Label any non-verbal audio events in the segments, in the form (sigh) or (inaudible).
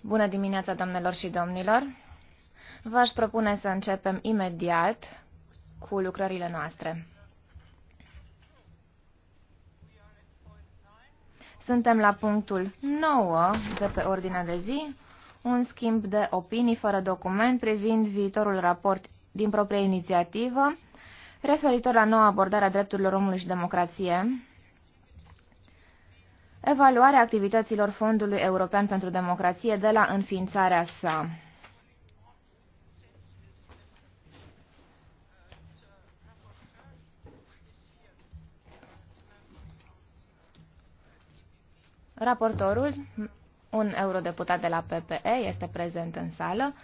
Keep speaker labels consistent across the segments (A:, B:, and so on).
A: Bună dimineața, doamnelor și domnilor. V-aș propune să începem imediat cu lucrările noastre. Suntem la punctul 9 de pe ordinea de zi, un schimb de opinii fără document privind viitorul raport din proprie inițiativă referitor la noua abordare a drepturilor omului și democrație evaluarea activităților Fondului European pentru Democrație de la înființarea sa. Raportorul, un eurodeputat de la PPE, este prezent în sală.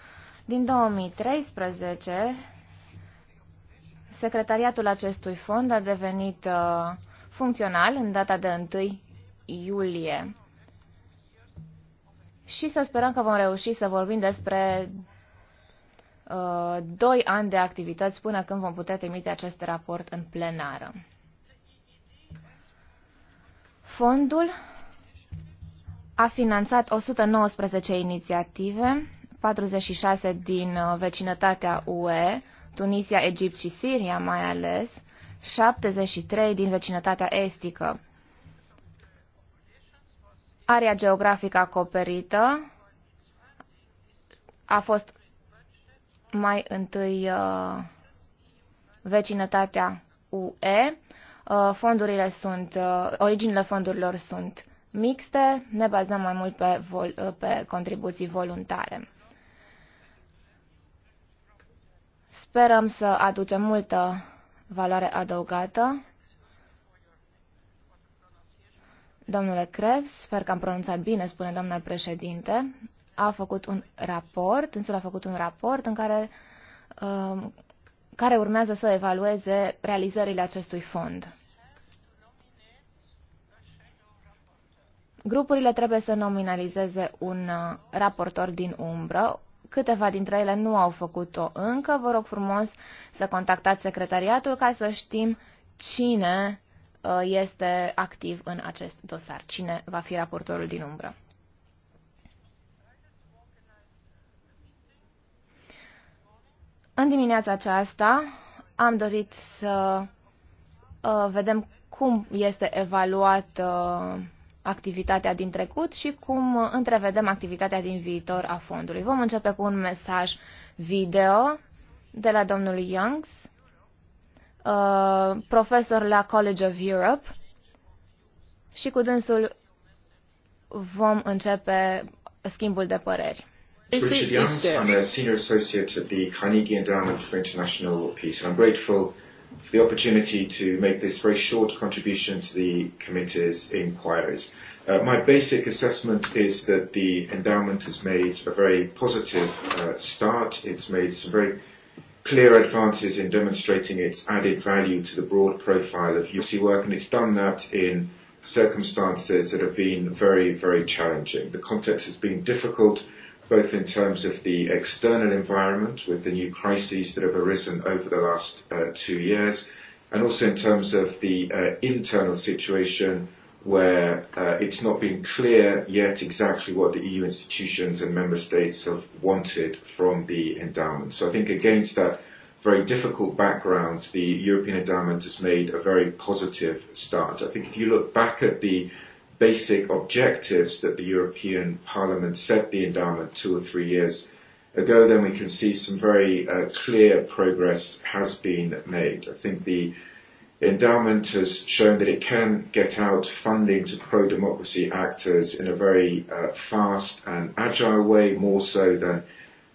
A: Din 2013, secretariatul acestui fond a devenit uh, funcțional în data de 1 iulie. Și să sperăm că vom reuși să vorbim despre uh, doi ani de activități până când vom putea trimite acest raport în plenară. Fondul a finanțat 119 inițiative, 46 din uh, vecinătatea UE, Tunisia, Egipt și Siria mai ales, 73 din vecinătatea estică. Area geografică acoperită a fost mai întâi uh, vecinătatea UE. Uh, fondurile sunt, uh, originile fondurilor sunt mixte, ne bazăm mai mult pe, vol, pe contribuții voluntare. Sperăm să aducem multă valoare adăugată Domnule Krebs, sper că am pronunțat bine, spune doamna președinte, a făcut un raport, însul a făcut un raport în care, um, care urmează să evalueze realizările acestui fond. Grupurile trebuie să nominalizeze un uh, raportor din umbră. Câteva dintre ele nu au făcut-o încă. Vă rog frumos să contactați secretariatul ca să știm cine Uh, este activ în acest dosar. Cine va fi raportorul din umbră? În dimineața aceasta am dorit să uh, vedem cum este evaluată uh, activitatea din trecut și cum întrevedem activitatea din viitor a fondului. Vom începe cu un mesaj video de la domnul Youngs Uh, profesor la College of Europe și cu dânsul vom începe schimbul de păreri. Richard Youngs, I'm
B: a senior associate at the Carnegie Endowment for International Peace, and I'm grateful for the opportunity to make this very short contribution to the committee's inquiries. Uh, my basic assessment is that the endowment has made a very positive uh, start. It's made some very clear advances in demonstrating its added value to the broad profile of UC work, and it's done that in circumstances that have been very, very challenging. The context has been difficult, both in terms of the external environment with the new crises that have arisen over the last uh, two years, and also in terms of the uh, internal situation where uh, it's not been clear yet exactly what the EU institutions and member states have wanted from the endowment. So I think against that very difficult background, the European endowment has made a very positive start. I think if you look back at the basic objectives that the European Parliament set the endowment two or three years ago, then we can see some very uh, clear progress has been made. I think the uh, endowment has shown that it can get out funding to pro-democracy actors in a very uh, fast and agile way, more so than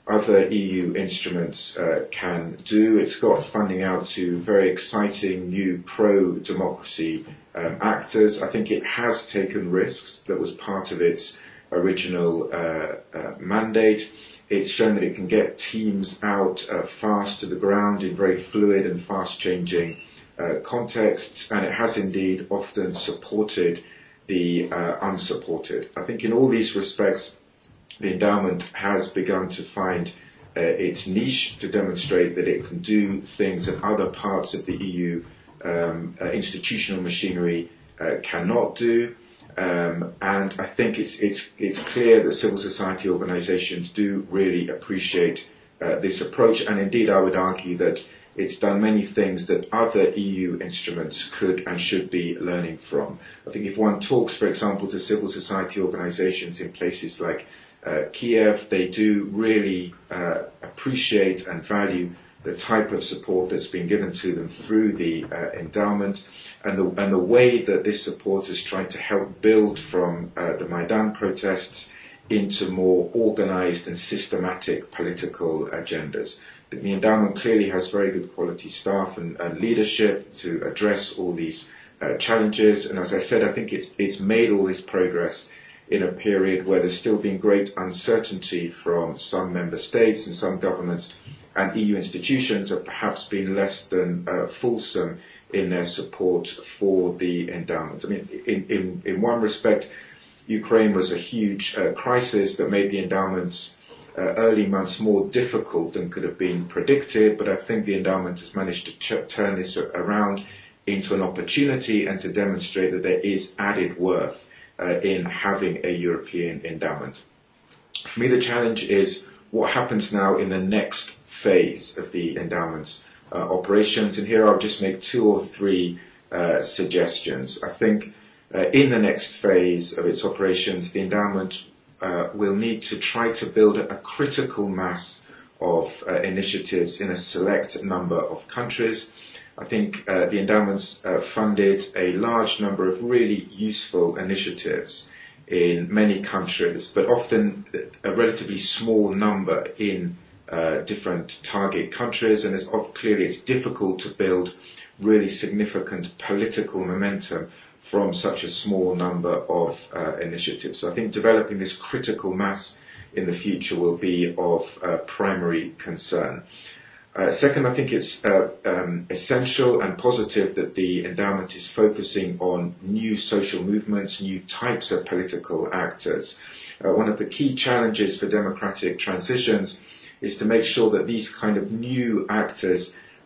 B: other EU instruments uh, can do. It's got funding out to very exciting new pro-democracy um, actors. I think it has taken risks that was part of its original uh, uh, mandate. It's shown that it can get teams out uh, fast to the ground in very fluid and fast-changing uh, contexts, and it has indeed often supported the uh, unsupported. I think in all these respects, the endowment has begun to find uh, its niche to demonstrate that it can do things that other parts of the EU um, uh, institutional machinery uh, cannot do. Um, and I think it's, it's, it's clear that civil society organisations do really appreciate uh, this approach. And indeed, I would argue that It's done many things that other EU instruments could and should be learning from. I think if one talks, for example, to civil society organizations in places like uh, Kiev, they do really uh, appreciate and value the type of support that's been given to them through the uh, endowment and the, and the way that this support has tried to help build from uh, the Maidan protests into more organized and systematic political agendas the endowment clearly has very good quality staff and, and leadership to address all these uh, challenges. And as I said, I think it's, it's made all this progress in a period where there's still been great uncertainty from some member states and some governments and EU institutions have perhaps been less than uh, fulsome in their support for the endowment. I mean, in, in, in one respect, Ukraine was a huge uh, crisis that made the endowment's Uh, early months more difficult than could have been predicted, but I think the endowment has managed to turn this around into an opportunity and to demonstrate that there is added worth uh, in having a European endowment. For me, the challenge is what happens now in the next phase of the endowment's uh, operations, and here I'll just make two or three uh, suggestions. I think uh, in the next phase of its operations, the endowment uh, we'll need to try to build a critical mass of uh, initiatives in a select number of countries. I think uh, the endowments uh, funded a large number of really useful initiatives in many countries, but often a relatively small number in uh, different target countries, and it's, clearly it's difficult to build really significant political momentum from such a small number of uh, initiatives. So I think developing this critical mass in the future will be of uh, primary concern. Uh, second, I think it's uh, um, essential and positive that the endowment is focusing on new social movements, new types of political actors. Uh, one of the key challenges for democratic transitions is to make sure that these kind of new actors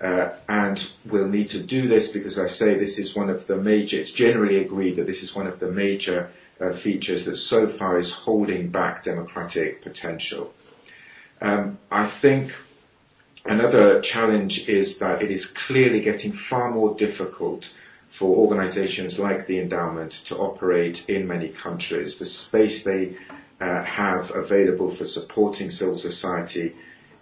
B: Uh, and we'll need to do this because I say this is one of the major, it's generally agreed that this is one of the major uh, features that so far is holding back democratic potential. Um, I think another challenge is that it is clearly getting far more difficult for organizations like the endowment to operate in many countries. The space they uh, have available for supporting civil society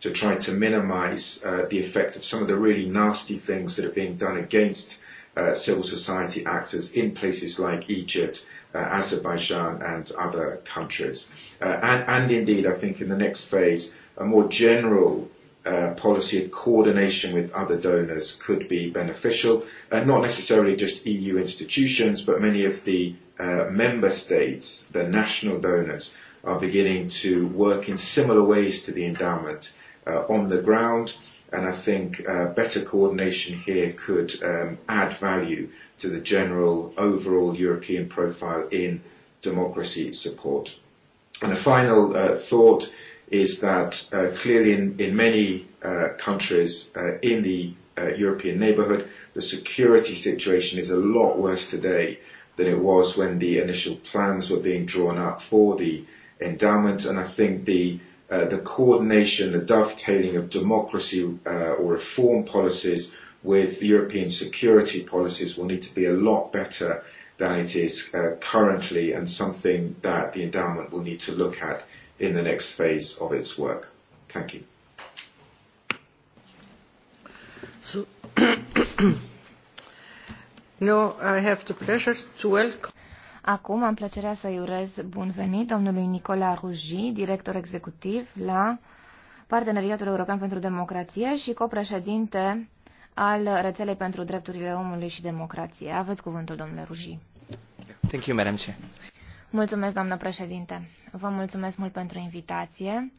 B: to try to minimize uh, the effect of some of the really nasty things that are being done against uh, civil society actors in places like Egypt, uh, Azerbaijan and other countries. Uh, and, and indeed, I think in the next phase, a more general uh, policy of coordination with other donors could be beneficial, uh, not necessarily just EU institutions, but many of the uh, member states, the national donors, are beginning to work in similar ways to the endowment uh, on the ground. And I think uh, better coordination here could um, add value to the general overall European profile in democracy support. And a final uh, thought is that uh, clearly in, in many uh, countries uh, in the uh, European neighbourhood, the security situation is a lot worse today than it was when the initial plans were being drawn up for the endowment. And I think the Uh, the coordination, the dovetailing of democracy uh, or reform policies with European security policies will need to be a lot better than it is uh, currently and something that the endowment will need to look at in the next phase of its work. Thank you. So (coughs) now I have the pleasure to welcome
A: Acum am plăcerea să-i urez bun venit domnului Nicola Ruji, director executiv la Parteneriatul European pentru Democrație și copreședinte al Rețelei pentru Drepturile Omului și Democrație. Aveți cuvântul, domnule Ruji.
C: Thank you, Madam
D: Chair.
A: Mulțumesc, doamnă președinte. Vă mulțumesc mult pentru invitație.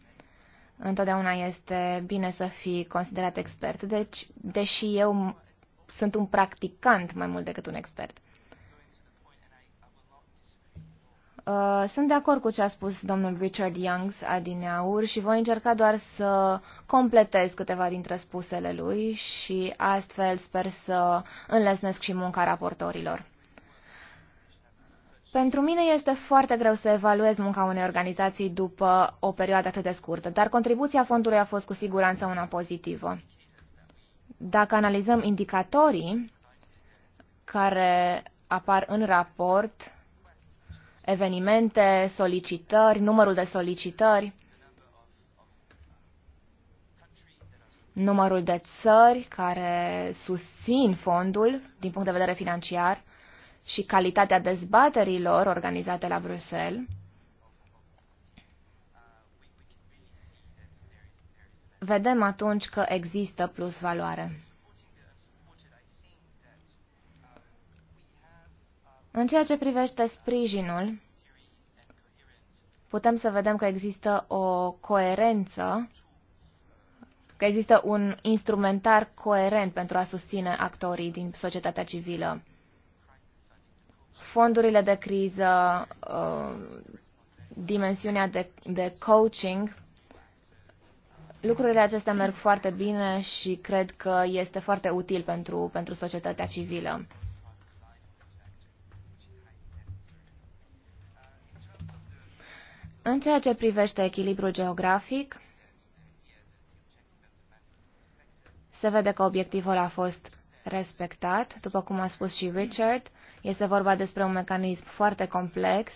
A: Întotdeauna este bine să fii considerat expert, deci, deși eu sunt un practicant mai mult decât un expert. Uh, sunt de acord cu ce a spus domnul Richard Youngs adineaur și voi încerca doar să completez câteva dintre spusele lui și astfel sper să înlesnesc și munca raportorilor. Pentru mine este foarte greu să evaluez munca unei organizații după o perioadă atât de scurtă, dar contribuția fondului a fost cu siguranță una pozitivă. Dacă analizăm indicatorii care apar în raport, evenimente, solicitări, numărul de solicitări, numărul de țări care susțin fondul din punct de vedere financiar și calitatea dezbaterilor organizate la Bruxelles. Vedem atunci că există plus valoare. În ceea ce privește sprijinul, putem să vedem că există o coerență, că există un instrumentar coerent pentru a susține actorii din societatea civilă. Fondurile de criză, uh, dimensiunea de, de coaching, lucrurile acestea merg foarte bine și cred că este foarte util pentru, pentru societatea civilă. În ceea ce privește echilibrul geografic, se vede că obiectivul a fost respectat, după cum a spus și Richard. Este vorba despre un mecanism foarte complex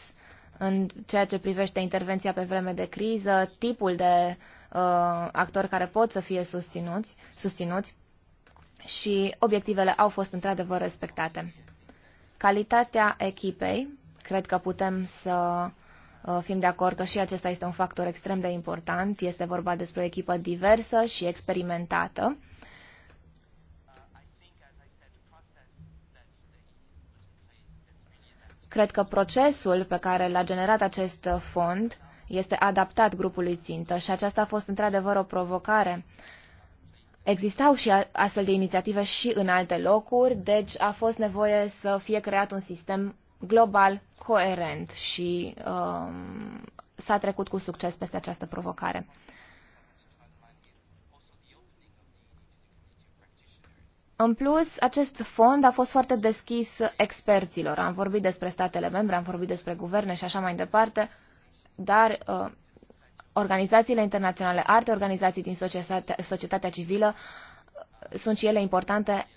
A: în ceea ce privește intervenția pe vreme de criză, tipul de uh, actori care pot să fie susținuți, susținuți și obiectivele au fost într-adevăr respectate. Calitatea echipei, cred că putem să Uh, fim de acord că și acesta este un factor extrem de important. Este vorba despre o echipă diversă și experimentată. Cred că procesul pe care l-a generat acest fond este adaptat grupului țintă și aceasta a fost într-adevăr o provocare. Existau și astfel de inițiative și în alte locuri, deci a fost nevoie să fie creat un sistem global, coerent și um, s-a trecut cu succes peste această provocare. În plus, acest fond a fost foarte deschis experților. Am vorbit despre statele membre, am vorbit despre guverne și așa mai departe, dar uh, organizațiile internaționale, alte organizații din societatea, societatea civilă, uh, sunt și ele importante.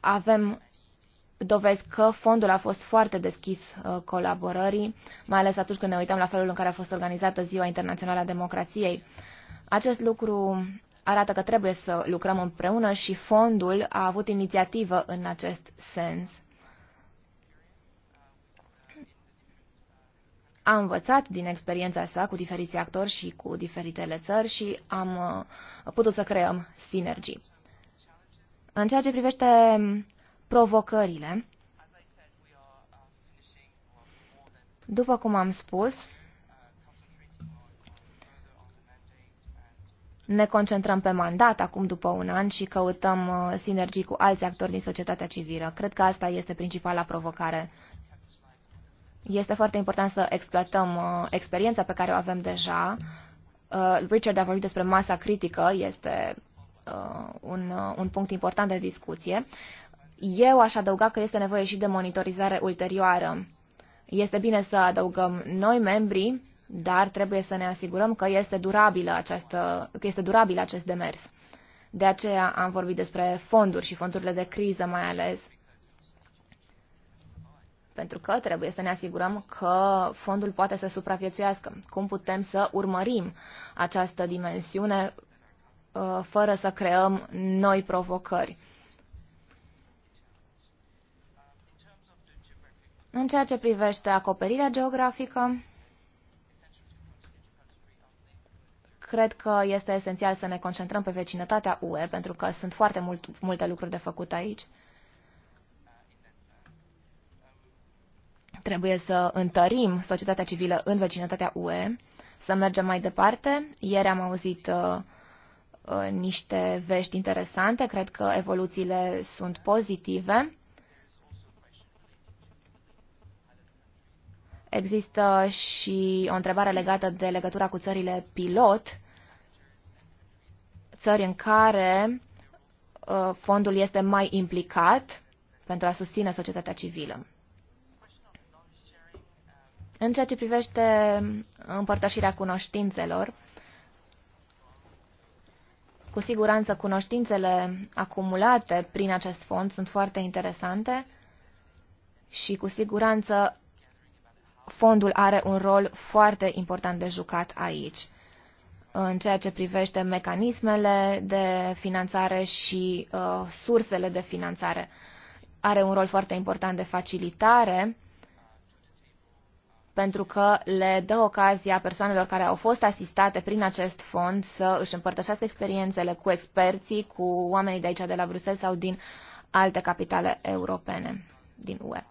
A: Avem dovezi că fondul a fost foarte deschis uh, colaborării, mai ales atunci când ne uităm la felul în care a fost organizată Ziua Internațională a Democrației. Acest lucru arată că trebuie să lucrăm împreună și fondul a avut inițiativă în acest sens. A învățat din experiența sa cu diferiți actori și cu diferitele țări și am uh, putut să creăm sinergii. În ceea ce privește provocările. După cum am spus, ne concentrăm pe mandat acum după un an și căutăm uh, sinergii cu alți actori din societatea civilă. Cred că asta este principala provocare. Este foarte important să exploatăm uh, experiența pe care o avem deja. Uh, Richard a vorbit despre masa critică, este un, un punct important de discuție. Eu aș adăuga că este nevoie și de monitorizare ulterioară. Este bine să adăugăm noi membrii, dar trebuie să ne asigurăm că este durabilă această, că este durabil acest demers. De aceea am vorbit despre fonduri și fondurile de criză mai ales. Pentru că trebuie să ne asigurăm că fondul poate să supraviețuiască. Cum putem să urmărim această dimensiune uh, fără să creăm noi provocări? În ceea ce privește acoperirea geografică, cred că este esențial să ne concentrăm pe vecinătatea UE, pentru că sunt foarte mult, multe lucruri de făcut aici. Trebuie să întărim societatea civilă în vecinătatea UE, să mergem mai departe. Ieri am auzit uh, uh niște vești interesante, cred că evoluțiile sunt pozitive. Există și o întrebare legată de legătura cu țările pilot, țări în care uh, fondul este mai implicat pentru a susține societatea civilă. În ceea ce privește împărtășirea cunoștințelor, cu siguranță cunoștințele acumulate prin acest fond sunt foarte interesante și cu siguranță fondul are un rol foarte important de jucat aici în ceea ce privește mecanismele de finanțare și uh, sursele de finanțare. Are un rol foarte important de facilitare pentru că le dă ocazia persoanelor care au fost asistate prin acest fond să își împărtășească experiențele cu experții, cu oamenii de aici de la Bruxelles sau din alte capitale europene din UE.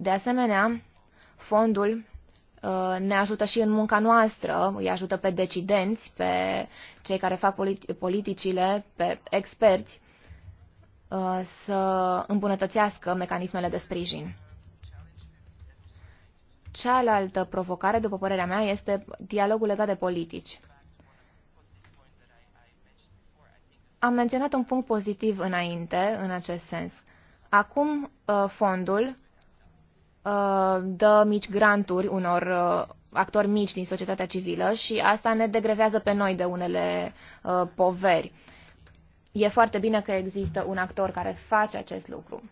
A: De asemenea, fondul uh, ne ajută și în munca noastră, îi ajută pe decidenți, pe cei care fac politicile, pe experți, uh, să îmbunătățească mecanismele de sprijin. Cealaltă provocare, după părerea mea, este dialogul legat de politici. Am menționat un punct pozitiv înainte, în acest sens. Acum, uh, fondul Uh, dă mici granturi unor uh, actori mici din societatea civilă și asta ne degrevează pe noi de unele uh, poveri. E foarte bine că există un actor care face acest lucru.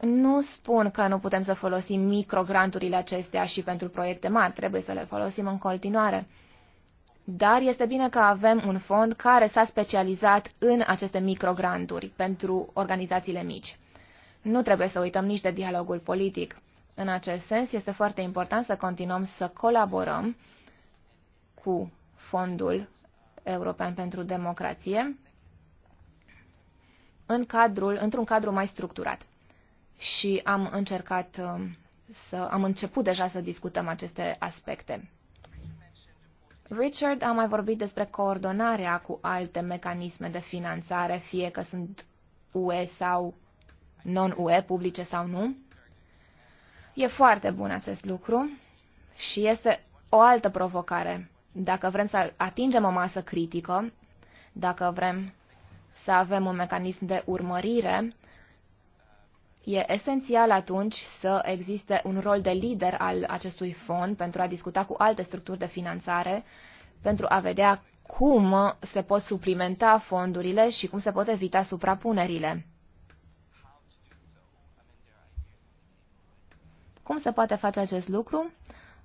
A: Nu spun că nu putem să folosim microgranturile acestea și pentru proiecte mari, trebuie să le folosim în continuare. Dar este bine că avem un fond care s-a specializat în aceste microgranturi pentru organizațiile mici. Nu trebuie să uităm nici de dialogul politic. În acest sens, este foarte important să continuăm să colaborăm cu Fondul European pentru Democrație în cadrul, într-un cadru mai structurat. Și am încercat um, să am început deja să discutăm aceste aspecte. Richard a mai vorbit despre coordonarea cu alte mecanisme de finanțare, fie că sunt UE sau non-UE, publice sau nu. E foarte bun acest lucru și este o altă provocare. Dacă vrem să atingem o masă critică, dacă vrem să avem un mecanism de urmărire, e esențial atunci să existe un rol de lider al acestui fond pentru a discuta cu alte structuri de finanțare, pentru a vedea cum se pot suplimenta fondurile și cum se pot evita suprapunerile. Cum se poate face acest lucru?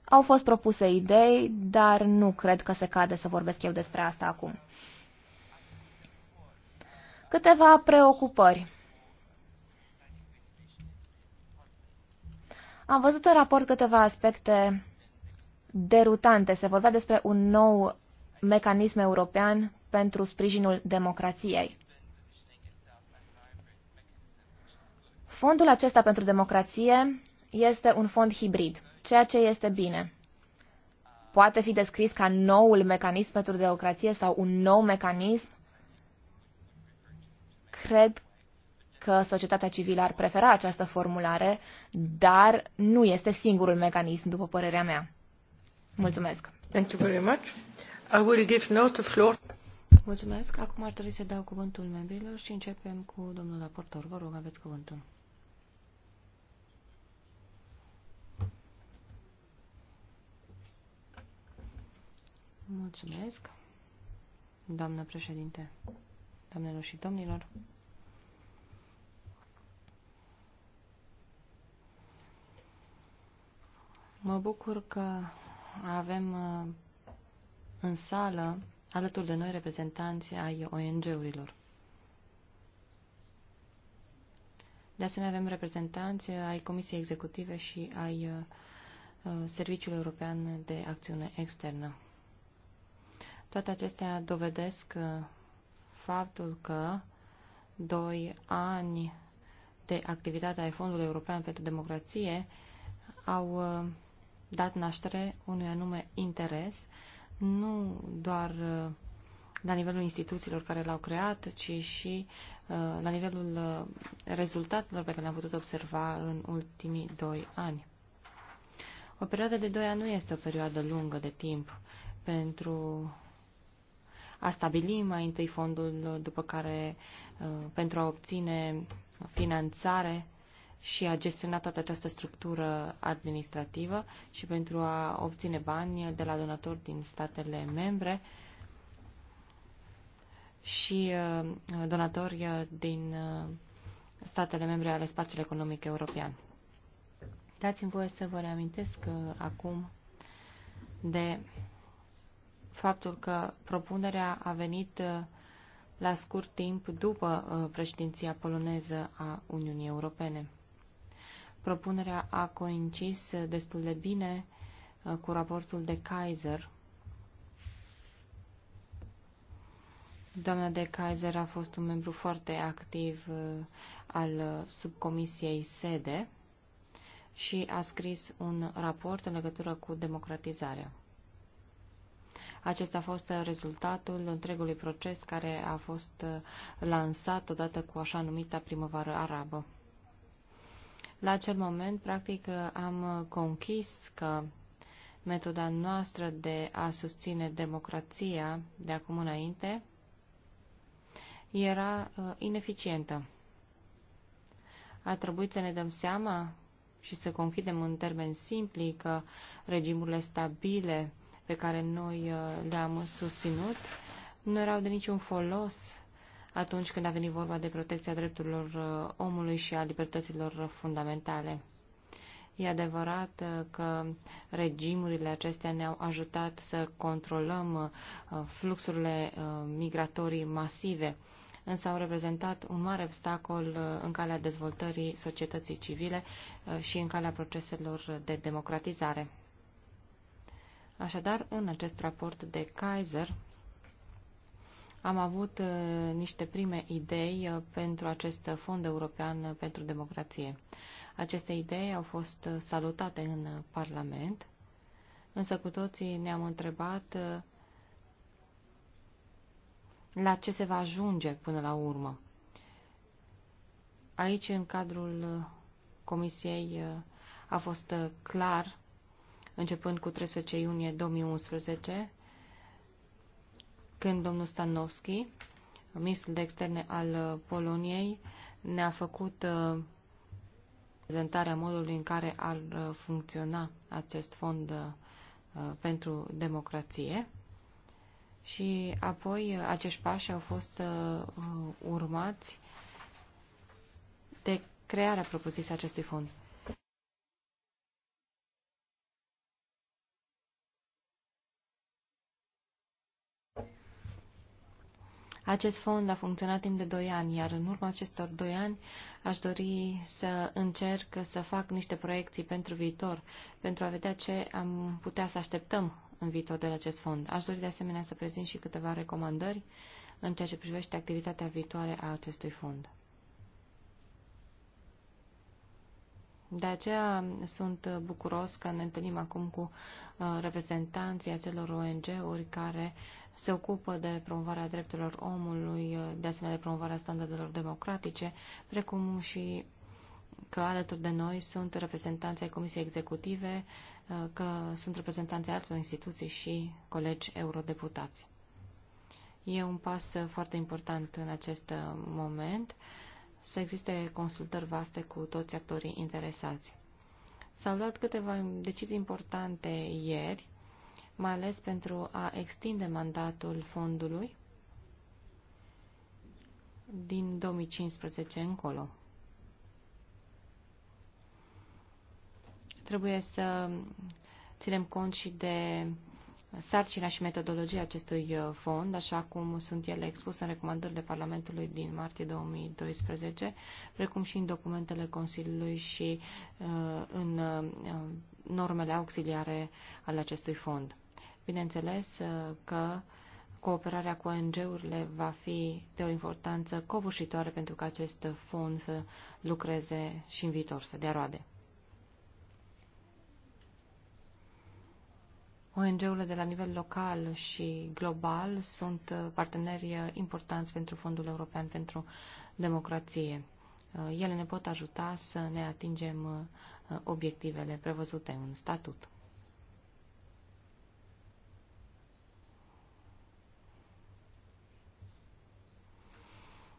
A: Au fost propuse idei, dar nu cred că se cade să vorbesc eu despre asta acum. Câteva preocupări. Am văzut în raport câteva aspecte derutante. Se vorbea despre un nou mecanism european pentru sprijinul democrației. Fondul acesta pentru democrație este un fond hibrid, ceea ce este bine. Poate fi descris ca noul mecanism pentru democrație sau un nou mecanism? Cred că societatea civilă ar prefera această formulare, dar nu este singurul mecanism, după părerea mea. Mulțumesc. Thank you very much.
C: I
B: will give now the floor.
C: Mulțumesc. Acum ar trebui să dau cuvântul membrilor și începem cu domnul raportor. Vă rog, aveți cuvântul. Mulțumesc, doamnă președinte, doamnelor și domnilor. Mă bucur că avem uh, în sală, alături de noi, reprezentanți ai ONG-urilor. De asemenea, avem reprezentanți ai Comisiei Executive și ai uh, Serviciului European de Acțiune Externă. Toate acestea dovedesc uh, faptul că doi ani de activitate ai Fondului European pentru Democrație au uh, dat naștere unui anume interes, nu doar uh, la nivelul instituțiilor care l-au creat, ci și la nivelul rezultatelor pe care le-am putut observa în ultimii doi ani. O perioadă de doi ani nu este o perioadă lungă de timp pentru a stabili mai întâi fondul, după care uh, pentru a obține finanțare și a gestiona toată această structură administrativă și pentru a obține bani de la donatori din statele membre și uh, donatori uh, din statele membre ale spațiului economic european. Dați-mi voie să vă reamintesc acum de faptul că propunerea a venit uh, la scurt timp după uh, președinția poloneză a Uniunii Europene. Propunerea a coincis uh, destul de bine cu raportul de Kaiser. Doamna de Kaiser a fost un membru foarte activ al subcomisiei SEDE și a scris un raport în legătură cu democratizarea. Acesta a fost rezultatul întregului proces care a fost lansat odată cu așa numita primăvară arabă. La acel moment, practic, am conchis că metoda noastră de a susține democrația de acum înainte era uh, ineficientă. A trebuit să ne dăm seama și să conchidem în termeni simpli că regimurile stabile pe care noi uh, le-am susținut nu erau de niciun folos atunci când a venit vorba de protecția drepturilor uh, omului și a libertăților fundamentale. E adevărat uh, că regimurile acestea ne-au ajutat să controlăm fluxurile migratorii masive, însă au reprezentat un mare obstacol în calea dezvoltării societății civile și în calea proceselor de democratizare. Așadar, în acest raport de Kaiser am avut uh, niște prime idei uh, pentru acest fond european pentru democrație. Aceste idei au fost uh, salutate în Parlament, însă cu toții ne-am întrebat la ce se va ajunge până la urmă. Aici, în cadrul Comisiei, a fost clar începând cu 13 iunie 2011, când domnul Stanovski, ministrul de externe al uh, Poloniei, ne-a făcut uh, prezentarea modului în care ar uh, funcționa acest fond pentru democrație. Și apoi acești pași au fost urmați de crearea propoziției acestui fond. Acest fond a funcționat timp de 2 ani, iar în urma acestor 2 ani aș dori să încerc să fac niște proiecții pentru viitor, pentru a vedea ce am putea să așteptăm în viitor de la acest fond. Aș dori de asemenea să prezint și câteva recomandări în ceea ce privește activitatea viitoare a acestui fond. De aceea sunt bucuros că ne întâlnim acum cu uh, reprezentanții acelor ONG-uri care se ocupă de promovarea drepturilor omului, uh, de asemenea de promovarea standardelor democratice, precum și că alături de noi sunt reprezentanții Comisiei Executive, uh, că sunt reprezentanții altor instituții și colegi eurodeputați. E un pas foarte important în acest moment să existe consultări vaste cu toți actorii interesați. S-au luat câteva decizii importante ieri, mai ales pentru a extinde mandatul fondului din 2015 încolo. Trebuie să ținem cont și de sarcina și metodologia acestui uh, fond, așa cum sunt ele expuse în recomandările Parlamentului din martie 2012, precum și în documentele Consiliului și uh, în uh, normele auxiliare ale acestui fond. Bineînțeles că cooperarea cu ONG-urile va fi de o importanță covârșitoare pentru că acest fond să lucreze și în viitor, să dea roade. ONG-urile de la nivel local și global sunt uh, parteneri uh, importanți pentru Fondul European pentru Democrație. Uh, ele ne pot ajuta să ne atingem obiectivele prevăzute în statut.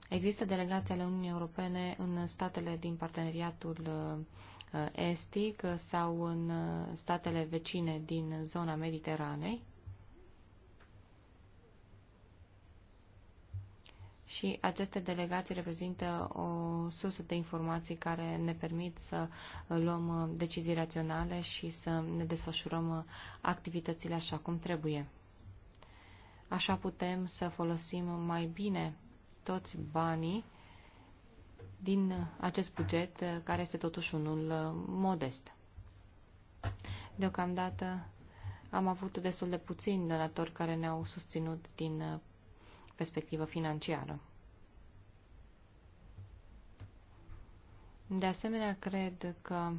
C: Există delegații ale Uniunii Europene în statele din parteneriatul Uh, estic sau în uh, statele vecine din zona Mediteranei. și aceste delegații reprezintă o sursă de informații care ne permit să luăm uh, decizii raționale și să ne desfășurăm activitățile așa cum trebuie. Așa putem să folosim mai bine toți banii din uh, acest buget, uh, care este totuși unul uh, modest. Deocamdată am avut destul de puțini donatori care ne-au susținut din perspectivă financiară. De asemenea, cred că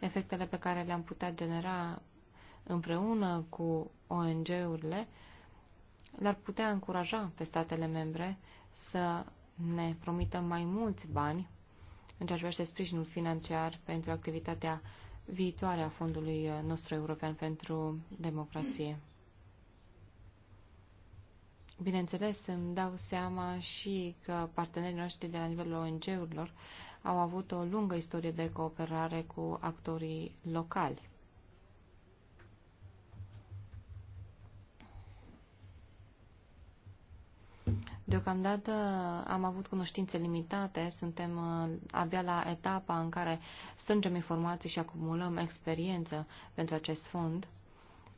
C: efectele pe care le-am putea genera împreună cu ONG-urile l ar putea încuraja pe statele membre să ne promită mai mulți bani în ceea ce privește sprijinul financiar pentru activitatea viitoare a Fondului nostru european pentru democrație. Bineînțeles, îmi dau seama și că partenerii noștri de la nivelul ONG-urilor au avut o lungă istorie de cooperare cu actorii locali. Deocamdată am avut cunoștințe limitate, suntem uh, abia la etapa în care strângem informații și acumulăm experiență pentru acest fond.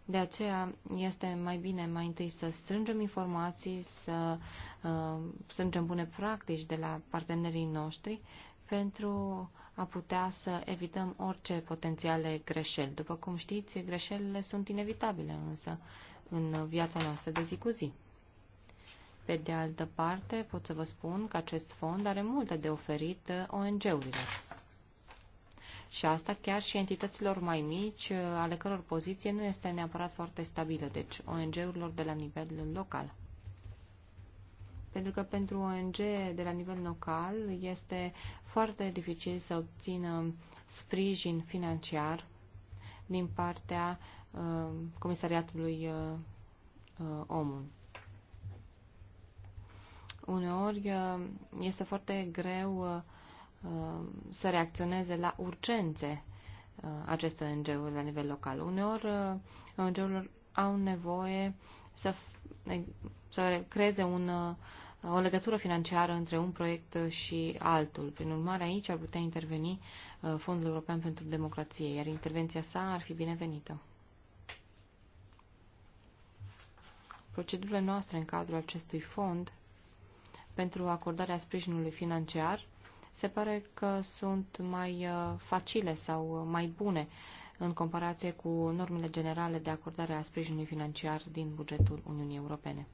C: De aceea este mai bine mai întâi să strângem informații, să uh, strângem bune practici de la partenerii noștri pentru a putea să evităm orice potențiale greșeli. După cum știți, greșelile sunt inevitabile însă în viața noastră de zi cu zi. Pe de altă parte, pot să vă spun că acest fond are multe de oferit uh, ONG-urilor. Și asta chiar și entităților mai mici, uh, ale căror poziție nu este neapărat foarte stabilă, deci ONG-urilor de la nivel local. Pentru că pentru ONG de la nivel local este foarte dificil să obțină sprijin financiar din partea uh, Comisariatului uh, uh, Omului uneori uh, este foarte greu uh, uh, să reacționeze la urgențe aceste ONG-uri la nivel local. Uneori ONG-urile au nevoie să, să creeze un, o legătură financiară între un proiect și altul. Prin urmare, aici ar putea interveni Fondul European pentru Democrație, iar intervenția sa ar fi binevenită. Procedurile noastre în cadrul acestui fond pentru acordarea sprijinului financiar se pare că sunt mai uh, facile sau uh, mai bune în comparație cu normele generale de acordare a sprijinului financiar din bugetul Uniunii Europene.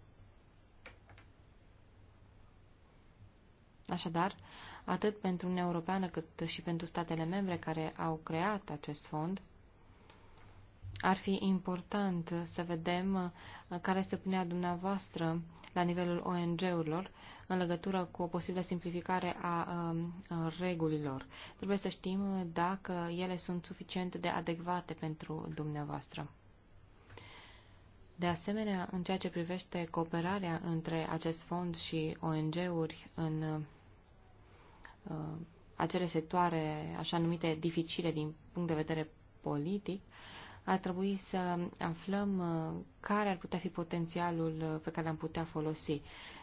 C: Așadar, atât pentru Uniunea Europeană cât și pentru statele membre care au creat acest fond, ar fi important să vedem uh, care se punea dumneavoastră la nivelul ONG-urilor în legătură cu o posibilă simplificare um, a regulilor. Trebuie să știm dacă ele sunt suficient de adecvate pentru dumneavoastră. De asemenea, în ceea ce privește cooperarea între acest fond și ONG-uri în uh, acele sectoare așa numite dificile din punct de vedere politic, uh, ar trebui să aflăm uh, care ar putea fi potențialul uh, pe care l-am putea folosi.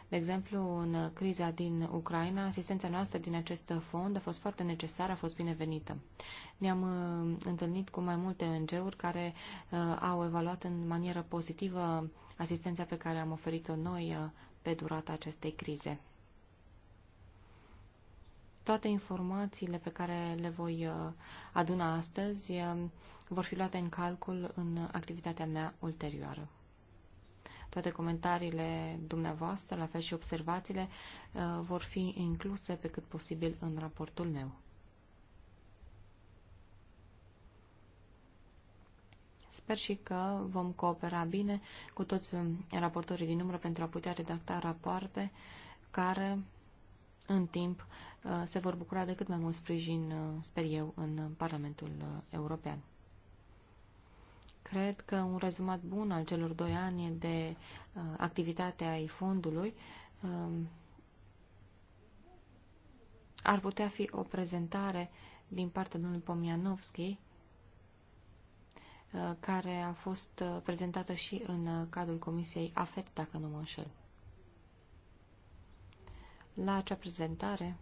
C: De exemplu, în criza din Ucraina, asistența noastră din acest fond a fost foarte necesară, a fost binevenită. Ne-am uh, întâlnit cu mai multe ONG-uri care au evaluat în manieră pozitivă asistența pe care am oferit-o noi pe durata acestei crize. Toate informațiile pe care le voi aduna astăzi vor fi luate în calcul în activitatea mea ulterioară. Toate comentariile dumneavoastră, la fel și observațiile, uh, vor fi incluse pe cât posibil în raportul meu. Sper și că vom coopera bine cu toți um, raportorii din umbră pentru a putea redacta rapoarte care în timp uh, se vor bucura de cât mai mult sprijin, uh, sper eu, în Parlamentul European. Cred că un rezumat bun al celor doi ani de uh, activitate ai fondului uh, ar putea fi o prezentare din partea domnului Pomianovski, uh, care a fost uh, prezentată și în uh, cadrul Comisiei AFET, dacă nu mă înșel. La acea prezentare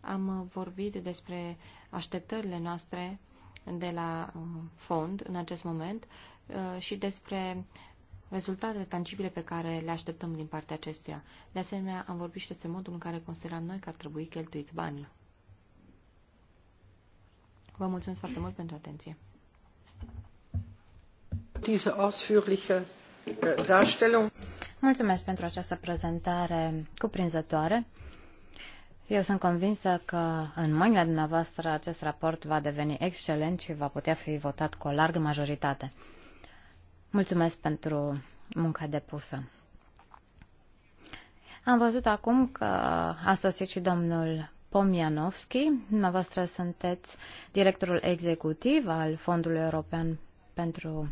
C: am uh, vorbit despre așteptările noastre uh, de la uh, fond în acest moment uh, și despre rezultatele tangibile pe care le așteptăm din partea acestuia. De asemenea, am vorbit și despre modul în care considerăm noi că ar trebui cheltuiți banii. Vă mulțumesc foarte mult pentru atenție. Uh,
D: mulțumesc pentru această prezentare cuprinzătoare. Eu sunt convinsă că în mâinile dumneavoastră acest raport va deveni excelent și va putea fi votat cu o largă majoritate. Mulțumesc pentru munca depusă. Am văzut acum că a sosit și domnul Pomianovski. Dumneavoastră sunteți directorul executiv al Fondului European pentru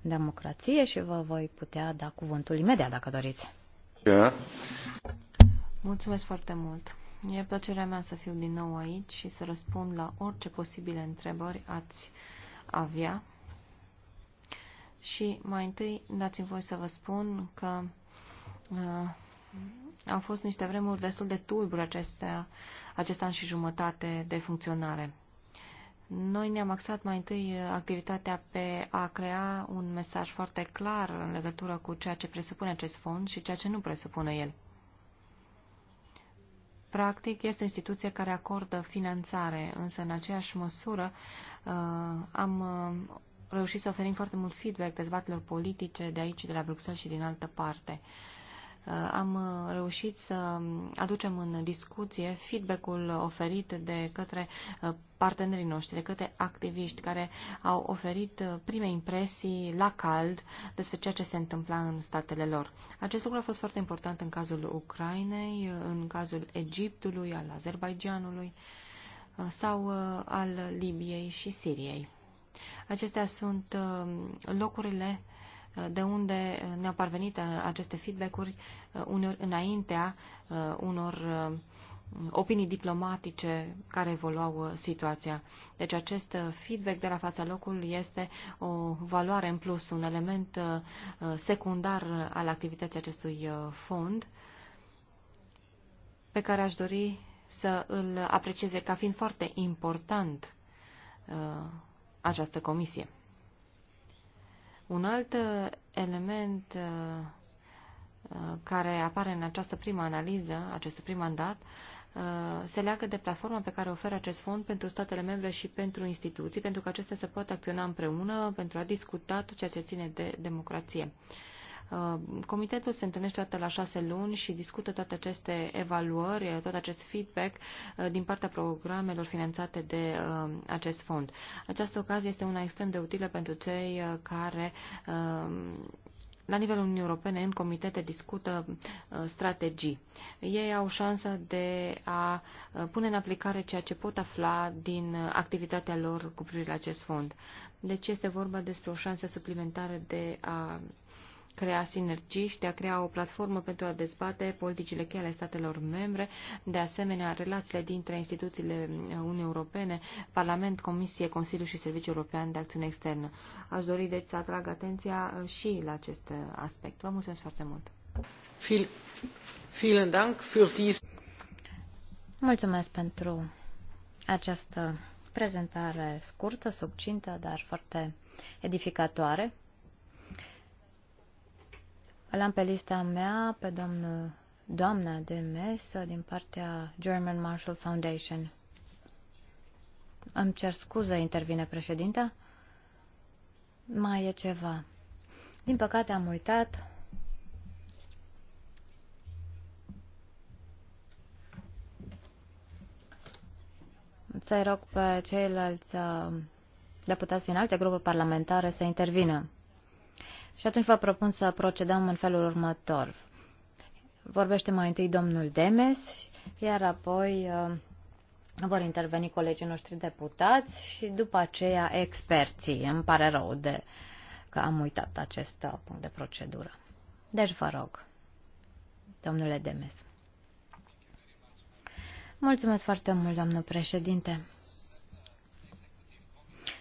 D: Democrație și vă voi putea da cuvântul imediat dacă doriți. Yeah. Da. Mulțumesc foarte mult.
C: E plăcerea mea să fiu din nou aici și să răspund la orice posibile întrebări ați avea. Și mai întâi dați-mi voi să vă spun că uh, au fost niște vremuri destul de tulburi acestea, acest an și jumătate de funcționare. Noi ne-am axat mai întâi uh, activitatea pe a crea un mesaj foarte clar în legătură cu ceea ce presupune acest fond și ceea ce nu presupune el. Practic, este o instituție care acordă finanțare, însă în aceeași măsură uh, am uh, reușit să oferim foarte mult feedback dezbatelor politice de aici, de la Bruxelles și din altă parte. Uh, Uh, am uh, reușit să um, aducem în discuție feedback-ul oferit de către uh, partenerii noștri, de către activiști care au oferit prime impresii la cald despre ceea ce se întâmpla în statele lor. Acest lucru a fost foarte important în cazul Ucrainei, în cazul Egiptului, al Azerbaijanului sau al Libiei și Siriei. Acestea sunt locurile de unde ne-au parvenit aceste feedback-uri uh, uneori înaintea uh, unor uh, opinii diplomatice care evoluau situația. Deci acest feedback de la fața locului este o valoare în plus, un element secundar al activității acestui fond pe care aș dori să îl aprecieze ca fiind foarte important această comisie. Un alt uh, element uh, uh, care apare în această primă analiză, acest prim mandat, se leagă de platforma pe care oferă acest fond pentru statele membre și pentru instituții, pentru că acestea se pot acționa împreună pentru a discuta tot ceea ce ține de democrație. Uh, comitetul se întâlnește toate la șase luni și discută toate aceste evaluări, uh, tot acest feedback uh, din partea programelor finanțate de acest fond. Această ocazie este una extrem de utilă pentru cei care la nivelul Uniunii Europene, în comitete, discută strategii. Ei au șansa de a pune în aplicare ceea ce pot afla din activitatea lor cu privire la acest fond. Deci este vorba despre o șansă suplimentară de a crea sinergii și de a crea o platformă pentru a dezbate politicile cheie ale statelor membre, de asemenea relațiile dintre instituțiile Uniunii Europene, Parlament, Comisie, Consiliu și Serviciul European de Acțiune Externă. Aș dori deci să atrag atenția uh, și la acest uh, aspect. Vă
D: mulțumesc foarte mult! vielen Dank für dies. Mulțumesc pentru această prezentare scurtă, succintă, dar foarte edificatoare. Îl am pe lista mea pe domnul, doamna de mesă din partea German Marshall Foundation. Îmi cer scuză, intervine președinta. Mai e ceva. Din păcate am uitat. Să-i rog pe ceilalți uh, deputați din alte grupuri parlamentare să intervină. Și atunci vă propun să procedăm în felul următor. Vorbește mai întâi domnul Demes, iar apoi uh, vor interveni colegii noștri deputați și după aceea experții. Îmi pare rău de că am uitat acest uh, punct de procedură. Deci vă rog, domnule Demes. Mulțumesc foarte mult, doamnă președinte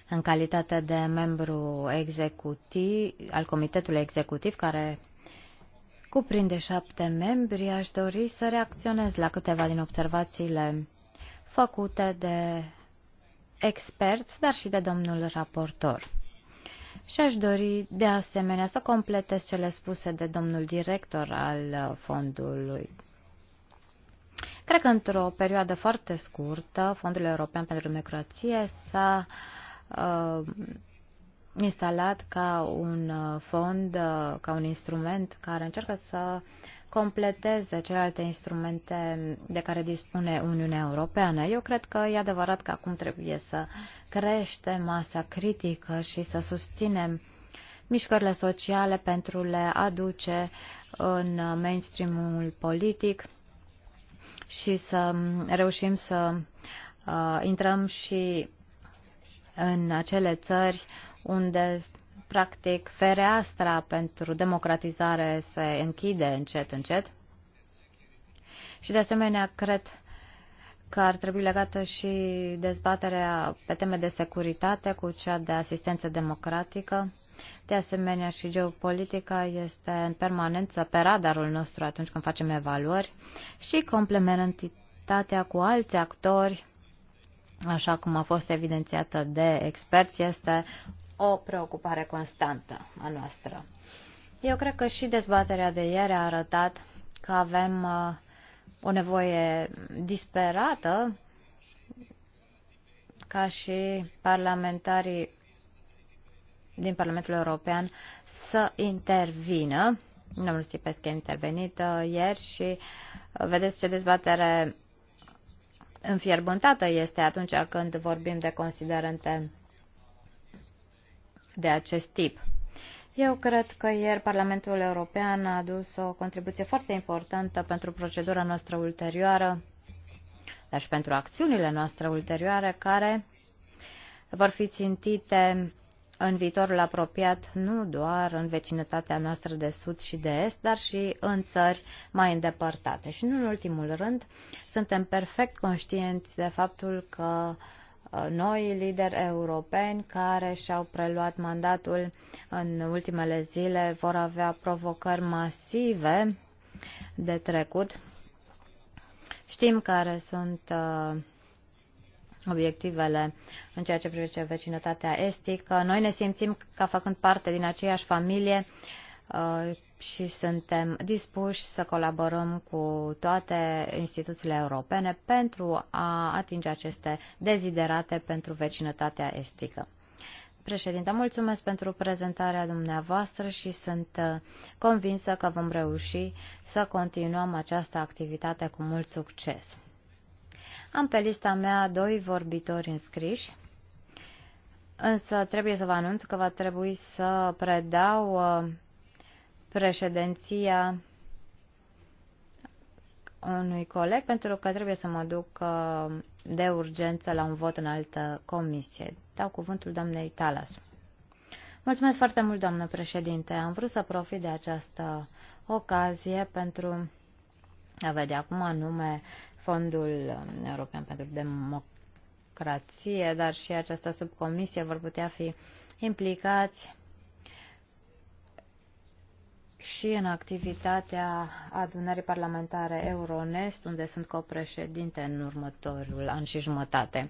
D: în calitate de membru executiv, al Comitetului Executiv, care cuprinde șapte membri, aș dori să reacționez la câteva din observațiile făcute de experți, dar și de domnul raportor. Și aș dori de asemenea să completez cele spuse de domnul director al fondului. Cred că într-o perioadă foarte scurtă, Fondul European pentru Democrație s-a uh, uh, instalat ca un uh, fond, uh, ca un instrument care încearcă să completeze celelalte instrumente de care dispune Uniunea Europeană. Eu cred că e adevărat că acum trebuie să creștem masa critică și să susținem mișcările sociale pentru le aduce în mainstream-ul politic și să reușim să uh, intrăm și în acele țări unde practic fereastra pentru democratizare se închide încet, încet. Și de asemenea, cred că ar trebui legată și dezbaterea pe teme de securitate cu cea de asistență democratică. De asemenea, și geopolitica este în permanență pe radarul nostru atunci când facem evaluări și complementitatea cu alți actori așa cum a fost evidențiată de experți, este o preocupare constantă a noastră. Eu cred că și dezbaterea de ieri a arătat că avem uh, o nevoie disperată ca și parlamentarii din Parlamentul European să intervină. Domnul Stipescu a intervenit uh, ieri și uh, vedeți ce dezbatere înfierbântată este atunci când vorbim de considerente de acest tip. Eu cred că ieri Parlamentul European a adus o contribuție foarte importantă pentru procedura noastră ulterioară, dar și pentru acțiunile noastre ulterioare, care vor fi țintite în viitorul apropiat, nu doar în vecinătatea noastră de sud și de est, dar și în țări mai îndepărtate. Și nu în ultimul rând, suntem perfect conștienți de faptul că uh, noi lideri europeni care și-au preluat mandatul în ultimele zile vor avea provocări masive de trecut. Știm care sunt uh, obiectivele în ceea ce privește vecinătatea estică. Noi ne simțim ca făcând parte din aceeași familie uh, și suntem dispuși să colaborăm cu toate instituțiile europene pentru a atinge aceste deziderate pentru vecinătatea estică. Președinte, mulțumesc pentru prezentarea dumneavoastră și sunt uh, convinsă că vom reuși să continuăm această activitate cu mult succes. Am pe lista mea doi vorbitori înscriși, însă trebuie să vă anunț că va trebui să predau uh, președinția unui coleg pentru că trebuie să mă duc uh, de urgență la un vot în altă comisie. Dau cuvântul doamnei Talas. Mulțumesc foarte mult, doamnă președinte. Am vrut să profit de această ocazie pentru a vedea cum anume Fondul um, European pentru Democrație, dar și această subcomisie vor putea fi implicați și în activitatea adunării parlamentare Euronest, unde sunt copreședinte în următorul an și jumătate.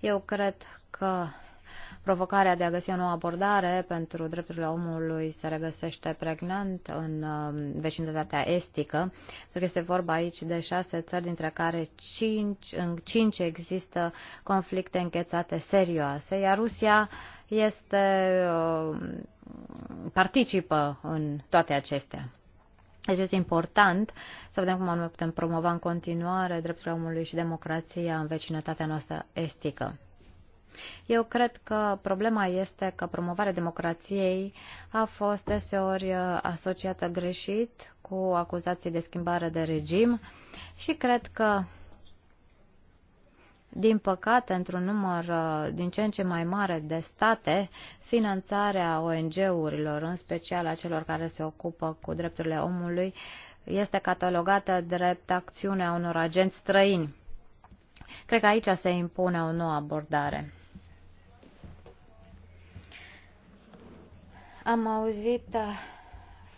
D: Eu cred că Provocarea de a găsi o nouă abordare pentru drepturile omului se regăsește pregnant în um, vecinătatea estică, pentru că este vorba aici de șase țări, dintre care cinci, în cinci există conflicte închețate serioase, iar Rusia este um, participă în toate acestea. Deci este important să vedem cum anume putem promova în continuare drepturile omului și democrația în vecinătatea noastră estică. Eu cred că problema este că promovarea democrației a fost deseori uh, asociată greșit cu acuzații de schimbare de regim și cred că din păcate, într-un număr uh, din ce în ce mai mare de state, finanțarea ONG-urilor, în special a celor care se ocupă cu drepturile omului, este catalogată drept acțiunea unor agenți străini. Cred că aici se impune o nouă abordare. Am auzit uh,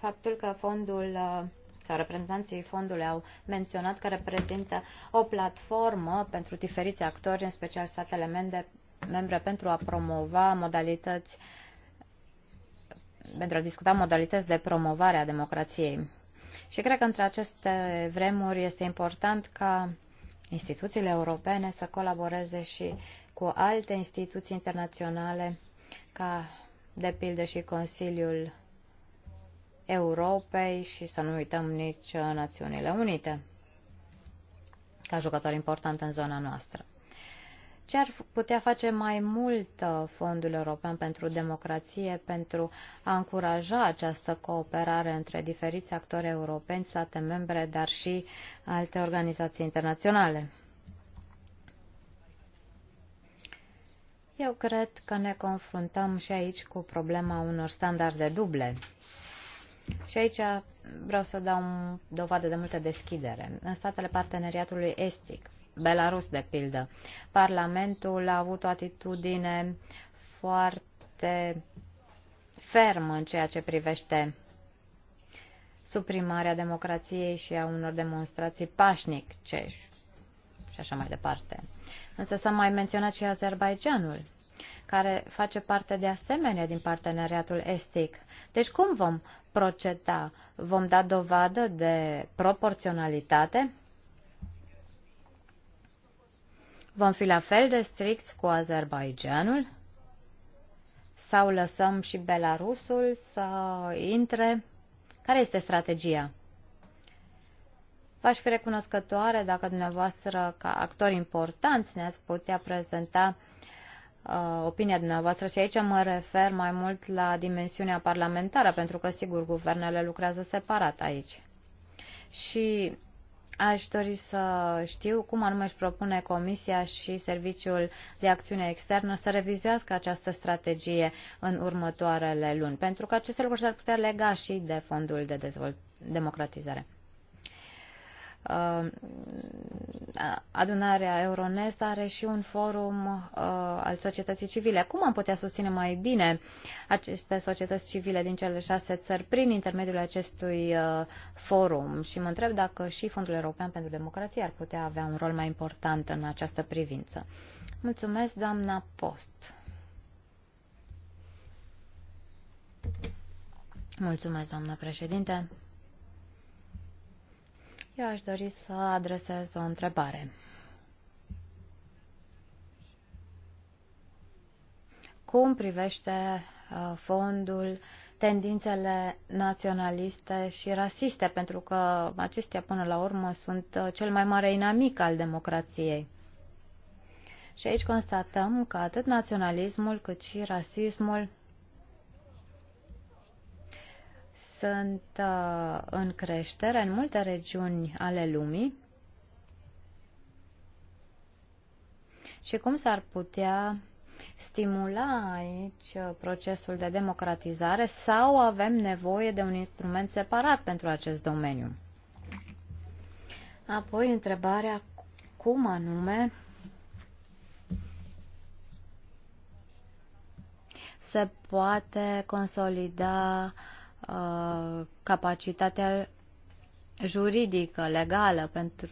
D: faptul că fondul uh, sau reprezentanții fondului au menționat că reprezintă o platformă pentru diferiți actori, în special statele membre, pentru a promova modalități pentru a discuta modalități de promovare a democrației. Și cred că între aceste vremuri este important ca instituțiile europene să colaboreze și cu alte instituții internaționale ca de pildă și Consiliul Europei și să nu uităm nici Națiunile Unite ca jucător important în zona noastră. Ce ar putea face mai mult uh, Fondul European pentru Democrație pentru a încuraja această cooperare între diferiți actori europeni, state membre, dar și alte organizații internaționale? Eu cred că ne confruntăm și aici cu problema unor standarde duble. Și aici vreau să dau dovadă de multă deschidere. În statele parteneriatului estic, Belarus de pildă, Parlamentul a avut o atitudine foarte fermă în ceea ce privește suprimarea democrației și a unor demonstrații pașnic. ceși așa mai departe. Însă s-a mai menționat și Azerbaijanul, care face parte de asemenea din parteneriatul estic. Deci cum vom proceda? Vom da dovadă de proporționalitate? Vom fi la fel de stricți cu Azerbaijanul? Sau lăsăm și Belarusul să intre? Care este strategia? V-aș fi recunoscătoare dacă dumneavoastră, ca actori importanți, ne-ați putea prezenta uh, opinia dumneavoastră și aici mă refer mai mult la dimensiunea parlamentară, pentru că, sigur, guvernele lucrează separat aici. Și Aș dori să știu cum anume își propune Comisia și Serviciul de Acțiune Externă să revizuiască această strategie în următoarele luni, pentru că aceste lucruri s-ar putea lega și de fondul de dezvoltare democratizare. Uh, adunarea Euronest are și un forum uh, al societății civile. Cum am putea susține mai bine aceste societăți civile din cele șase țări prin intermediul acestui uh, forum? Și mă întreb dacă și Fondul European pentru Democrație ar putea avea un rol mai important în această privință. Mulțumesc, doamna Post. Mulțumesc, doamnă președinte. Eu aș dori să adresez o întrebare. Cum privește uh, fondul tendințele naționaliste și rasiste, pentru că acestea până la urmă sunt uh, cel mai mare inamic al democrației. Și aici constatăm că atât naționalismul cât și rasismul sunt uh, în creștere în multe regiuni ale lumii și cum s-ar putea stimula aici uh, procesul de democratizare sau avem nevoie de un instrument separat pentru acest domeniu. Apoi întrebarea cum anume se poate consolida Uh, capacitatea juridică, legală, pentru,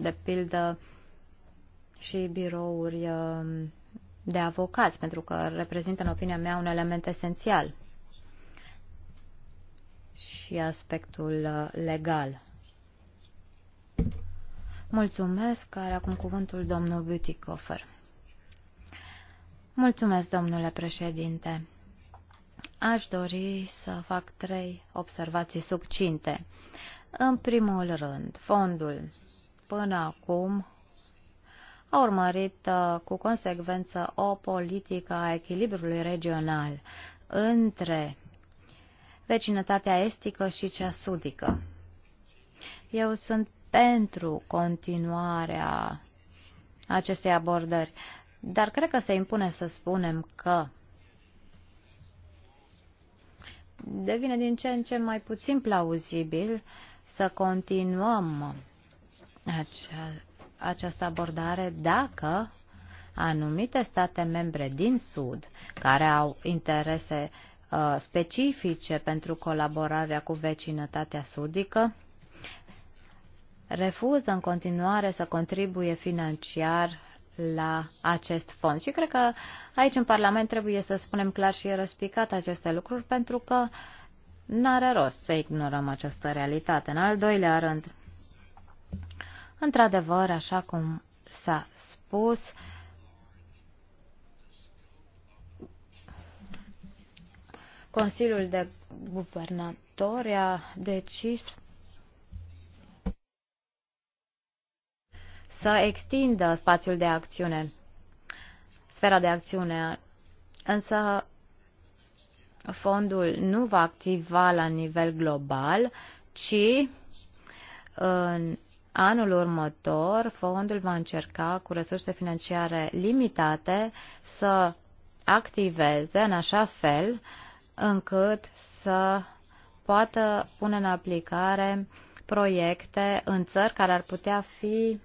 D: de pildă și birouri uh, de avocați, pentru că reprezintă, în opinia mea, un element esențial și aspectul uh, legal. Mulțumesc, are acum cuvântul domnul Butikofer. Mulțumesc, domnule președinte. Aș dori să fac trei observații subcinte. În primul rând, fondul până acum a urmărit uh, cu consecvență o politică a echilibrului regional între vecinătatea estică și cea sudică. Eu sunt pentru continuarea acestei abordări, dar cred că se impune să spunem că devine din ce în ce mai puțin plauzibil să continuăm acea, această abordare dacă anumite state membre din Sud, care au interese uh, specifice pentru colaborarea cu vecinătatea sudică, refuză în continuare să contribuie financiar la acest fond. Și cred că aici în Parlament trebuie să spunem clar și răspicat aceste lucruri pentru că n-are rost să ignorăm această realitate. În al doilea rând, într-adevăr, așa cum s-a spus, Consiliul de Guvernatori a decis să extindă spațiul de acțiune, sfera de acțiune, însă fondul nu va activa la nivel global, ci în anul următor fondul va încerca cu resurse financiare limitate să activeze în așa fel încât să poată pune în aplicare proiecte în țări care ar putea fi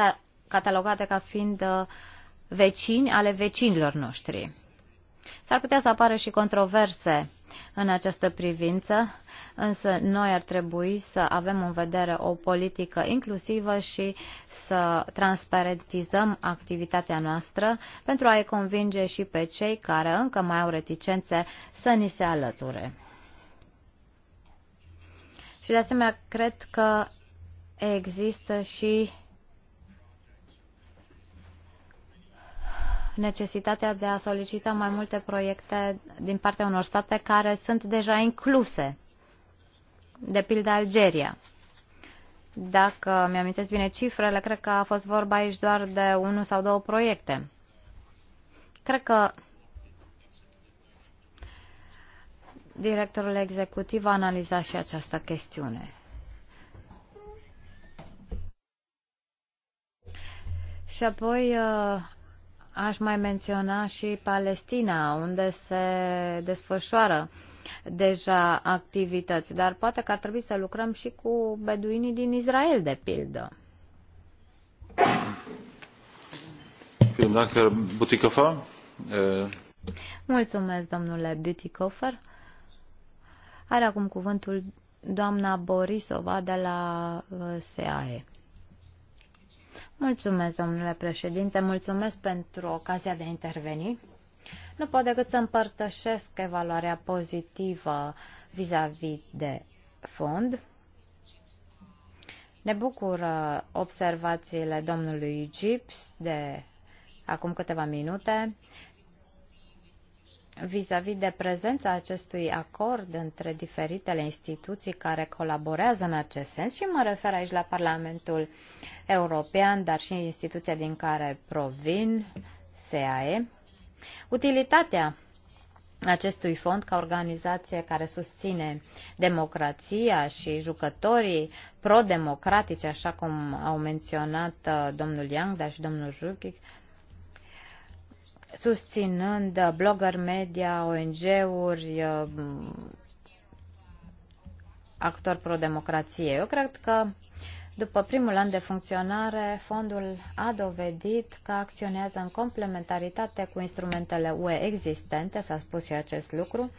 D: ca, catalogate ca fiind uh, vecini ale vecinilor noștri. S-ar putea să apară și controverse în această privință, însă noi ar trebui să avem în vedere o politică inclusivă și să transparentizăm activitatea noastră pentru a-i convinge și pe cei care încă mai au reticențe să ni se alăture. Și de asemenea, cred că există și necesitatea de a solicita mai multe proiecte din partea unor state care sunt deja incluse, de pildă Algeria. Dacă mi-amintesc bine cifrele, cred că a fost vorba aici doar de unul sau două proiecte. Cred că directorul executiv a analizat și această chestiune. Și apoi uh, aș mai menționa și Palestina, unde se desfășoară deja activități, dar poate că ar trebui să lucrăm și cu beduinii din Israel, de pildă. Mulțumesc, domnule Butikofer. Are acum cuvântul doamna Borisova de la uh, SAE. Mulțumesc, domnule președinte, mulțumesc pentru ocazia de a interveni. Nu pot decât să împărtășesc evaluarea pozitivă vis-a-vis -vis de fond. Ne bucură observațiile domnului Gips de acum câteva minute vis-a-vis -vis de prezența acestui acord între diferitele instituții care colaborează în acest sens și mă refer aici la Parlamentul European, dar și instituția din care provin, SEAE. Utilitatea acestui fond ca organizație care susține democrația și jucătorii pro-democratici, așa cum au menționat uh, domnul Yang, dar și domnul Rukic, susținând uh, blogger media, ONG-uri, uh, actor pro-democrație. Eu cred că după primul an de funcționare, fondul a dovedit că acționează în complementaritate cu instrumentele UE existente, s-a spus și acest lucru,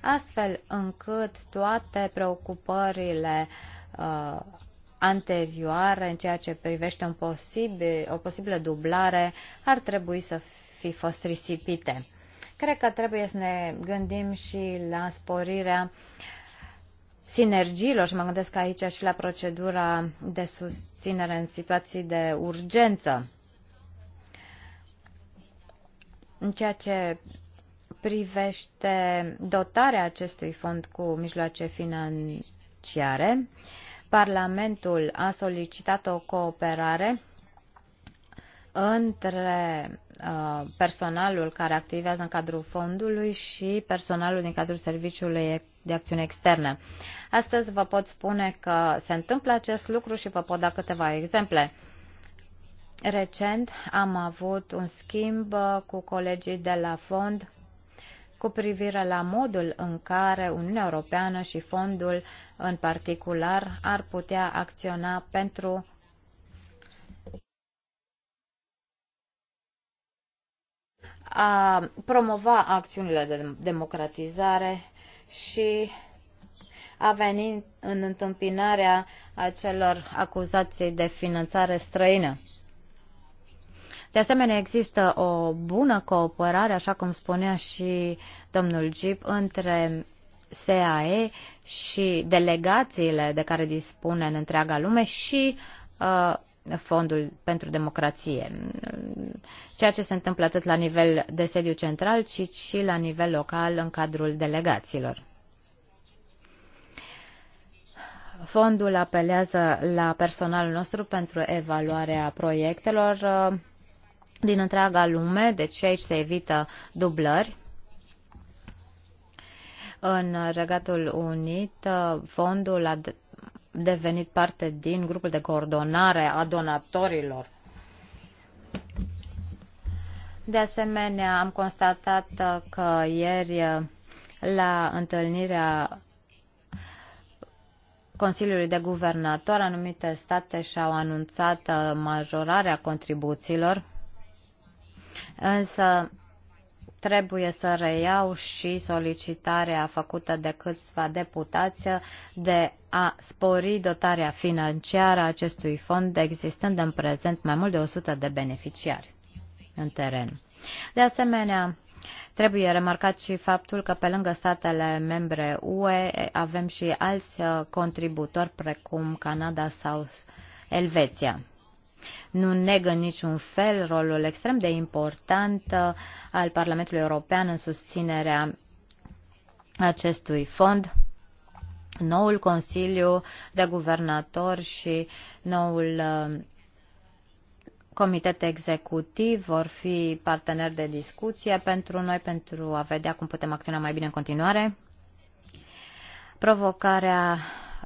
D: astfel încât toate preocupările uh, anterioare în ceea ce privește un posibil, o posibilă dublare ar trebui să fi fost risipite. Cred că trebuie să ne gândim și la sporirea sinergiilor și mă gândesc aici și la procedura de susținere în situații de urgență. În ceea ce privește dotarea acestui fond cu mijloace financiare, Parlamentul a solicitat o cooperare între uh, personalul care activează în cadrul fondului și personalul din cadrul serviciului de acțiune externă. Astăzi vă pot spune că se întâmplă acest lucru și vă pot da câteva exemple. Recent am avut un schimb uh, cu colegii de la fond cu privire la modul în care Uniunea Europeană și fondul în particular ar putea acționa pentru a promova acțiunile de democratizare și a venit în întâmpinarea acelor acuzații de finanțare străină. De asemenea, există o bună cooperare, așa cum spunea și domnul Gip, între SAE și delegațiile de care dispune în întreaga lume și uh, fondul pentru democrație. Ceea ce se întâmplă atât la nivel de sediu central, ci și la nivel local în cadrul delegațiilor. Fondul apelează la personalul nostru pentru evaluarea proiectelor uh, din întreaga lume, deci aici se evită dublări. În Regatul Unit, uh, fondul a devenit parte din grupul de coordonare a donatorilor. De asemenea, am constatat că ieri la întâlnirea Consiliului de Guvernator, anumite state și-au anunțat majorarea contribuțiilor, însă trebuie să reiau și solicitarea făcută de câțiva deputați de a spori dotarea financiară a acestui fond, existând în prezent mai mult de 100 de beneficiari în teren. De asemenea, Trebuie remarcat și faptul că pe lângă statele membre UE avem și alți contributori precum Canada sau Elveția. Nu negă niciun fel rolul extrem de important uh, al Parlamentului European în susținerea acestui fond. Noul Consiliu de Guvernatori și noul uh, comitet executiv vor fi parteneri de discuție pentru noi, pentru a vedea cum putem acționa mai bine în continuare. Provocarea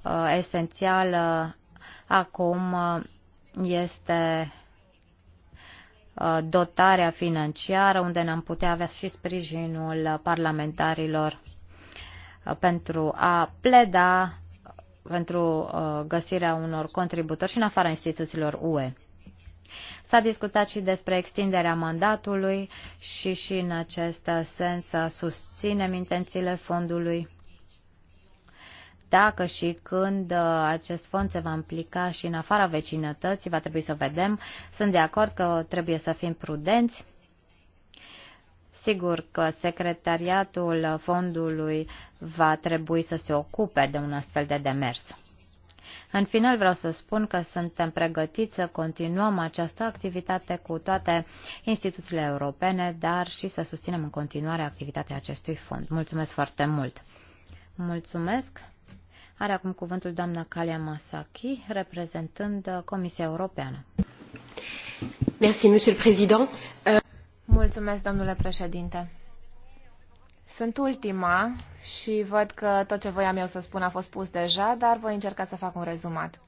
D: uh, esențială acum este uh, dotarea financiară, unde ne-am putea avea și sprijinul parlamentarilor uh, pentru a pleda pentru uh, găsirea unor contributori și în afara instituțiilor UE. S-a discutat și despre extinderea mandatului și și în acest sens susținem intențiile fondului dacă și când uh, acest fond se va implica și în afara vecinătății, va trebui să vedem. Sunt de acord că trebuie să fim prudenți. Sigur că secretariatul fondului va trebui să se ocupe de un astfel de demers. În final vreau să spun că suntem pregătiți să continuăm această activitate cu toate instituțiile europene, dar și să susținem în continuare activitatea acestui fond. Mulțumesc foarte mult! Mulțumesc! Are acum cuvântul doamna Kalia Masaki, reprezentând uh, Comisia Europeană.
A: Merci, monsieur le président. Uh,
D: mulțumesc, domnule președinte.
A: Sunt ultima și văd că tot ce voiam eu să spun a fost spus deja, dar voi încerca să fac un rezumat.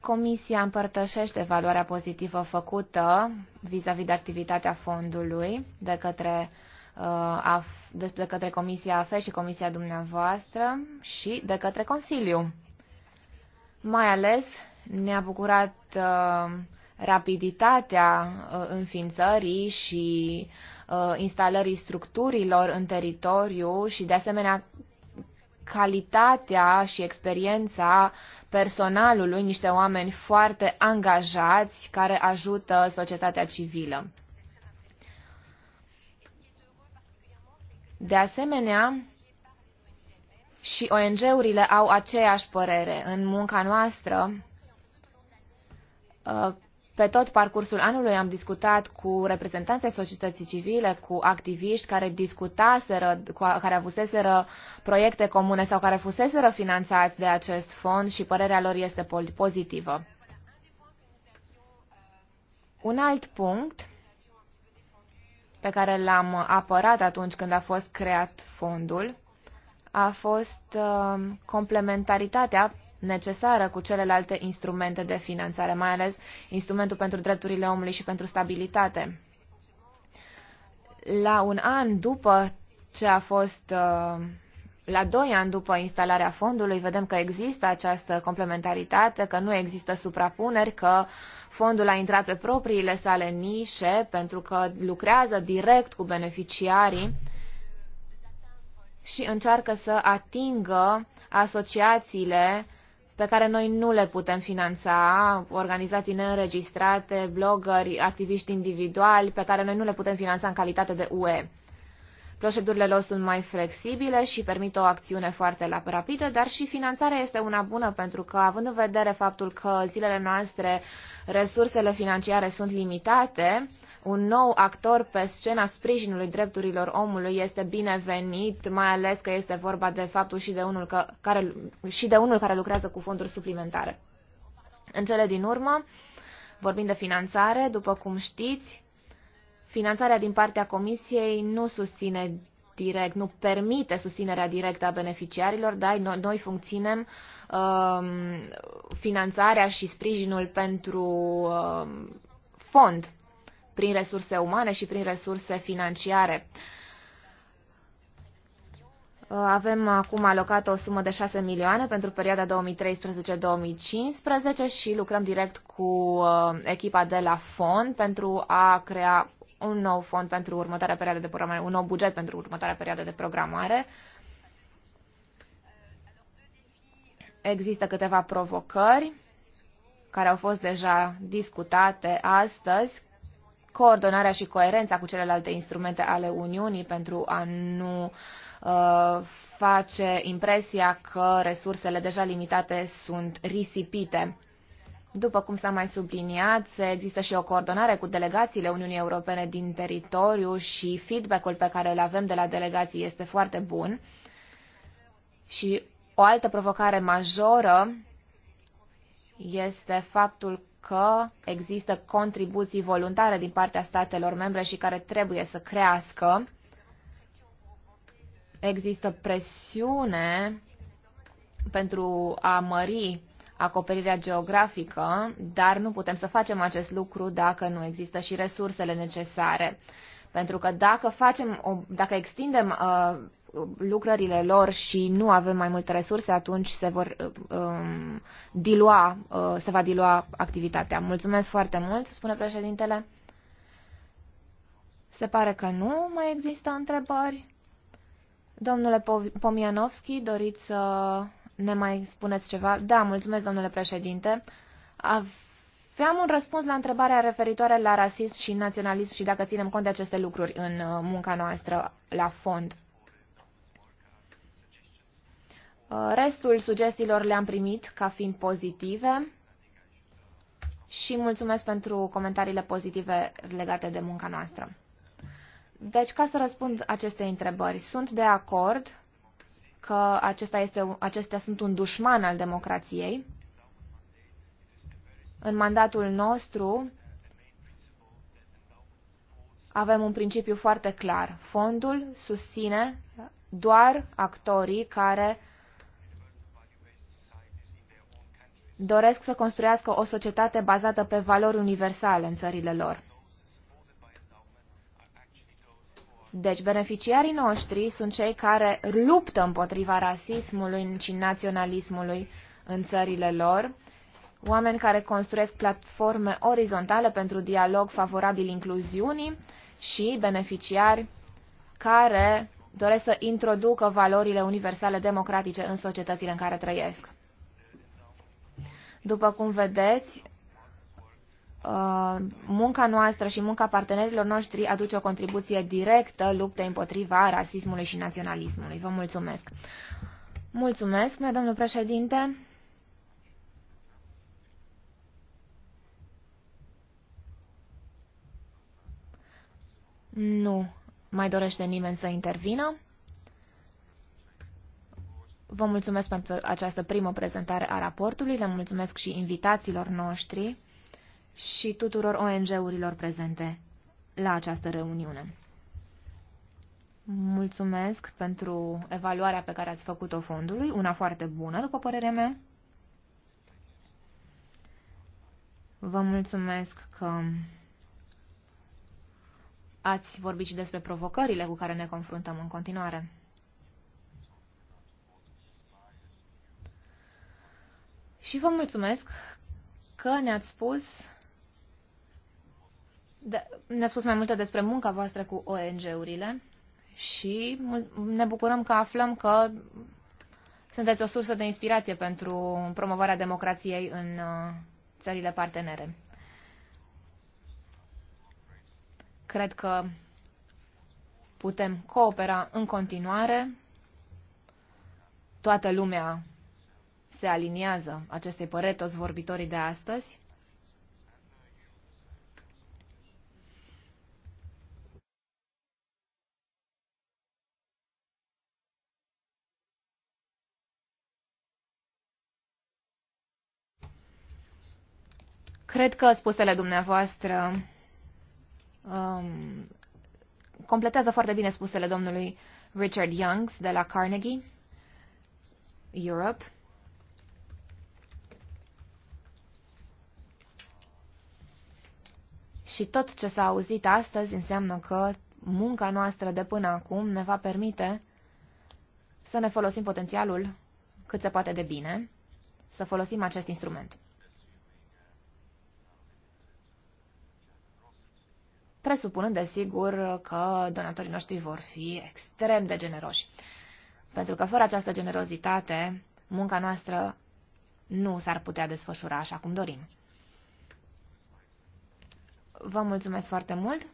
A: Comisia împărtășește valoarea pozitivă făcută vis-a-vis -vis de activitatea fondului de către Uh, de către Comisia AFE și Comisia dumneavoastră și de către Consiliu. Mai ales ne-a bucurat uh, rapiditatea uh, înființării și instalării structurilor în teritoriu și, de asemenea, calitatea și experiența personalului, niște oameni foarte angajați care ajută societatea civilă. De asemenea, și ONG-urile au aceeași părere. În munca noastră, ă, pe tot parcursul anului am discutat cu reprezentanții societății civile, cu activiști care discutaseră, care avuseseră proiecte comune sau care fuseseră finanțați de acest fond și părerea lor este pozitivă. Un alt punct pe care l-am apărat atunci când a fost creat fondul a fost uh, complementaritatea necesară cu celelalte instrumente de finanțare, mai ales instrumentul pentru drepturile omului și pentru stabilitate. La un an după ce a fost uh, la doi ani după instalarea fondului vedem că există această complementaritate, că nu există suprapuneri, că fondul a intrat pe propriile sale nișe pentru că lucrează direct cu beneficiarii și încearcă să atingă asociațiile pe care noi nu le putem finanța, organizații neînregistrate, blogări, activiști individuali, pe care noi nu le putem finanța în calitate de UE. Procedurile lor sunt mai flexibile și permit o acțiune foarte rapidă, dar și finanțarea este una bună pentru că, având în vedere faptul că zilele noastre resursele financiare sunt limitate, un nou actor pe scena sprijinului drepturilor omului este binevenit, mai ales că este vorba de faptul și de unul, că, care, și de unul care lucrează cu fonduri suplimentare. În cele din urmă, vorbind de finanțare, după cum știți, Finanțarea din partea Comisiei nu susține direct, nu permite susținerea directă a beneficiarilor, dar noi, noi um, finanțarea și sprijinul pentru um, fond prin resurse umane și prin resurse financiare. Uh, avem acum alocată o sumă de 6 milioane pentru perioada 2013-2015 și lucrăm direct cu uh, echipa de la fond pentru a crea un nou fond pentru următoarea perioadă de programare, un nou buget pentru următoarea perioadă de programare. Există câteva provocări care au fost deja discutate astăzi, coordonarea și coerența cu celelalte instrumente ale Uniunii pentru a nu uh, face impresia că resursele deja limitate sunt risipite. După cum s-a mai subliniat, există și o coordonare cu delegațiile Uniunii Europene din teritoriu și feedback-ul pe care îl avem de la delegații este foarte bun. Și o altă provocare majoră este faptul că există contribuții voluntare din partea statelor membre și care trebuie să crească. Există presiune pentru a mări acoperirea geografică, dar nu putem să facem acest lucru dacă nu există și resursele necesare. Pentru că dacă, facem o, dacă extindem uh, lucrările lor și nu avem mai multe resurse, atunci se vor uh, um, dilua, uh, se va dilua activitatea. Mulțumesc foarte mult, spune președintele. Se pare că nu mai există întrebări. Domnule Pomianovski, doriți să ne mai spuneți ceva? Da, mulțumesc, domnule președinte. Aveam un răspuns la întrebarea referitoare la rasism și naționalism și dacă ținem cont de aceste lucruri în uh, munca noastră la fond. Uh, restul sugestiilor le-am primit ca fiind pozitive și mulțumesc pentru comentariile pozitive legate de munca noastră. Deci, ca să răspund aceste întrebări, sunt de acord că acesta este, acestea sunt un dușman al democrației. În mandatul nostru avem un principiu foarte clar. Fondul susține doar actorii care doresc să construiască o societate bazată pe valori universale în țările lor. Deci, beneficiarii noștri sunt cei care luptă împotriva rasismului și naționalismului în țările lor, oameni care construiesc platforme orizontale pentru dialog favorabil incluziunii și beneficiari care doresc să introducă valorile universale democratice în societățile în care trăiesc. După cum vedeți, Uh, munca noastră și munca partenerilor noștri aduce o contribuție directă luptei împotriva rasismului și naționalismului. Vă mulțumesc! Mulțumesc, mea domnul președinte! Nu mai dorește nimeni să intervină. Vă mulțumesc pentru această primă prezentare a raportului, le mulțumesc și invitațiilor noștri și tuturor ONG-urilor prezente la această reuniune. Mulțumesc pentru evaluarea pe care ați făcut-o fondului, una foarte bună, după părerea mea. Vă mulțumesc că ați vorbit și despre provocările cu care ne confruntăm în continuare. Și vă mulțumesc că ne-ați spus da, ne-a spus mai multe despre munca voastră cu ONG-urile și ne bucurăm că aflăm că sunteți o sursă de inspirație pentru promovarea democrației în uh, țările partenere. Cred că putem coopera în continuare. Toată lumea se aliniază acestei păreți, toți vorbitorii de astăzi. Cred că spusele dumneavoastră um, completează foarte bine spusele domnului Richard Youngs de la Carnegie Europe. Și tot ce s-a auzit astăzi înseamnă că munca noastră de până acum ne va permite să ne folosim potențialul cât se poate de bine, să folosim acest instrument. presupunând, desigur, că donatorii noștri vor fi extrem de generoși. Pentru că fără această generozitate, munca noastră nu s-ar putea desfășura așa cum dorim. Vă mulțumesc foarte mult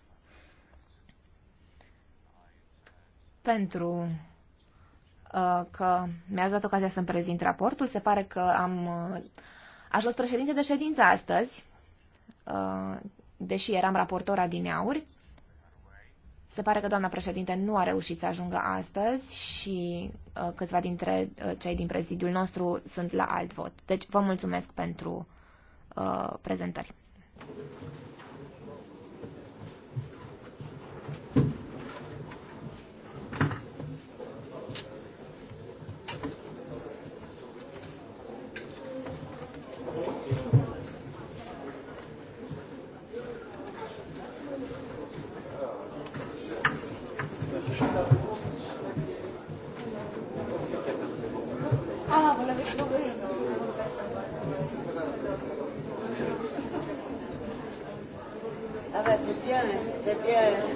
A: pentru uh, că mi-ați dat ocazia să-mi prezint raportul. Se pare că am uh, ajuns președinte de ședință astăzi. Uh, deși eram din aur, Se pare că doamna președinte nu a reușit să ajungă astăzi și uh, câțiva dintre uh, cei din prezidiul nostru sunt la alt vot. Deci vă mulțumesc pentru uh, prezentări.
D: Yeah.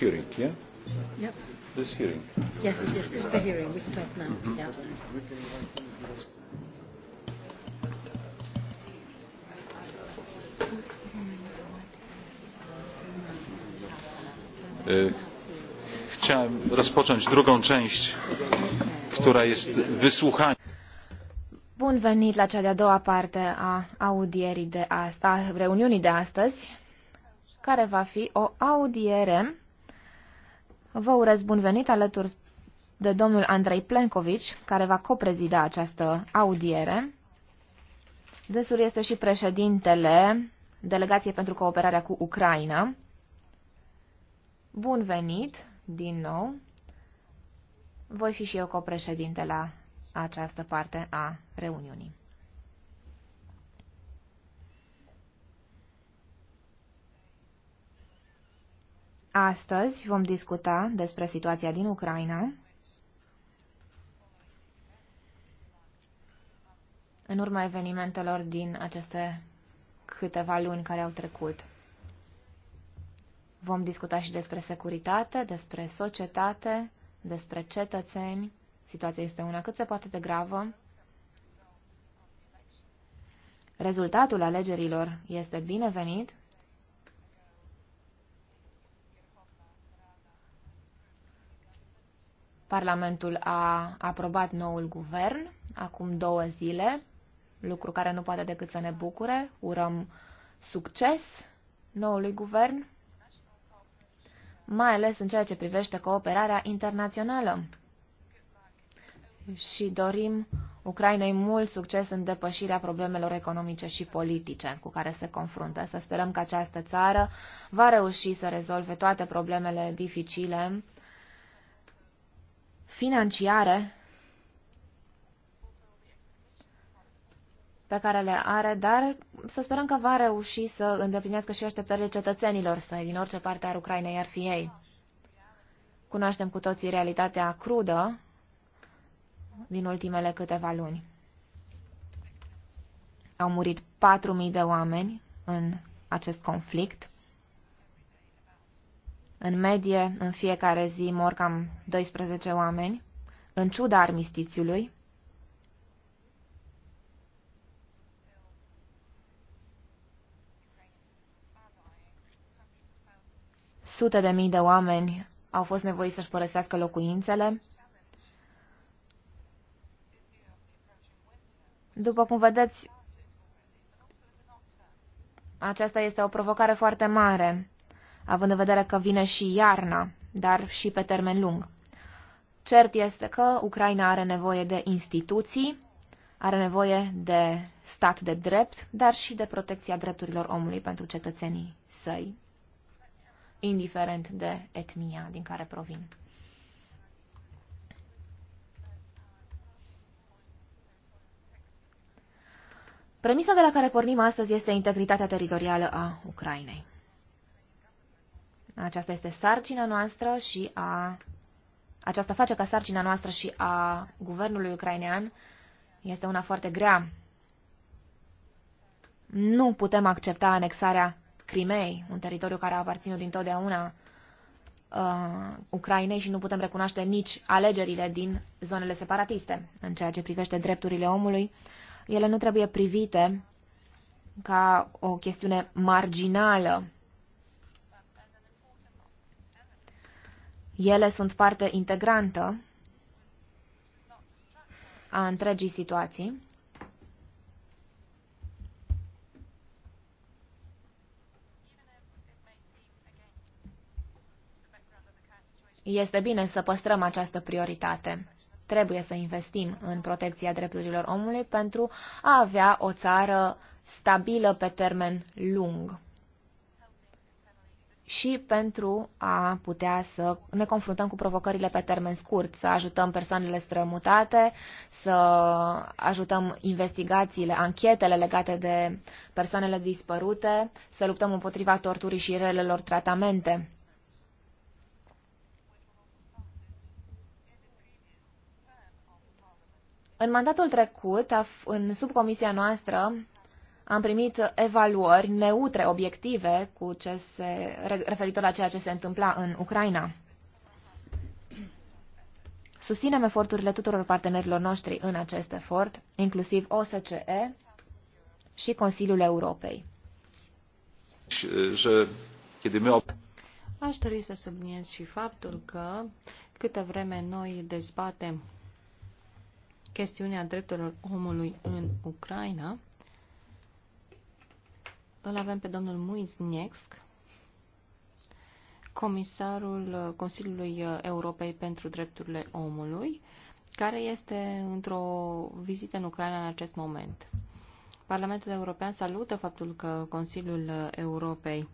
C: hearing, yeah? Yep. This hearing. Yes, this yes, this is the hearing. We
D: start now. Mm -hmm. yeah.
C: Uh, Chciałem rozpocząć drugą część,
B: która jest wysłuchaniem.
A: Bun venit la cea de-a doua parte a audierii de astăzi, a reuniunii de astăzi, care va fi o audiere Vă urez bun venit alături de domnul Andrei Plencovici, care va coprezida această audiere. Desul este și președintele Delegației pentru Cooperarea cu Ucraina. Bun venit din nou. Voi fi și eu copreședinte la această parte a reuniunii. Astăzi vom discuta despre situația din Ucraina. În urma evenimentelor din aceste câteva luni care au trecut. Vom discuta și despre securitate, despre societate, despre cetățeni. Situația este una cât se poate de gravă. Rezultatul alegerilor este binevenit Parlamentul a aprobat noul guvern acum două zile, lucru care nu poate decât să ne bucure. Urăm succes noului guvern, mai ales în ceea ce privește cooperarea internațională. Și dorim Ucrainei mult succes în depășirea problemelor economice și politice cu care se confruntă. Să sperăm că această țară va reuși să rezolve toate problemele dificile financiare pe care le are, dar să sperăm că va reuși să îndeplinească și așteptările cetățenilor săi din orice parte a Ucrainei ar fi ei. Cunoaștem cu toții realitatea crudă din ultimele câteva luni. Au murit 4.000 de oameni în acest conflict. În medie, în fiecare zi mor cam 12 oameni, în ciuda armistițiului. Sute de mii de oameni au fost nevoiți să-și părăsească locuințele. După cum vedeți, aceasta este o provocare foarte mare având în vedere că vine și iarna, dar și pe termen lung. Cert este că Ucraina are nevoie de instituții, are nevoie de stat de drept, dar și de protecția drepturilor omului pentru cetățenii săi, indiferent de etnia din care provin. Premisa de la care pornim astăzi este integritatea teritorială a Ucrainei. Aceasta este sarcina noastră și a... Aceasta face ca sarcina noastră și a guvernului ucrainean este una foarte grea. Nu putem accepta anexarea Crimei, un teritoriu care a aparținut dintotdeauna uh, Ucrainei și nu putem recunoaște nici alegerile din zonele separatiste. În ceea ce privește drepturile omului, ele nu trebuie privite ca o chestiune marginală Ele sunt parte integrantă a întregii situații. Este bine să păstrăm această prioritate. Trebuie să investim în protecția drepturilor omului pentru a avea o țară stabilă pe termen lung și pentru a putea să ne confruntăm cu provocările pe termen scurt, să ajutăm persoanele strămutate, să ajutăm investigațiile, anchetele legate de persoanele dispărute, să luptăm împotriva torturii și relelor tratamente. În mandatul trecut, în subcomisia noastră, am primit evaluări neutre, obiective, cu ce se, referitor la ceea ce se întâmpla în Ucraina. Susținem eforturile tuturor partenerilor noștri în acest efort, inclusiv OSCE și
C: Consiliul Europei. Aș dori să subliniez și faptul că câtă vreme noi dezbatem chestiunea drepturilor omului în Ucraina, îl avem pe domnul Muizniewsk, comisarul Consiliului Europei pentru Drepturile Omului, care este într-o vizită în Ucraina în acest moment. Parlamentul European salută faptul că Consiliul Europei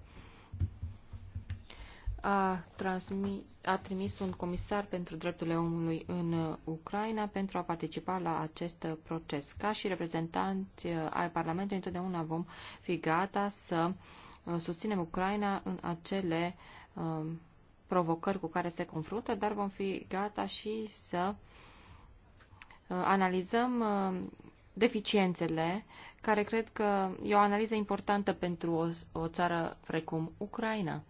C: a, transmis, a trimis un comisar pentru drepturile omului în uh, Ucraina pentru a participa la acest uh, proces. Ca și reprezentanți uh, ai Parlamentului, întotdeauna vom fi gata să susținem Ucraina în acele provocări cu care se confruntă, dar vom fi gata și să analizăm deficiențele, care cred că e o analiză importantă pentru o, o țară precum Ucraina.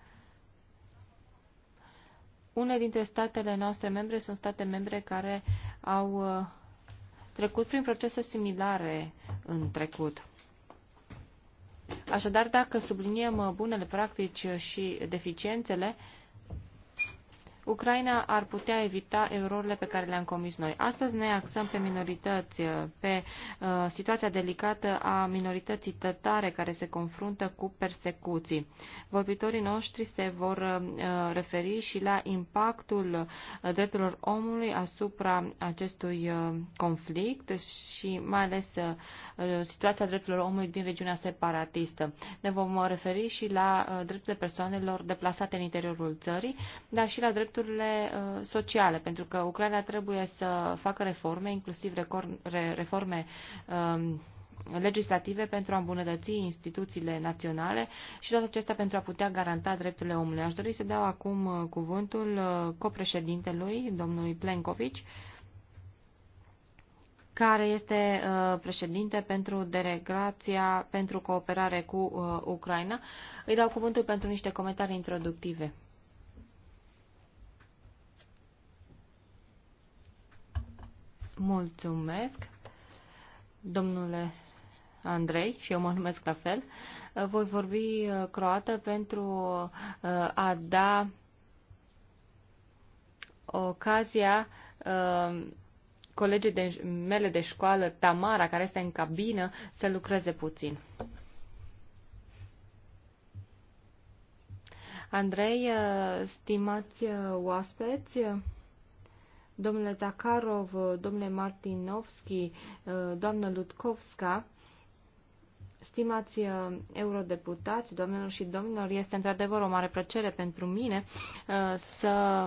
C: Une dintre statele noastre membre sunt state membre care au uh, trecut prin procese similare în trecut. Așadar, dacă subliniem uh, bunele practici uh, și deficiențele, Ucraina ar putea evita erorile pe care le-am comis noi. Astăzi ne axăm pe minorități, eh, pe uh, situația delicată a minorității tătare care se confruntă cu persecuții. Vorbitorii noștri se vor uh, referi și la impactul uh, drepturilor omului asupra acestui uh, conflict și mai ales uh, situația drepturilor omului din regiunea separatistă. Ne vom referi și la uh, drepturile persoanelor deplasate în interiorul țării, dar și la drepturile drepturile uh, sociale, pentru că Ucraina trebuie să facă reforme, inclusiv reforme um, legislative pentru a îmbunătăți instituțiile naționale și toate acestea pentru a putea garanta drepturile omului. Aș dori să dau acum uh, cuvântul uh, copreședintelui, domnului Plenkovic, care este președinte pentru delegația pentru cooperare cu Ucraina. Îi dau cuvântul pentru niște comentarii introductive. Mulțumesc, domnule Andrei, și eu mă numesc la fel. Voi vorbi uh, croată pentru uh, a da ocazia uh, colegii de, mele de școală, Tamara, care este în cabină, să lucreze puțin. Andrei, stimați oaspeți, domnule Zakharov, domnule Martinovski, doamnă Lutkovska, Stimați uh, eurodeputați, domnilor și domnilor, este într-adevăr o mare plăcere pentru mine uh, să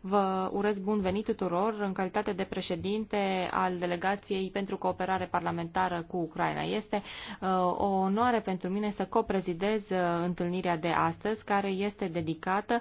C: vă urez bun venit tuturor în calitate de președinte al Delegației pentru Cooperare Parlamentară cu Ucraina. Este uh, o onoare pentru mine să coprezidez întâlnirea de astăzi, care este dedicată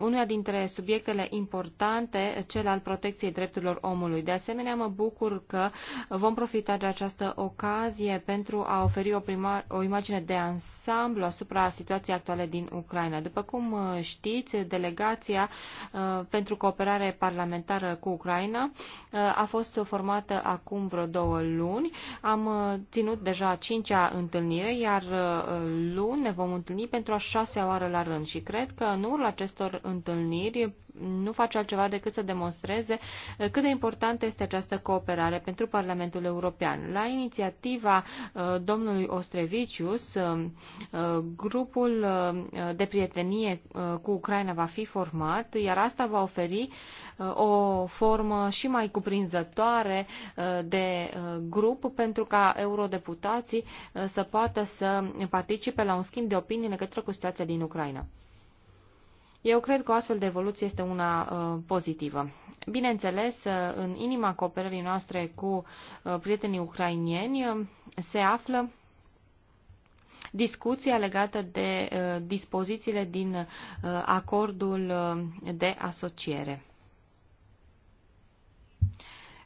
C: unul dintre subiectele importante, cel al protecției drepturilor omului. De asemenea, mă bucur că vom profita de această ocazie pentru a oferi o, prima, o imagine de ansamblu asupra situației actuale din Ucraina. După cum uh, știți, delegația uh, pentru cooperare parlamentară cu Ucraina uh, a fost formată acum vreo două luni. Am ținut deja cincea întâlnire, iar luni ne vom întâlni pentru a șasea oară la rând și cred că în urma acestor întâlniri nu face altceva decât să demonstreze uh, cât de importantă este această cooperare pentru Parlamentul European. La inițiativa uh, domnului Ostrevicius, uh, grupul de prietenie cu Ucraina va fi format, iar asta va oferi o formă și mai cuprinzătoare de grup pentru ca eurodeputații să poată să participe la un schimb de opinii legătură cu situația din Ucraina. Eu cred că o astfel de evoluție este una uh, pozitivă. Bineînțeles, uh, în inima cooperării noastre cu uh, prietenii ucrainieni uh, se află discuția legată de uh, dispozițiile din uh, acordul uh, de asociere.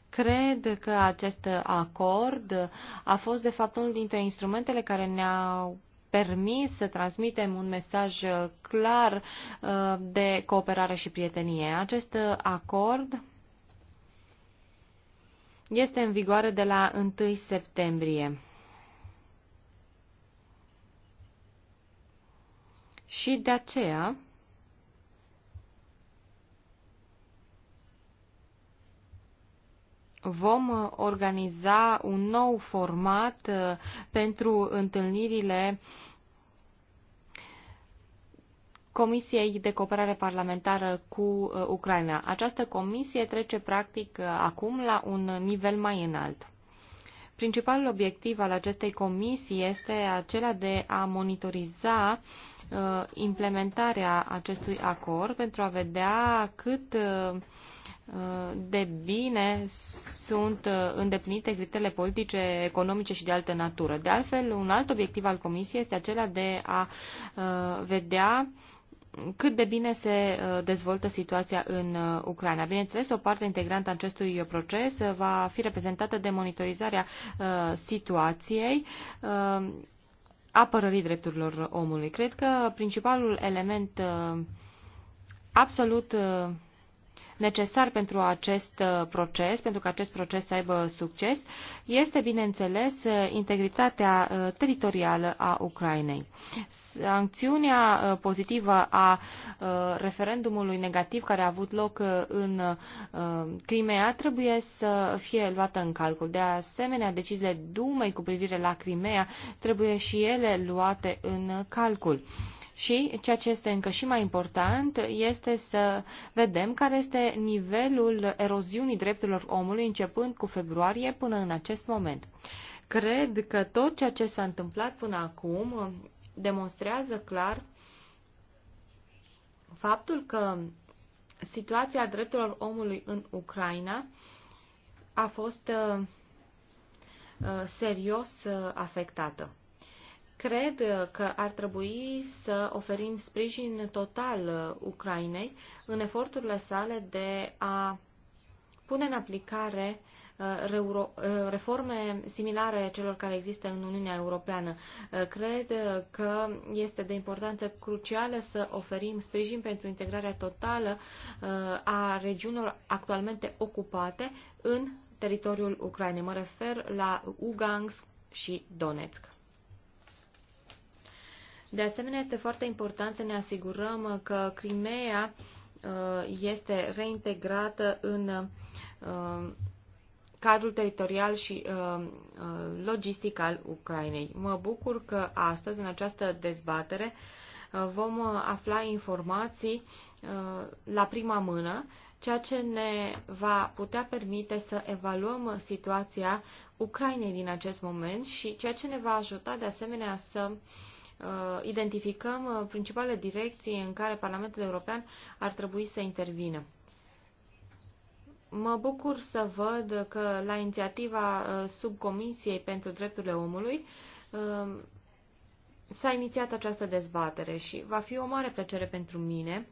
C: Cred că acest acord a fost, de fapt, unul dintre instrumentele care ne-au permis să transmitem un mesaj clar uh, de cooperare și prietenie. Acest acord este în vigoare de la 1 septembrie. Și de aceea vom uh, organiza un nou format uh, pentru întâlnirile Comisiei de Cooperare Parlamentară cu uh, Ucraina. Această comisie trece practic acum la un nivel mai înalt. Principalul obiectiv al acestei comisii este acela de a monitoriza implementarea acestui acord pentru a vedea cât de bine sunt uh, îndeplinite criteriile politice, economice și de altă natură. De altfel, un alt obiectiv al Comisiei este acela de a uh, vedea cât de bine se uh, dezvoltă situația în Ucraina. Bineînțeles, o parte integrantă a acestui proces va fi reprezentată de monitorizarea situației apărării drepturilor omului. Cred că principalul element absolut necesar pentru acest uh, proces, pentru că acest proces să aibă succes, este, bineînțeles, uh, integritatea uh, teritorială a Ucrainei. Sancțiunea pozitivă a referendumului negativ care a avut loc în Crimea trebuie să fie luată în calcul. De asemenea, deciziile Dumei cu privire la Crimea trebuie și ele luate în calcul. Și ceea ce este încă și mai important este să vedem care este nivelul eroziunii drepturilor omului începând cu februarie până în acest moment. Cred că tot ceea ce s-a întâmplat până acum um, demonstrează clar faptul că situația drepturilor omului în Ucraina a fost uh, uh, serios uh, afectată. Cred că ar trebui să oferim sprijin total Ucrainei în eforturile sale de a pune în aplicare uh, uh, reforme similare celor care există în Uniunea Europeană. Uh, cred că este de importanță crucială să oferim sprijin pentru integrarea totală a regiunilor actualmente ocupate în teritoriul Ucrainei. Mă refer la Ugansk și Donetsk. De asemenea, este foarte important să ne asigurăm că Crimea uh, este reintegrată în uh, cadrul teritorial și uh, logistic al Ucrainei. Mă bucur că astăzi, în această dezbatere, vom afla informații la prima mână, ceea ce ne va putea permite să evaluăm situația Ucrainei din acest moment și ceea ce ne va ajuta de asemenea să uh, Uh, identificăm uh, principalele direcții în care Parlamentul European ar trebui să intervină. Mă bucur să văd că la inițiativa uh, subcomisiei pentru drepturile omului s-a inițiat această dezbatere și va fi o mare plăcere pentru mine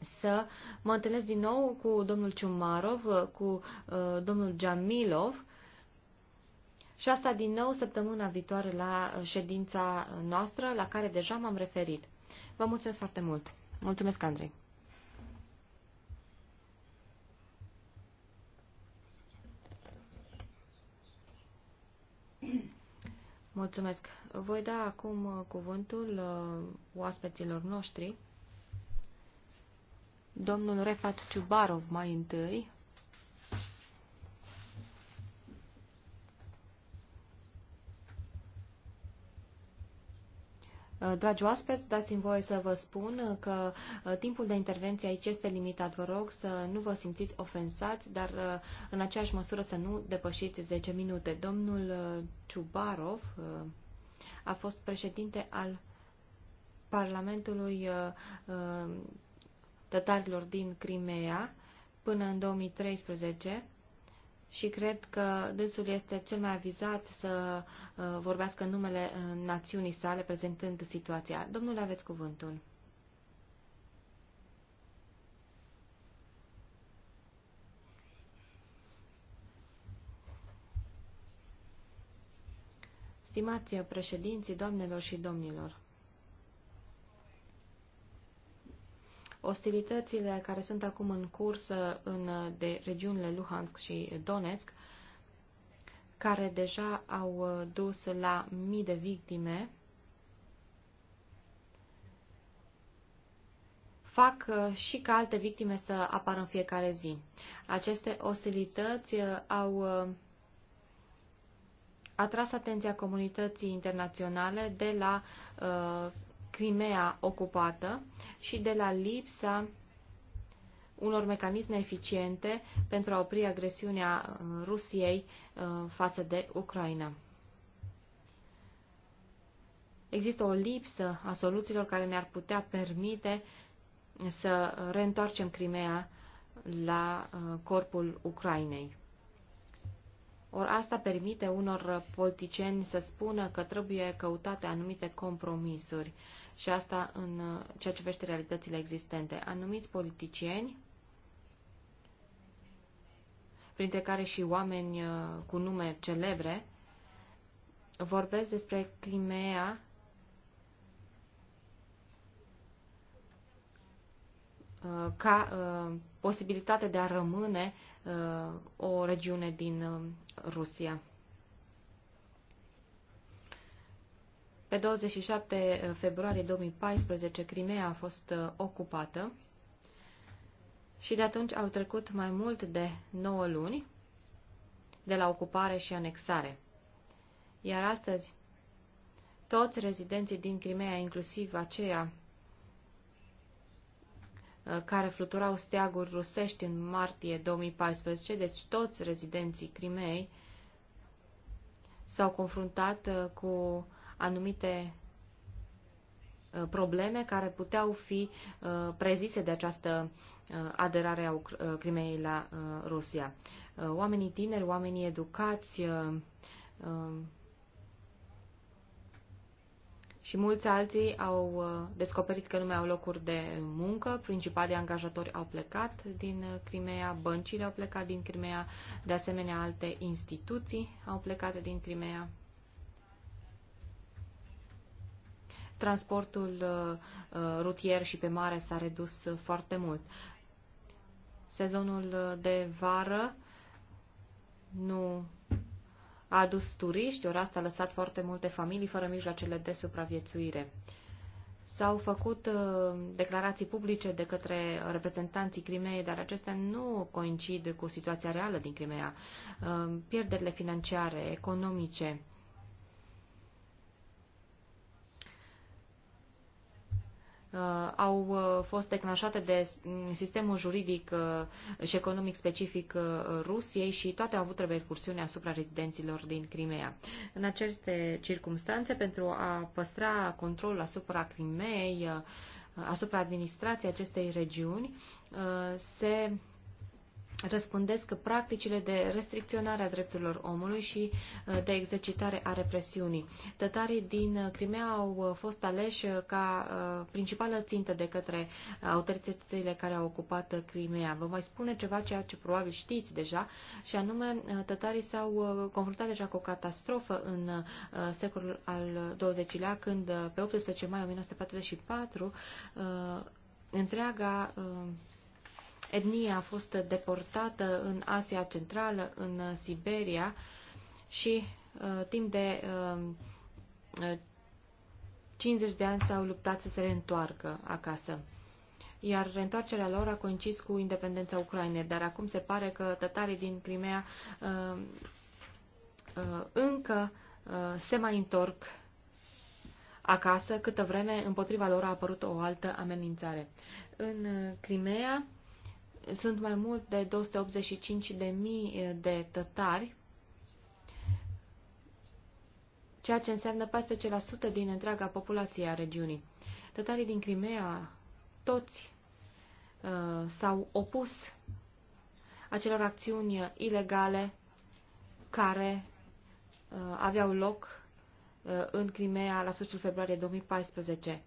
C: să mă întâlnesc din nou cu domnul Ciumarov, cu domnul Jamilov și asta din nou săptămâna viitoare la uh, ședința noastră, la care deja m-am referit. Vă mulțumesc foarte mult. Mulțumesc, Andrei. Mulțumesc. Voi da acum uh, cuvântul uh, oaspeților noștri. Domnul Refat Ciubarov mai întâi, Uh, dragi oaspeți, dați-mi voie să vă spun că uh, timpul de intervenție aici este limitat. Vă rog să nu vă simțiți ofensați, dar uh, în aceeași măsură să nu depășiți 10 minute. Domnul Ciubarov a fost președinte al Parlamentului Tătarilor din Crimea până în 2013 și cred că dânsul este cel mai avizat să uh, vorbească în numele uh, națiunii sale, prezentând situația. Domnule, aveți cuvântul. Stimați președinții, doamnelor și domnilor, Ostilitățile care sunt acum în curs uh, în uh, de regiunile Luhansk și Donetsk, care deja au uh, dus la mii de victime, fac și ca alte victime să apară în fiecare zi. Aceste ostilități au atras atenția comunității internaționale de la uh, Crimea ocupată și de la lipsa unor mecanisme eficiente pentru a opri agresiunea uh, Rusiei uh, față de Ucraina. Există o lipsă a soluțiilor care ne-ar putea permite să reîntoarcem Crimea la uh, corpul Ucrainei. Or asta permite unor politicieni să spună că trebuie căutate anumite compromisuri și asta în uh, ceea ce vește realitățile existente. Anumiți politicieni, printre care și oameni uh, cu nume celebre, vorbesc despre Crimea uh, ca posibilitate de a rămâne Uh, o regiune din uh, Rusia. Pe 27 uh, februarie 2014, Crimea a fost ocupată și de atunci au trecut mai mult de 9 luni de la ocupare și anexare. Iar astăzi, toți rezidenții din Crimea, inclusiv aceia Uh, care fluturau steaguri rusești în martie 2014, deci toți rezidenții Crimei s-au confruntat uh, cu anumite uh, probleme care puteau fi prezise de această aderare a Crimeei la Rusia. Oamenii tineri, oamenii educați, și mulți alții au uh, descoperit că nu mai au locuri de muncă, principalii angajatori au plecat din uh, Crimea, băncile au plecat din Crimea, de asemenea alte instituții au plecat din Crimea. Transportul uh, rutier și pe mare s-a redus foarte mult. Sezonul de vară nu a adus turiști, ori asta a lăsat foarte multe familii fără mijloacele de supraviețuire. S-au făcut uh, declarații publice de către reprezentanții Crimeei, dar acestea nu coincid cu situația reală din Crimea. Uh, pierderile financiare, economice, Uh, au uh, fost declanșate de sistemul juridic uh, și economic specific Rusiei și toate au avut repercursiuni asupra rezidenților din Crimea. În aceste circunstanțe, pentru a păstra controlul asupra Crimeei, asupra administrației acestei regiuni, se răspândesc practicile de restricționare a drepturilor omului și uh, de exercitare a represiunii. Tătarii din Crimea au uh, fost aleși uh, ca principală țintă de către autoritățile care au ocupat Crimea. Vă mai spune ceva ceea ce probabil știți deja, și anume tătarii s-au confruntat deja cu o catastrofă în secolul al XX-lea, când pe 18 mai 1944 întreaga etnia a fost deportată în Asia Centrală, în Siberia și uh, timp de 50 uh, uh, de ani s-au luptat să se reîntoarcă acasă. Iar reîntoarcerea lor a coincis cu independența Ucrainei, dar acum se pare că tătarii din Crimea încă se mai întorc acasă, câtă vreme împotriva lor a apărut o altă amenințare. În Crimea sunt mai mult de 285.000 de tătari, ceea ce înseamnă 14% din întreaga populație a regiunii. Tătarii din Crimea, toți uh, s-au opus acelor acțiuni ilegale care uh, aveau loc uh, în Crimea la sfârșitul februarie 2014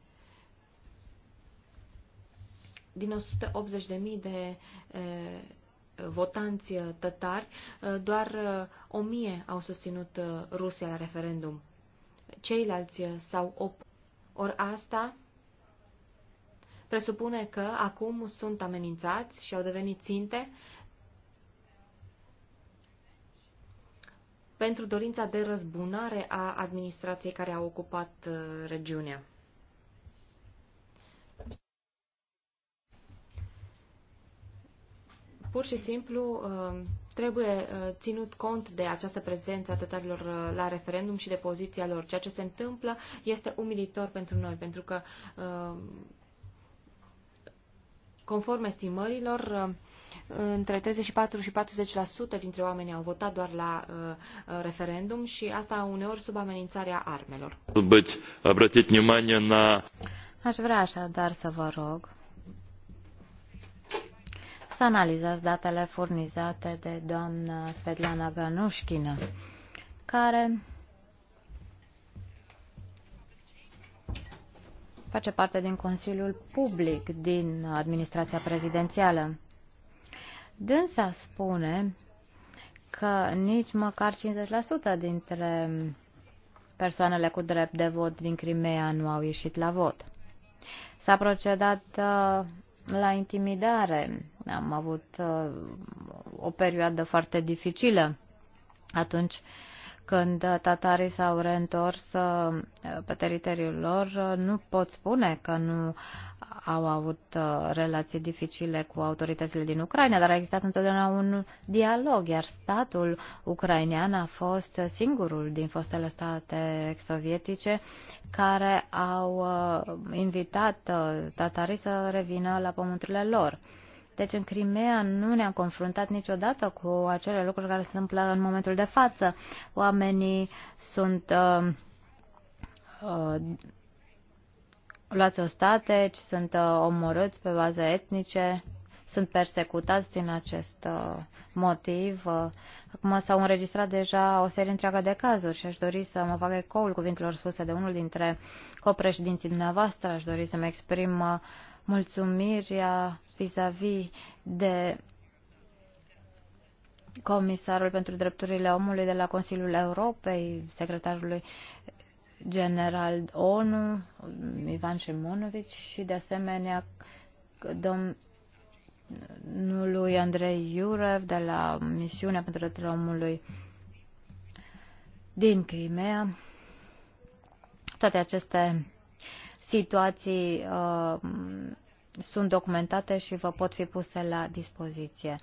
C: din 180.000 de votanți tătari, doar 1.000 au susținut Rusia la referendum. Ceilalți s-au op. Or asta presupune că acum sunt amenințați și au devenit ținte pentru dorința de răzbunare a administrației care a ocupat regiunea. pur și simplu uh, trebuie uh, ținut cont de această prezență a tătarilor uh, la referendum și de poziția lor. Ceea ce se întâmplă este umilitor pentru noi, pentru că conform estimărilor, între 34 și 40% dintre oameni au votat doar la uh, referendum și asta uneori sub amenințarea armelor.
D: Aș vrea așadar să vă rog să analizați datele furnizate de doamna Svetlana Ganușchina, care face parte din Consiliul Public din administrația prezidențială. Dânsa spune că nici măcar 50% dintre persoanele cu drept de vot din Crimea nu au ieșit la vot. S-a procedat uh, la intimidare am avut uh, o perioadă foarte dificilă atunci când tatarii s-au reîntors uh, pe teritoriul lor, nu pot spune că nu au avut uh, relații dificile cu autoritățile din Ucraina, dar a existat întotdeauna un dialog, iar statul ucrainean a fost singurul din fostele state sovietice care au invitat tatarii să revină la pământurile lor. Deci în Crimea nu ne-am confruntat niciodată cu acele lucruri care se întâmplă în momentul de față. Oamenii sunt uh, uh, luați ostateci, sunt uh, omorâți pe baze etnice, sunt persecutați din acest uh, motiv. Uh, acum s-au înregistrat deja o serie întreagă de cazuri și aș dori să mă fac ecoul cuvintelor spuse de unul dintre copreședinții dumneavoastră. Aș dori să-mi exprim uh, mulțumirea vis-a-vis -vis de comisarul pentru drepturile omului de la Consiliul Europei, secretarului general ONU, Ivan Șimonovic și de asemenea domnului Andrei Iurev de la Misiunea pentru drepturile omului din Crimea. Toate aceste situații uh, sunt documentate și vă pot fi puse la dispoziție.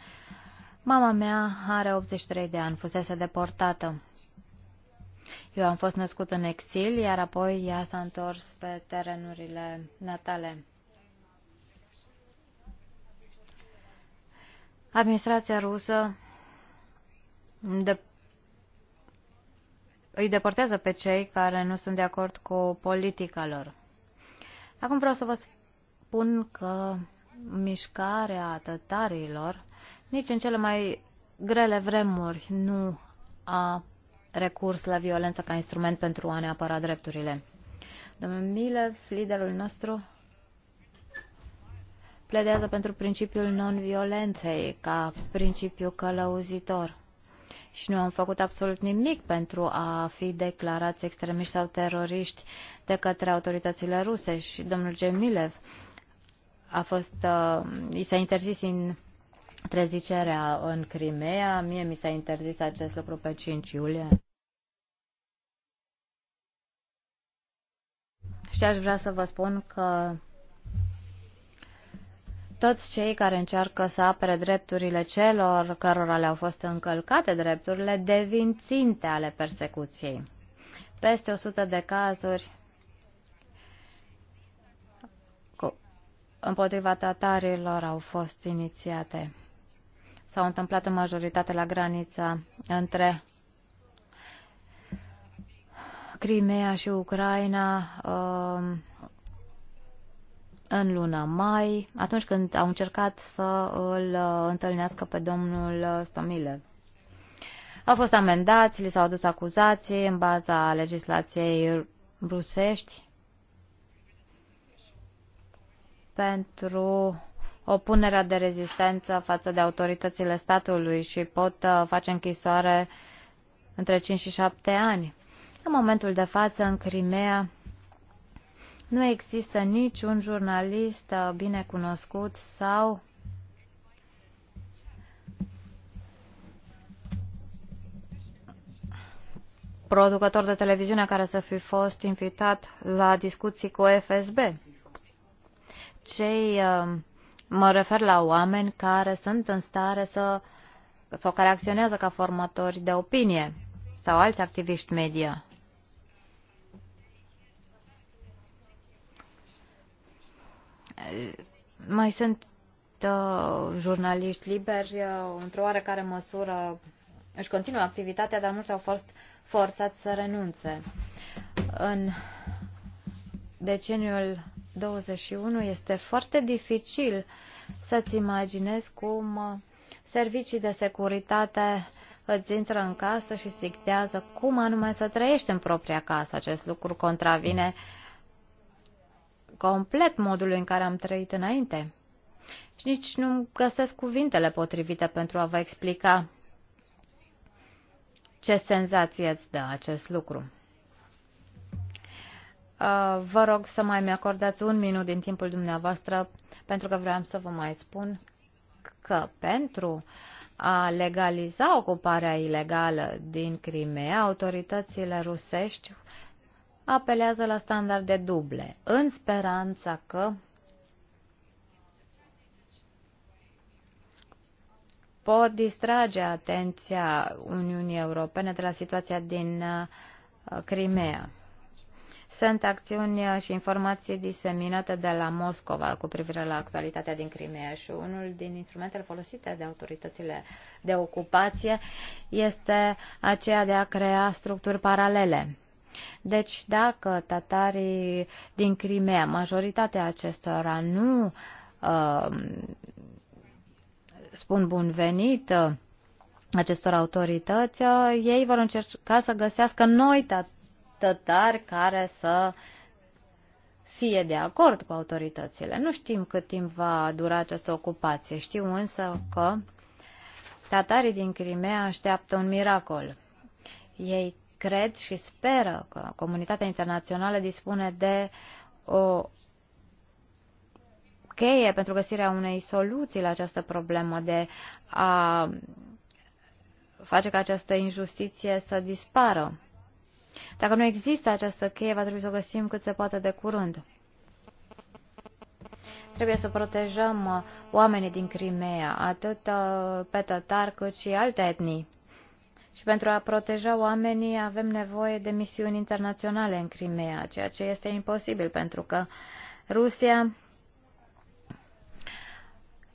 D: Mama mea are 83 de ani, fusese deportată. Eu am fost născut în exil, iar apoi ea s-a întors pe terenurile natale. Administrația rusă de îi deportează pe cei care nu sunt de acord cu politica lor. Acum vreau să vă spun că mișcarea tătarilor nici în cele mai grele vremuri nu a recurs la violență ca instrument pentru a ne apăra drepturile. Domnul Milev, liderul nostru, pledează pentru principiul non-violenței ca principiu călăuzitor și nu am făcut absolut nimic pentru a fi declarați extremiști sau teroriști de către autoritățile ruse și domnul Gemilev a fost, uh, i s-a interzis în trezicerea în Crimea, mie mi s-a interzis acest lucru pe 5 iulie. Și aș vrea să vă spun că toți cei care încearcă să apere drepturile celor cărora le-au fost încălcate drepturile devin ținte ale persecuției. Peste 100 de cazuri împotriva tatarilor au fost inițiate. S-au întâmplat în majoritate la granița între Crimea și Ucraina, um, în luna mai, atunci când au încercat să îl uh, întâlnească pe domnul uh, Stomiller. Au fost amendați, li s-au adus acuzații în baza legislației rusești pentru opunerea de rezistență față de autoritățile statului și pot uh, face închisoare între 5 și 7 ani. În momentul de față, în Crimea, nu există niciun jurnalist uh, bine cunoscut sau producător de televiziune care să fi fost invitat la discuții cu FSB. Cei, uh, mă refer la oameni care sunt în stare să, sau care acționează ca formatori de opinie sau alți activiști media. Mai sunt uh, jurnaliști liberi, uh, într-o oarecare măsură își continuă activitatea, dar mulți au fost forțați să renunțe. În deceniul 21 este foarte dificil să-ți imaginezi cum uh, servicii de securitate îți intră în casă și sictează cum anume să trăiești în propria casă. Acest lucru contravine uh, complet modului în care am trăit înainte. Și nici nu găsesc cuvintele potrivite pentru a vă explica ce senzație îți dă acest lucru. Uh, vă rog să mai mi-acordați un minut din timpul dumneavoastră, pentru că vreau să vă mai spun că pentru a legaliza ocuparea ilegală din Crimea, autoritățile rusești apelează la standarde duble, în speranța că pot distrage atenția Uniunii Europene de la situația din uh, Crimea. Sunt acțiuni uh, și informații diseminate de la Moscova cu privire la actualitatea din Crimea și unul din instrumentele folosite de autoritățile de ocupație este aceea de a crea structuri paralele deci dacă tatarii din Crimea, majoritatea acestora nu uh, spun bun venit uh, acestor autorități, uh, ei vor încerca să găsească noi tatari care să fie de acord cu autoritățile. Nu știm cât timp va dura această ocupație. Știu însă că tatarii din Crimea așteaptă un miracol. Ei cred și speră că comunitatea internațională dispune de o cheie pentru găsirea unei soluții la această problemă de a face ca această injustiție să dispară. Dacă nu există această cheie, va trebui să o găsim cât se poate de curând. Trebuie să protejăm oamenii din Crimea, atât uh, pe tătar cât și alte etnii. Și pentru a proteja oamenii avem nevoie de misiuni internaționale în Crimea, ceea ce este imposibil pentru că Rusia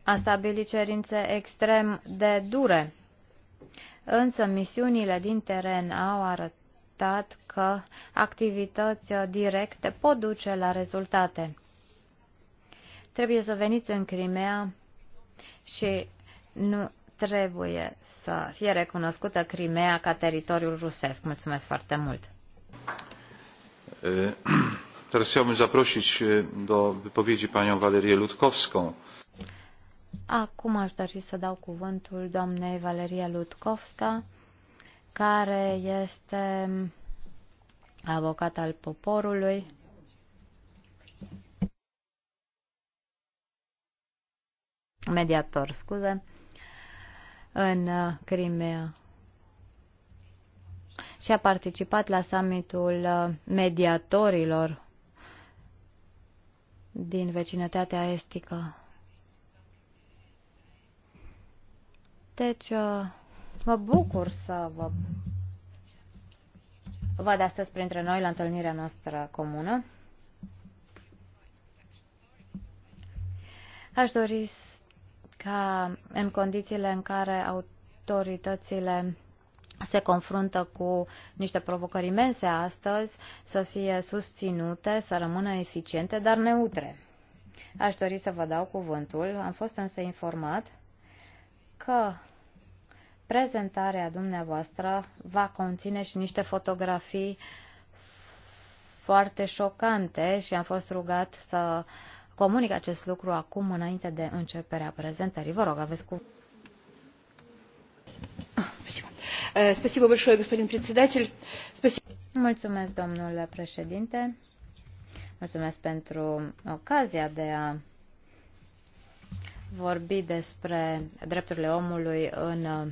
D: a stabilit cerințe extrem de dure. Însă misiunile din teren au arătat că activități directe pot duce la rezultate. Trebuie să veniți în Crimea și nu trebuie să fie recunoscută Crimea ca teritoriul rusesc. Mulțumesc foarte mult! (clears throat)
C: Teraz chciałbym zaprosić do wypowiedzi panią Walerię Ludkowską.
D: Acum aș dori să dau cuvântul doamnei Valeria Ludkowska, care este avocat al poporului. Mediator, scuze în uh, Crimea și a participat la summitul uh, mediatorilor din vecinătatea estică. Deci, uh, mă bucur să vă văd astăzi printre noi la întâlnirea noastră comună. Aș dori ca în condițiile în care autoritățile se confruntă cu niște provocări imense astăzi, să fie susținute, să rămână eficiente, dar neutre. Aș dori să vă dau cuvântul. Am fost însă informat că prezentarea dumneavoastră va conține și niște fotografii foarte șocante și am fost rugat să uh, comunic acest lucru acum înainte de începerea prezentării. Vă rog, aveți cu... Mulțumesc, domnule președinte. Mulțumesc pentru ocazia de a vorbi despre drepturile omului în,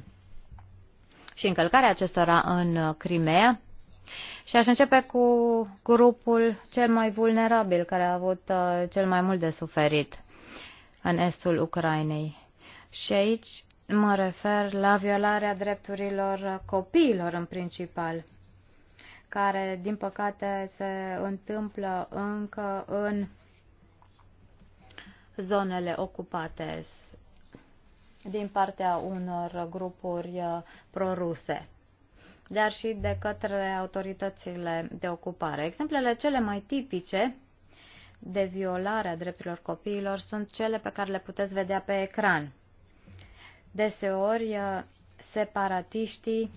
D: și încălcarea acestora în Crimea. Și aș începe cu grupul cel mai vulnerabil, care a avut uh, cel mai mult de suferit în estul Ucrainei. Și aici mă refer la violarea drepturilor copiilor în principal, care, din păcate, se întâmplă încă în zonele ocupate din partea unor grupuri uh, proruse dar și de către autoritățile de ocupare. Exemplele cele mai tipice de violare a drepturilor copiilor sunt cele pe care le puteți vedea pe ecran. Deseori, separatiștii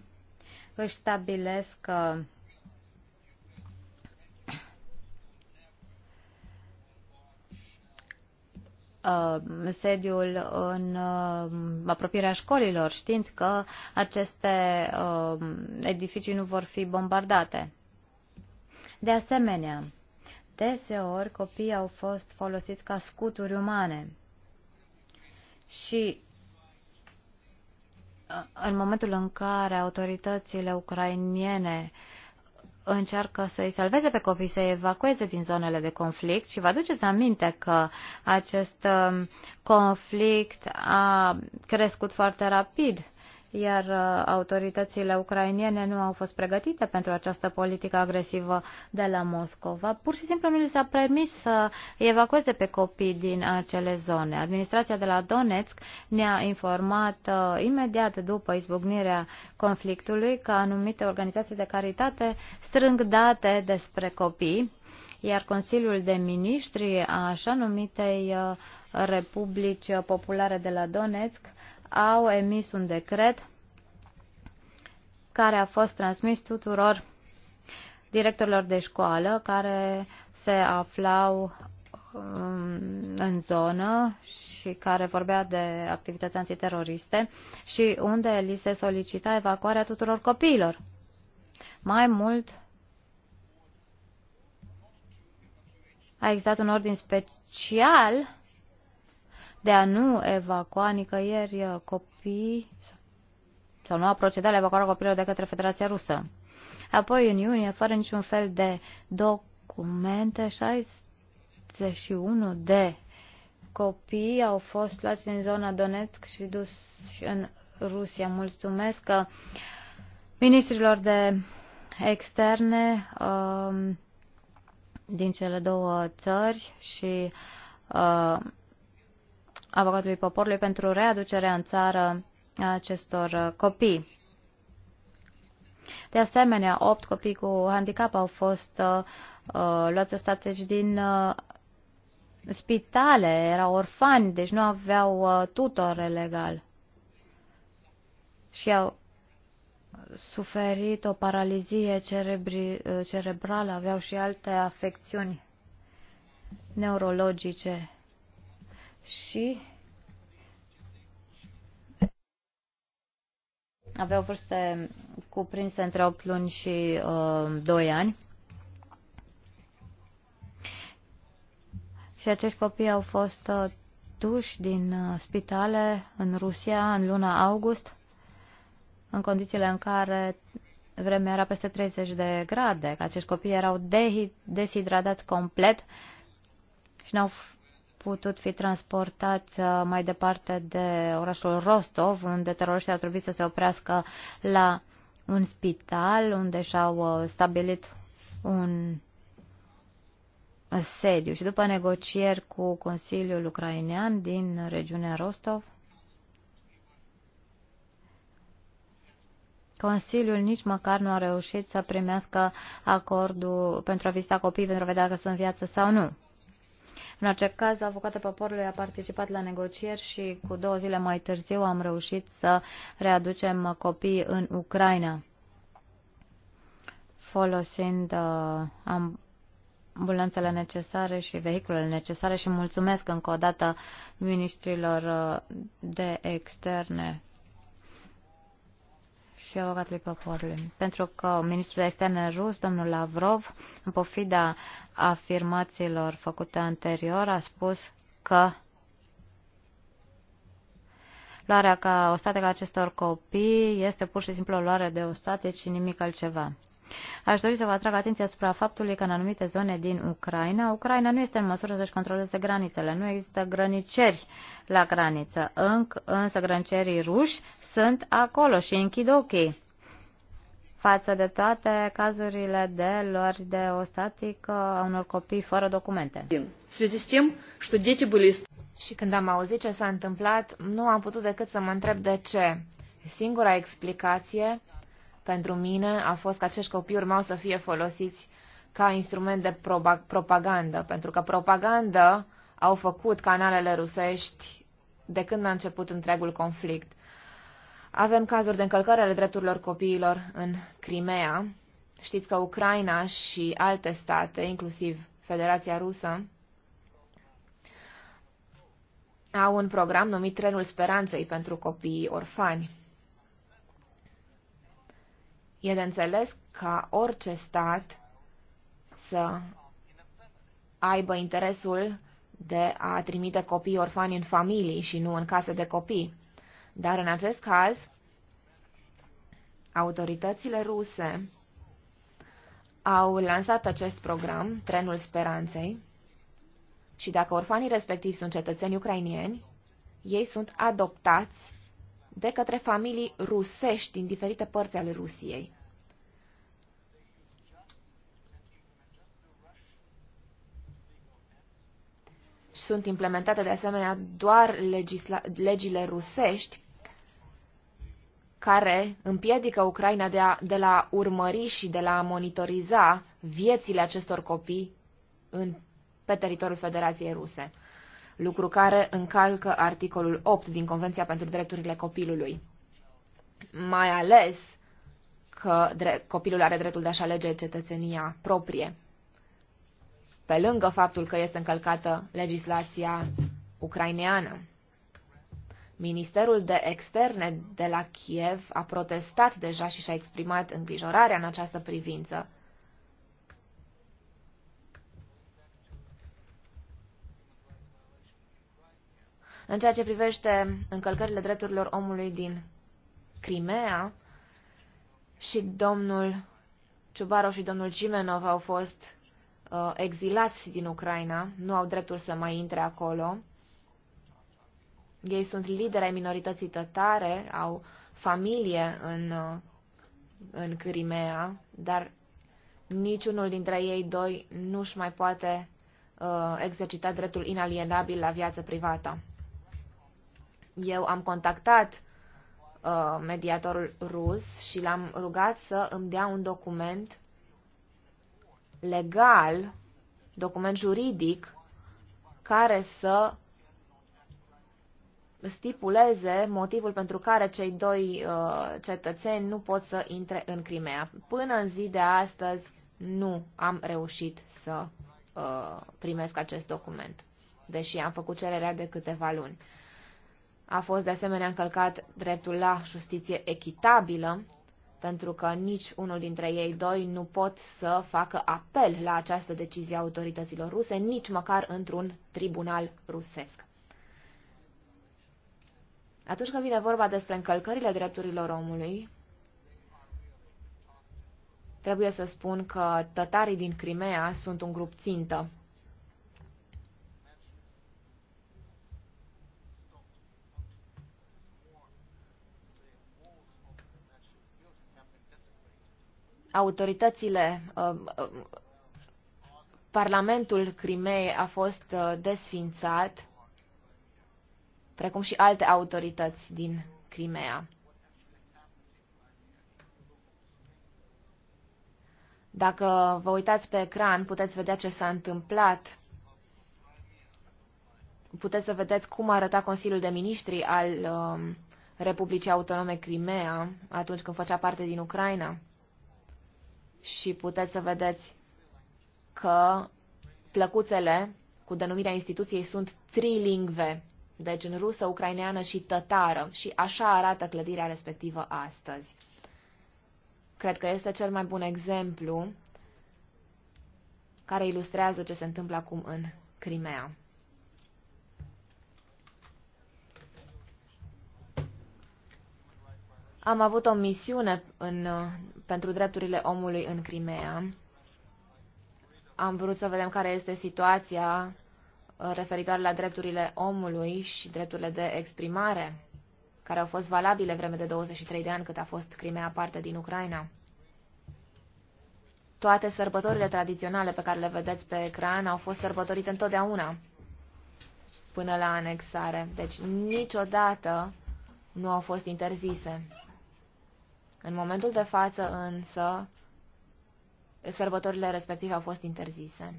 D: își stabilesc uh, Uh, sediul în uh, apropierea școlilor, știind că aceste uh, edificii nu vor fi bombardate. De asemenea, deseori copiii au fost folosiți ca scuturi umane și în momentul în care autoritățile ucrainiene uh, încearcă să-i salveze pe copii, să evacueze din zonele de conflict și vă aduceți aminte că acest um, conflict a crescut foarte rapid iar uh, autoritățile ucrainiene nu au fost pregătite pentru această politică agresivă de la Moscova. Pur și simplu nu li s-a permis să evacueze pe copii din acele zone. Administrația de la Donetsk ne-a informat uh, imediat după izbucnirea conflictului că anumite organizații de caritate strâng date despre copii iar Consiliul de Ministri a așa numitei uh, Republici Populare de la Donetsk au emis un decret care a fost transmis tuturor directorilor de școală care se aflau um, în zonă și care vorbea de activități antiteroriste și unde li se solicita evacuarea tuturor copiilor. Mai mult, a existat un ordin special de a nu evacua nicăieri copii sau nu a procedat la evacuarea copiilor de către Federația Rusă. Apoi, în iunie, fără niciun fel de documente, 61 de copii au fost luați în zona Donetsk și dus în Rusia. Mulțumesc că uh, ministrilor de externe um, din cele două țări și uh, avocatului poporului pentru readucerea în țară a acestor uh, copii. De asemenea, opt copii cu handicap au fost uh, uh luați ostateci din uh, spitale, erau orfani, deci nu aveau uh, tutore legal. Și au suferit o paralizie uh, cerebrală, aveau și alte afecțiuni neurologice și o vârstă cuprinsă între 8 luni și uh, 2 ani. Și acești copii au fost duși uh, din uh, spitale în Rusia în luna august, în condițiile în care vremea era peste 30 de grade, acești copii erau dehidratați complet și n-au putut fi transportat uh, mai departe de orașul Rostov, unde teroriștii au trebuit să se oprească la un spital, unde și-au uh, stabilit un sediu. Și după negocieri cu Consiliul Ucrainean din regiunea Rostov, Consiliul nici măcar nu a reușit să primească acordul pentru a vizita copiii pentru a vedea dacă sunt în viață sau nu. În orice caz, avocatul poporului a participat la negocieri și cu două zile mai târziu am reușit să readucem copii în Ucraina folosind uh, ambulanțele necesare și vehiculele necesare și mulțumesc încă o dată ministrilor uh, de externe și avocatului poporului. Pentru că ministrul de externe rus, domnul Lavrov, în pofida afirmațiilor făcute anterior, a spus că luarea ca o state ca acestor copii este pur și simplu o luare de o state și deci nimic altceva. Aș dori să vă atrag atenția asupra faptului că în anumite zone din Ucraina, Ucraina nu este în măsură să-și controleze granițele. Nu există grăniceri la graniță, Înc, însă grăniceri ruși sunt acolo și închid ochii față de toate cazurile de lor de o statică uh, a unor copii fără documente.
A: Și când am auzit ce s-a întâmplat, nu am putut decât să mă întreb de ce. Singura explicație pentru mine a fost că acești copii urmau să fie folosiți ca instrument de propagandă, pentru că propagandă au făcut canalele rusești de când a început întregul conflict. Avem cazuri de încălcări ale drepturilor copiilor în Crimea. Știți că Ucraina și alte state, inclusiv Federația Rusă, au un program numit Trenul Speranței pentru copiii orfani. E de înțeles ca orice stat să aibă interesul de a trimite copii orfani în familii și nu în case de copii. Dar în acest caz, autoritățile ruse au lansat acest program, Trenul Speranței, și dacă orfanii respectivi sunt cetățeni ucrainieni, ei sunt adoptați de către familii rusești din diferite părți ale Rusiei. Sunt implementate de asemenea doar legile rusești care împiedică Ucraina de, a, de la urmări și de la monitoriza viețile acestor copii în, pe teritoriul Federației Ruse lucru care încalcă articolul 8 din Convenția pentru Drepturile Copilului. Mai ales că copilul are dreptul de a-și alege cetățenia proprie, pe lângă faptul că este încălcată legislația ucraineană. Ministerul de Externe de la Kiev a protestat deja și și-a exprimat îngrijorarea în această privință. În ceea ce privește încălcările drepturilor omului din Crimea, și domnul Ciubarov și domnul Cimenov au fost uh, exilați din Ucraina, nu au dreptul să mai intre acolo. Ei sunt lideri ai minorității tătare, au familie în, uh, în Crimea, dar niciunul dintre ei doi nu-și mai poate uh, exercita dreptul inalienabil la viață privată. Eu am contactat uh, mediatorul rus și l-am rugat să îmi dea un document legal, document juridic, care să stipuleze motivul pentru care cei doi uh, cetățeni nu pot să intre în Crimea. Până în zi de astăzi nu am reușit să uh, primesc acest document, deși am făcut cererea de câteva luni. A fost de asemenea încălcat dreptul la justiție echitabilă, pentru că nici unul dintre ei doi nu pot să facă apel la această decizie a autorităților ruse, nici măcar într-un tribunal rusesc. Atunci când vine vorba despre încălcările drepturilor omului, trebuie să spun că tătarii din Crimea sunt un grup țintă autoritățile, um, um, Parlamentul Crimei a fost uh, desfințat, precum și alte autorități din Crimea. Dacă vă uitați pe ecran, puteți vedea ce s-a întâmplat. Puteți să vedeți cum arăta Consiliul de Ministri al um, Republicii Autonome Crimea atunci când făcea parte din Ucraina și puteți să vedeți că plăcuțele cu denumirea instituției sunt trilingve, deci în rusă, ucraineană și tătară, și așa arată clădirea respectivă astăzi. Cred că este cel mai bun exemplu care ilustrează ce se întâmplă acum în Crimea. Am avut o misiune în, uh, pentru drepturile omului în Crimea. Am vrut să vedem care este situația uh, referitoare la drepturile omului și drepturile de exprimare, care au fost valabile vreme de 23 de ani cât a fost Crimea parte din Ucraina. Toate sărbătorile tradiționale pe care le vedeți pe ecran au fost sărbătorite întotdeauna până la anexare, deci niciodată nu au fost interzise. În momentul de față, însă, sărbătorile respective au fost interzise.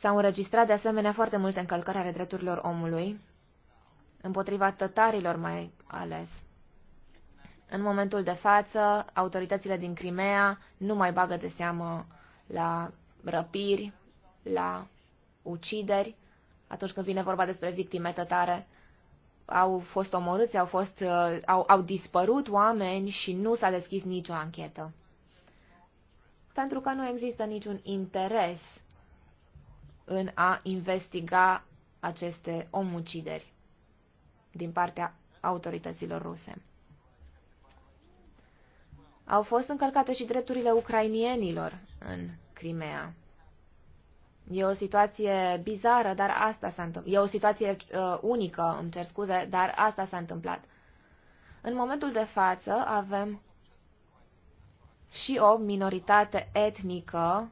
A: S-au înregistrat de asemenea foarte multe încălcări ale drepturilor omului, împotriva tătarilor mai ales. În momentul de față, autoritățile din Crimea nu mai bagă de seamă la răpiri, la ucideri, atunci când vine vorba despre victime tătare. Au fost omorâți, au, fost, uh, au, au dispărut oameni și nu s-a deschis nicio anchetă. Pentru că nu există niciun interes în a investiga aceste omucideri din partea autorităților ruse. Au fost încălcate și drepturile ucrainienilor în Crimea. E o situație bizară, dar asta s-a întâmplat. E o situație uh, unică, îmi cer scuze, dar asta s-a întâmplat. În momentul de față avem și o minoritate etnică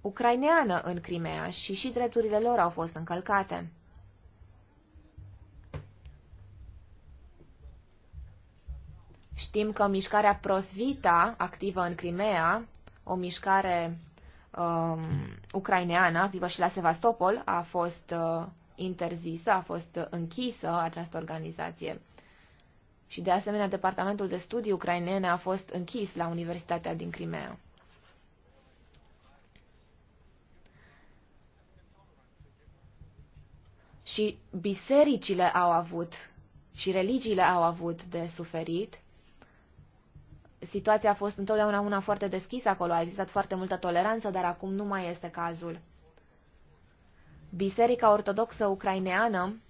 A: ucraineană în Crimea și și drepturile lor au fost încălcate. Știm că mișcarea Prosvita, activă în Crimea, o mișcare um, ucraineană activă și la Sevastopol a fost uh, interzisă, a fost închisă această organizație. Și de asemenea, departamentul de studii ucrainene a fost închis la Universitatea din Crimea. Și bisericile au avut și religiile au avut de suferit situația a fost întotdeauna una foarte deschisă acolo, a existat foarte multă toleranță, dar acum nu mai este cazul. Biserica Ortodoxă Ucraineană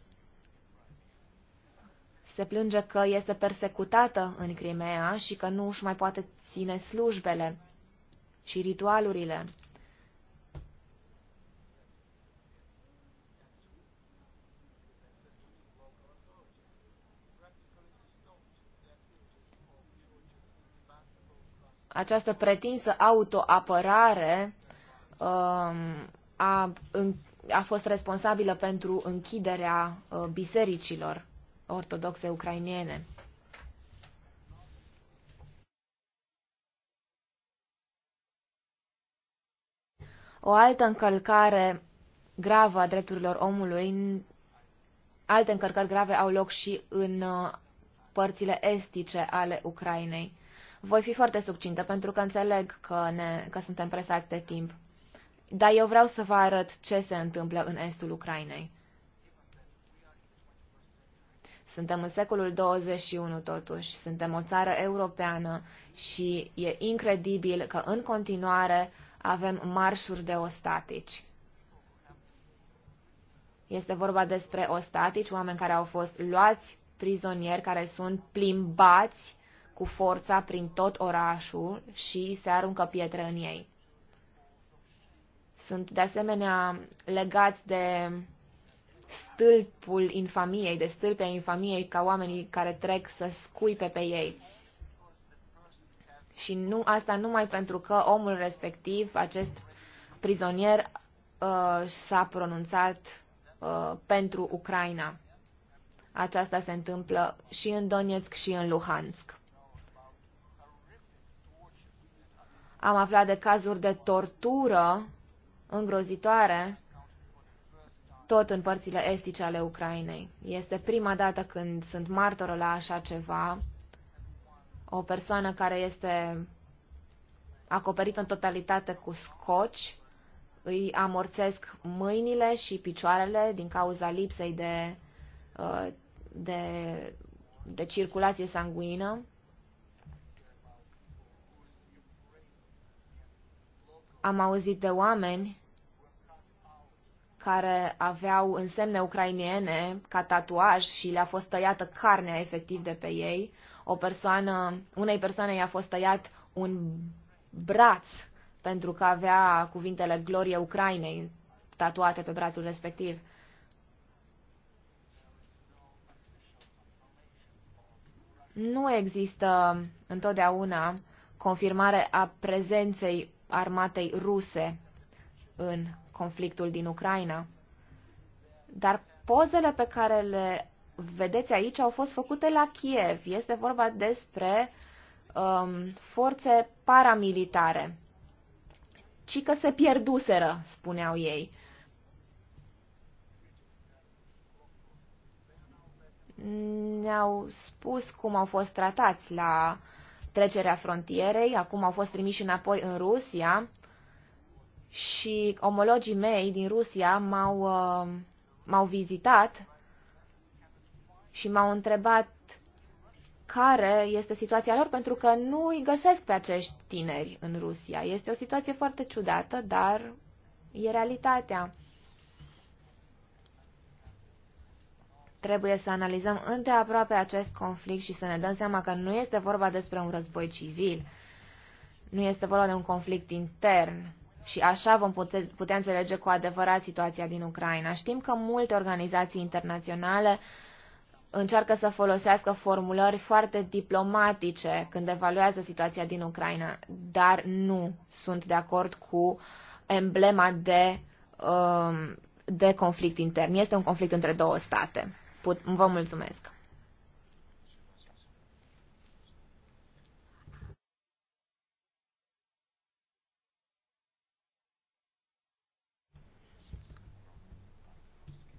A: se plânge că este persecutată în Crimea și că nu își mai poate ține slujbele și ritualurile. această pretinsă autoapărare um, a, a fost responsabilă pentru închiderea uh, bisericilor ortodoxe ucrainiene. O altă încălcare gravă a drepturilor omului, alte încălcări grave au loc și în uh, părțile estice ale Ucrainei. Voi fi foarte subcintă pentru că înțeleg că, ne, că suntem presați de timp. Dar eu vreau să vă arăt ce se întâmplă în estul Ucrainei. Suntem în secolul 21 totuși, suntem o țară europeană și e incredibil că în continuare avem marșuri de ostatici. Este vorba despre ostatici, oameni care au fost luați prizonieri, care sunt plimbați cu forța prin tot orașul și se aruncă pietre în ei. Sunt de asemenea legați de stâlpul infamiei, de stâlpea infamiei ca oamenii care trec să scuipe pe ei. Și nu asta numai pentru că omul respectiv, acest prizonier, uh, s-a pronunțat uh, pentru Ucraina. Aceasta se întâmplă și în Donetsk și în Luhansk. Am aflat de cazuri de tortură îngrozitoare tot în părțile estice ale Ucrainei. Este prima dată când sunt martoră la așa ceva. O persoană care este acoperită în totalitate cu scoci, îi amorțesc mâinile și picioarele din cauza lipsei de, uh, de, de circulație sanguină. Am auzit de oameni care aveau însemne ucrainiene ca tatuaj și le-a fost tăiată carnea efectiv de pe ei. O persoană, unei persoane i-a fost tăiat un braț pentru că avea cuvintele glorie Ucrainei tatuate pe brațul respectiv. Nu există întotdeauna confirmare a prezenței armatei ruse în conflictul din Ucraina. Dar pozele pe care le vedeți aici au fost făcute la Kiev. Este vorba despre um, forțe paramilitare. Ci că se pierduseră, spuneau ei. Ne-au spus cum au fost tratați la uh, trecerea frontierei, acum au fost trimiși înapoi în Rusia și omologii mei din Rusia m-au, uh, m-au vizitat și m-au întrebat care este situația lor, pentru că nu îi găsesc pe acești tineri în Rusia. Este o situație foarte ciudată, dar e realitatea. Trebuie să analizăm îndeaproape acest conflict și să ne dăm seama că nu este vorba despre un război civil, nu este vorba de un conflict intern. Și așa vom putea putea înțelege cu adevărat situația din Ucraina. Știm că multe organizații internaționale încearcă să folosească formulări foarte diplomatice când evaluează situația din Ucraina, dar nu sunt de acord cu emblema de, um, de conflict intern. Este un conflict între două state put, vă mulțumesc.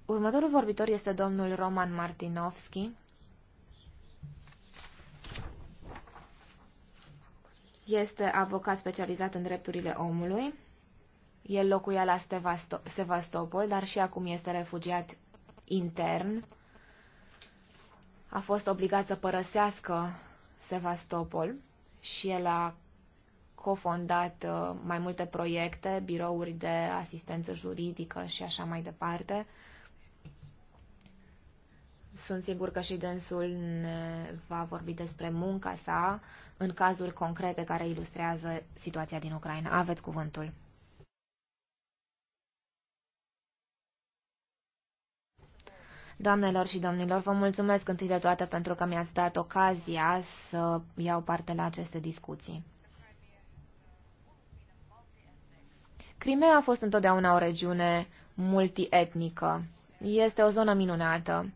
A: Următorul vorbitor este domnul Roman Martinovski. Este avocat specializat în drepturile omului. El locuia la Sevastopol, dar și acum este refugiat intern a fost obligat să părăsească Sevastopol și el a cofondat uh, mai multe proiecte, birouri de asistență juridică și așa mai departe. Sunt sigur că și dânsul ne va vorbi despre munca sa în cazuri concrete care ilustrează situația din Ucraina. Aveți cuvântul. Doamnelor și domnilor, vă mulțumesc întâi de toate pentru că mi-ați dat ocazia să iau parte la aceste discuții. Crimea a fost întotdeauna o regiune multietnică. Este o zonă minunată.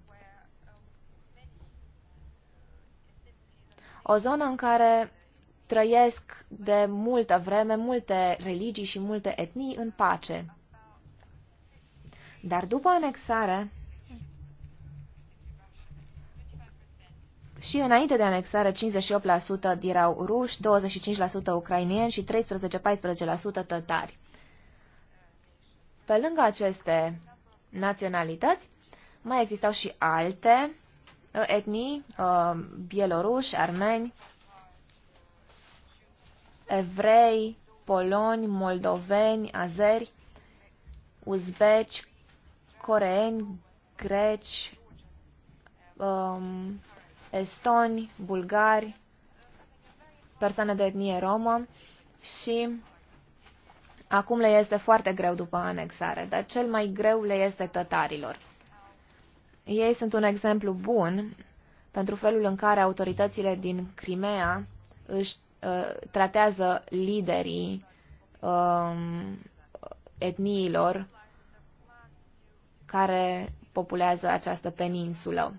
A: O zonă în care trăiesc de multă vreme multe religii și multe etnii în pace. Dar după anexare, și înainte de anexare 58% erau ruși, 25% ucrainieni și 13-14% tătari. Pe lângă aceste naționalități, mai existau și alte uh, etnii, uh, bieloruși, armeni, evrei, poloni, moldoveni, azeri, uzbeci, coreeni, greci, um, estoni, bulgari, persoane de etnie romă și acum le este foarte greu după anexare, dar cel mai greu le este tătarilor. Ei sunt un exemplu bun pentru felul în care autoritățile din Crimea își uh, tratează liderii uh, etniilor care populează această peninsulă.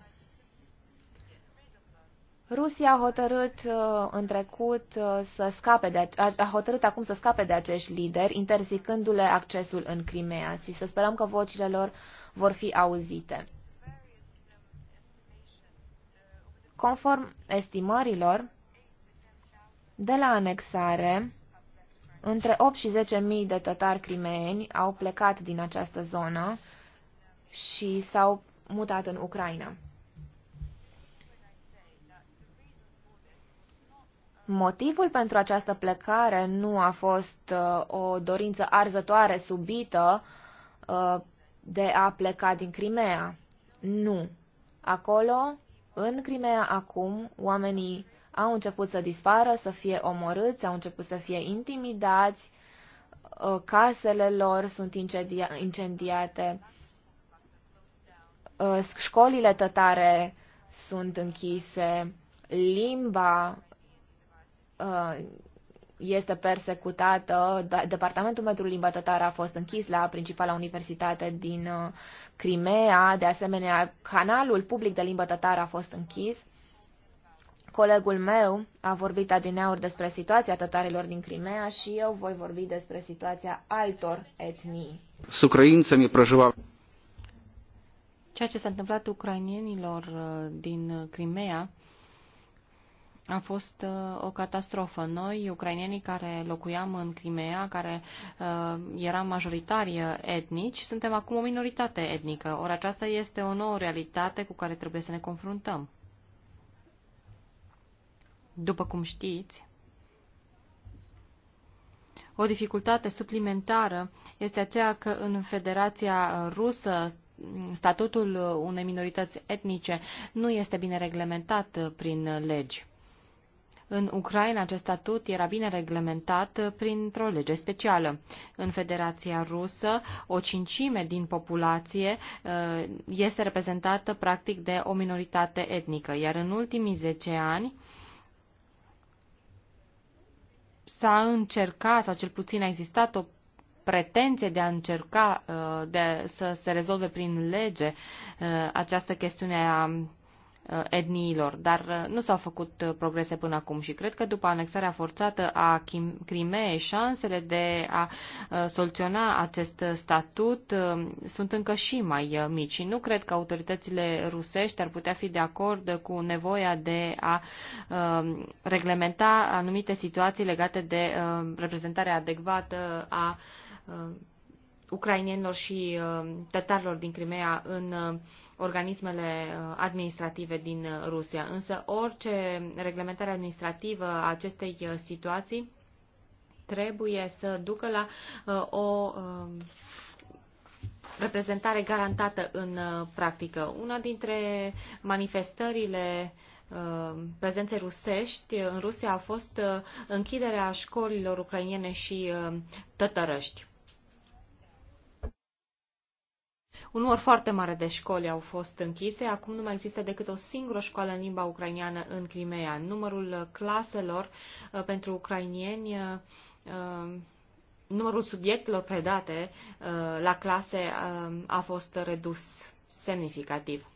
A: Rusia a hotărât uh, în trecut uh, să scape de, a hotărât acum să scape de acești lideri, interzicându-le accesul în Crimea și să sperăm că vocile lor vor fi auzite. Conform estimărilor, de la anexare, între 8 și 10.000 de tătari crimeeni au plecat din această zonă și s-au mutat în Ucraina. Motivul pentru această plecare nu a fost uh, o dorință arzătoare subită uh, de a pleca din Crimea. Nu. Acolo, în Crimea acum, oamenii au început să dispară, să fie omorâți, au început să fie intimidați, uh, casele lor sunt incendia incendiate, școlile tătare sunt închise, limba Uh, este persecutată. Da, Departamentul pentru limba tătară a fost închis la principala universitate din uh, Crimea. De asemenea, canalul public de limba tătară a fost închis. Colegul meu a vorbit adineauri despre situația tătarilor din Crimea și eu voi vorbi despre
C: situația altor etnii.
B: S ucraințami prăjua.
C: Ceea ce s-a întâmplat ucrainienilor uh, din Crimea a fost uh, o catastrofă. Noi, ucrainienii care locuiam în Crimea, care uh, eram majoritari etnici, suntem acum o minoritate etnică. Ori aceasta este o nouă realitate cu care trebuie să ne confruntăm. După cum știți, o dificultate suplimentară este aceea că în Federația Rusă statutul unei minorități etnice nu este bine reglementat prin legi. În Ucraina acest statut era bine reglementat uh, printr-o lege specială. În Federația Rusă, o cincime din populație uh, este reprezentată practic de o minoritate etnică, iar în ultimii 10 ani s-a încercat, sau cel puțin a existat o pretenție de a încerca uh, de, să se rezolve prin lege această chestiune a Uh, etniilor, dar uh, nu s-au făcut uh, progrese până acum și cred că după anexarea forțată a Crimeei, șansele de a soluționa acest statut sunt încă și mai mici și nu cred că autoritățile rusești ar putea fi de acord cu nevoia de a reglementa anumite situații legate de reprezentarea adecvată a ucrainienilor și uh, tătarilor din Crimea în uh, organismele uh, administrative din Rusia. Însă orice reglementare administrativă a acestei situații trebuie să ducă la o reprezentare garantată în practică. Una dintre manifestările prezențe rusești în Rusia a fost închiderea școlilor ucrainiene și tătărăști. Un număr foarte mare de școli au fost închise, acum nu mai există decât o singură școală în limba ucrainiană în Crimea. Numărul uh, claselor uh, pentru ucrainieni uh, numărul subiectelor predate la clase a fost redus semnificativ.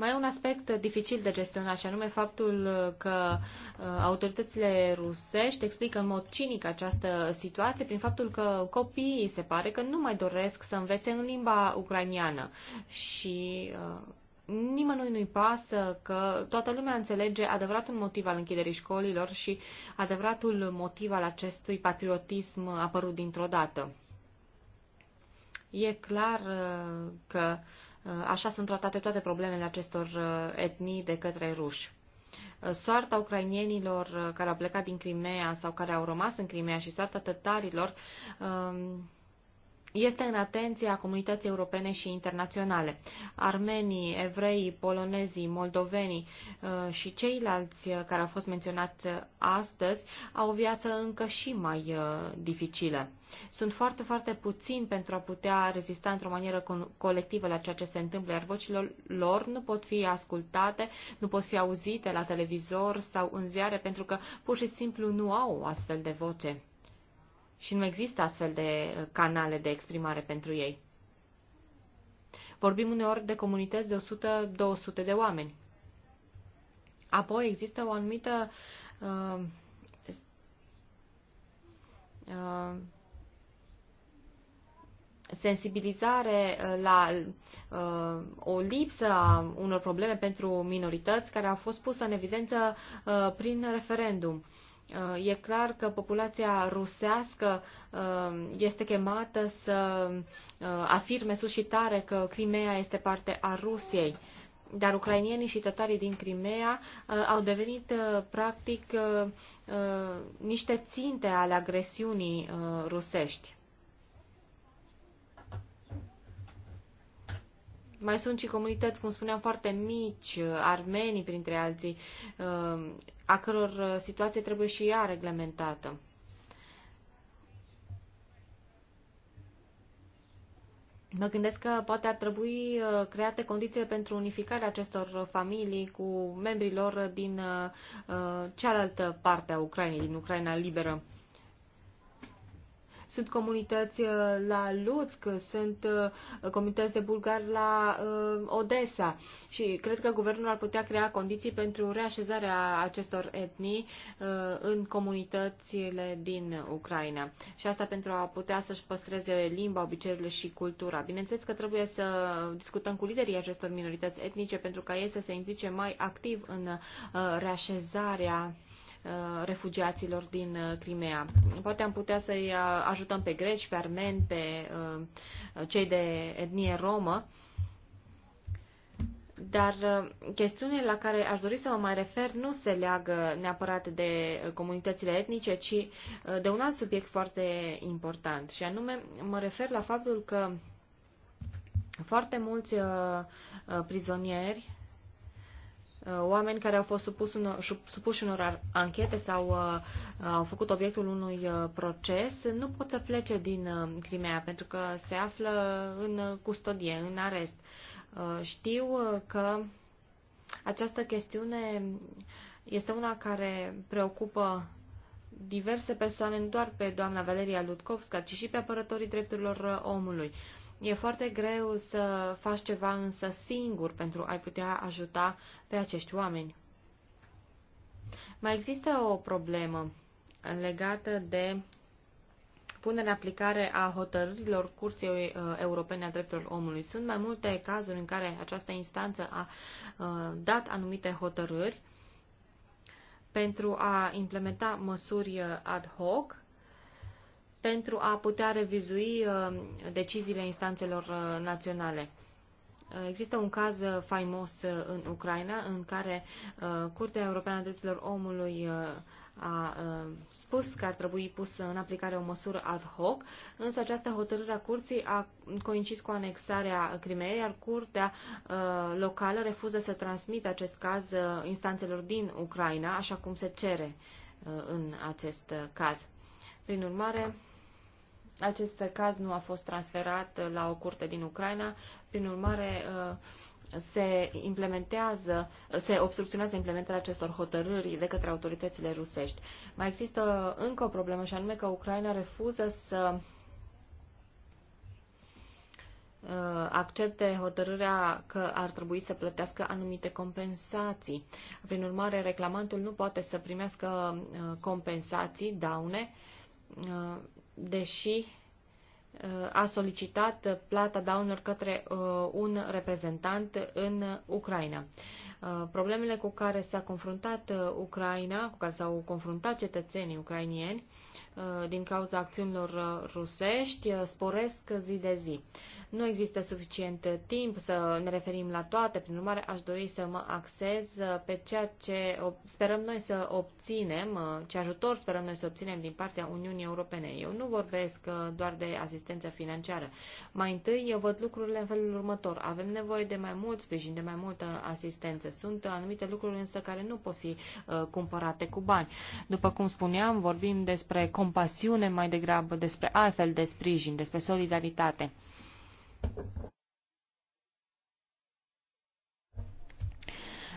C: Mai e un aspect dificil de gestionat și anume faptul că uh, autoritățile rusești explică în mod cinic această situație prin faptul că copiii se pare că nu mai doresc să învețe în limba ucrainiană și uh, nimănui nu-i pasă că toată lumea înțelege adevăratul motiv al închiderii școlilor și adevăratul motiv al acestui patriotism apărut dintr-o dată. E clar uh, că uh, Uh, așa sunt tratate toate problemele acestor uh, etnii de către ruși. Uh, soarta ucrainienilor care au plecat din Crimea sau care au rămas în Crimea și soarta tătarilor este în atenția comunității europene și internaționale. Armenii, evrei, polonezii, moldovenii uh, și ceilalți uh, care au fost menționați uh, astăzi au o viață încă și mai dificilă. Sunt foarte, foarte puțini pentru a putea rezista într-o manieră colectivă la ceea ce se întâmplă, iar vocile lor nu pot fi ascultate, nu pot fi auzite la televizor sau în ziare, pentru că pur și simplu nu au astfel de voce și nu există astfel de uh, canale de exprimare pentru ei. Vorbim uneori de comunități de 100-200 de oameni. Apoi există o anumită uh, uh, sensibilizare uh, la uh, o lipsă a unor probleme pentru minorități care au fost pusă în evidență uh, prin referendum. Uh, Uh, e clar că populația rusească uh, este chemată să uh, afirme sus și tare că Crimea este parte a Rusiei. Dar ucrainienii și tătarii din Crimea au devenit practic niște ținte ale agresiunii rusești. Mai sunt și comunități, cum spuneam, foarte mici, armenii printre alții, a căror uh, situație trebuie și ea reglementată. Mă gândesc că poate ar trebui uh, create condițiile pentru unificarea acestor familii cu membrii lor din uh, cealaltă parte a Ucrainei, din Ucraina liberă. Sunt comunități uh, la Luțc, sunt uh, comunități de bulgari la uh, Odessa și cred că guvernul ar putea crea condiții pentru reașezarea acestor etnii în comunitățile din Ucraina. Și asta pentru a putea să-și păstreze limba, obiceiurile și cultura. Bineînțeles că trebuie să discutăm cu liderii acestor minorități etnice pentru ca ei să se implice mai activ în reașezarea Uh, refugiaților din uh, Crimea. Poate am putea să-i uh, ajutăm pe greci, pe armeni, pe cei de etnie romă, dar chestiunile la care aș dori să mă mai refer nu se leagă neapărat de comunitățile etnice, ci de un alt subiect foarte important, și anume mă refer la faptul că foarte mulți prizonieri Uh, oameni care au fost supus unor, supuși unor anchete sau uh, uh, au făcut obiectul unui proces nu pot să plece din Crimea pentru că se află în custodie, în arest. Știu că această chestiune este una care preocupă diverse persoane, nu doar pe doamna Valeria Lutkovska, ci și pe apărătorii drepturilor omului. Uh, E foarte greu să faci ceva însă singur pentru a-i putea ajuta pe acești oameni. Mai există o problemă legată de punerea în aplicare a hotărârilor Curții uh, Europene a Drepturilor Omului. Sunt mai multe cazuri în care această instanță a uh, dat anumite hotărâri pentru a implementa măsuri uh, ad hoc pentru a putea revizui uh, deciziile instanțelor uh, naționale. Uh, există un caz faimos în Ucraina în care Curtea Europeană a Drepturilor Omului a spus că ar trebui pus în aplicare o măsură ad hoc, însă această hotărâre a curții a coincis cu anexarea Crimeei, iar curtea locală refuză să transmită acest caz instanțelor din Ucraina, așa cum se cere în acest caz. Prin urmare, acest caz nu a fost transferat la o curte din Ucraina, prin urmare uh, se implementează, se obstrucționează implementarea acestor hotărâri de către autoritățile rusești. Mai există încă o problemă și anume că Ucraina refuză să uh, accepte hotărârea că ar trebui să plătească anumite compensații. Prin urmare, reclamantul nu poate să primească uh, compensații, daune, deși uh, a solicitat plata daunelor către uh, un reprezentant în Ucraina. Uh, problemele cu care s-a confruntat Ucraina, cu care s-au confruntat cetățenii ucrainieni, Uh, din cauza acțiunilor uh, rusești uh, sporesc zi de zi. Nu există suficient timp să ne referim la toate, prin urmare aș dori să mă axez pe ceea ce sperăm noi să obținem, ce ajutor sperăm noi să obținem din partea Uniunii Europene. Eu nu vorbesc doar de asistență financiară. Mai întâi eu văd lucrurile în felul următor. Avem nevoie de mai mult sprijin, de mai multă asistență. Sunt anumite lucruri însă care nu pot fi cumpărate cu bani. După cum spuneam, vorbim despre compasiune mai degrabă, despre altfel de sprijin, despre solidaritate.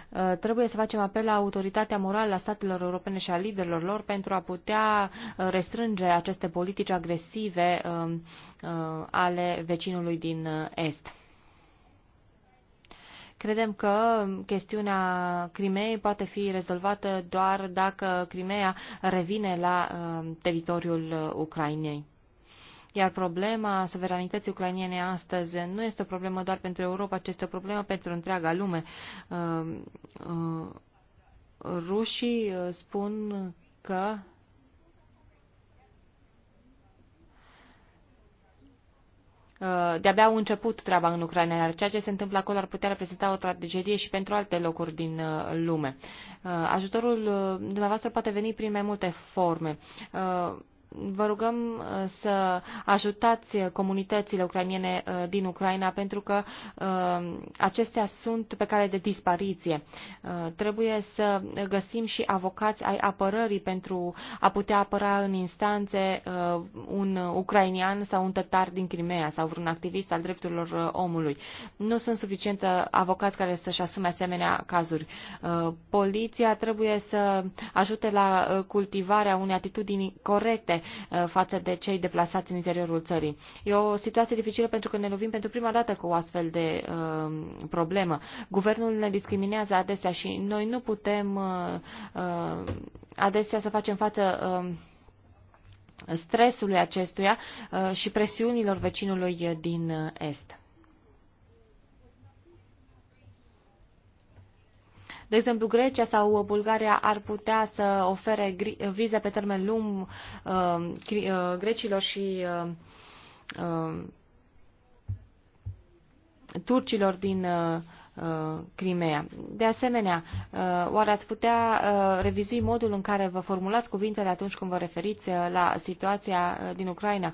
C: Uh, trebuie să facem apel la autoritatea morală a statelor europene și a liderilor lor pentru a putea uh, restrânge aceste politici agresive uh, ale vecinului din Est. Credem că chestiunea Crimeei poate fi rezolvată doar dacă Crimea revine la uh, teritoriul Ucrainei. Iar problema suveranității ucrainiene astăzi nu este o problemă doar pentru Europa, ci este o problemă pentru întreaga lume. Uh, uh, rușii spun că Uh, de-abia au început treaba în Ucraina, iar ceea ce se întâmplă acolo ar putea reprezenta o tragedie și pentru alte locuri din uh, lume. Uh, ajutorul dumneavoastră poate veni prin mai multe forme vă rugăm uh, să ajutați comunitățile ucrainiene uh, din Ucraina pentru că uh, acestea sunt pe care de dispariție. Trebuie să găsim și avocați ai apărării pentru a putea apăra în instanțe un ucrainian sau un tătar din Crimea sau vreun activist al drepturilor omului. Nu sunt suficient avocați care să-și asume asemenea cazuri. Poliția trebuie să ajute la cultivarea unei atitudini corecte Uh, față de cei deplasați în interiorul țării. E o situație dificilă pentru că ne lovim pentru prima dată cu o astfel de uh, problemă. Guvernul ne discriminează adesea și noi nu putem uh, uh adesea să facem față uh, stresului acestuia uh, și presiunilor vecinului din Est. De exemplu, Grecia sau Bulgaria ar putea să ofere vize pe termen lung uh, uh, grecilor și uh, turcilor din Uh, Crimea. De asemenea, uh, oare ați putea uh, revizui modul în care vă formulați cuvintele atunci când vă referiți la situația din Ucraina?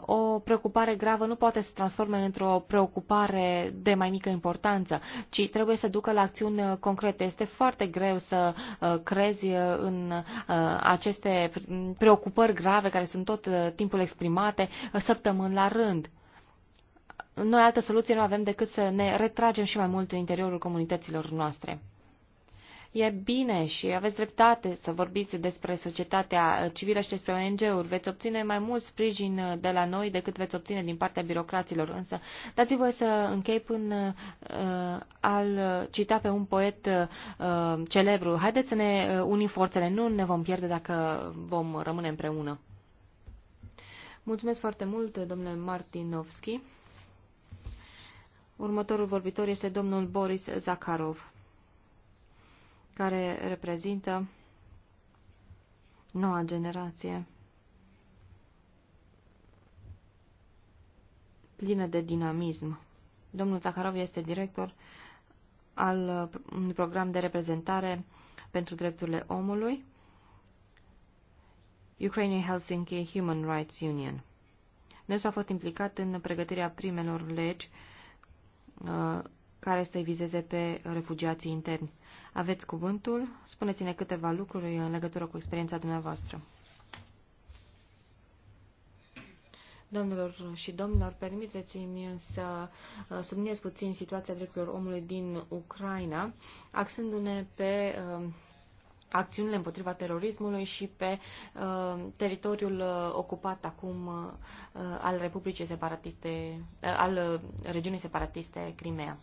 C: O preocupare gravă nu poate să se transforme într-o preocupare de mai mică importanță, ci trebuie să ducă la acțiuni concrete. Este foarte greu să crezi în aceste preocupări grave care sunt tot timpul exprimate săptămâni la rând noi altă soluție nu avem decât să ne retragem și mai mult în interiorul comunităților noastre. E bine și aveți dreptate să vorbiți despre societatea civilă și despre ONG-uri. Veți obține mai mult sprijin de la noi decât veți obține din partea birocraților. Însă dați vă voi să închei până uh, al cita pe un poet uh, celebru. Haideți să ne uh, unim forțele. Nu ne vom pierde dacă vom rămâne împreună. Mulțumesc foarte mult, domnule Martinovski. Următorul vorbitor este domnul Boris Zakharov, care reprezintă noua generație plină de dinamism. Domnul Zakharov este director al uh, unui program de reprezentare pentru drepturile omului, Ukrainian Helsinki Human Rights Union. Dânsul a fost implicat în pregătirea primelor legi uh, Uh, care să-i vizeze pe refugiații interni. Aveți cuvântul, spuneți-ne câteva lucruri în legătură cu experiența dumneavoastră. Domnilor și domnilor, permiteți-mi să uh, subliniez puțin situația drepturilor omului din Ucraina, axându-ne pe uh, acțiunile împotriva terorismului și pe uh, teritoriul uh, ocupat acum uh, al Republicii Separatiste, uh, al uh, regiunii separatiste Crimea.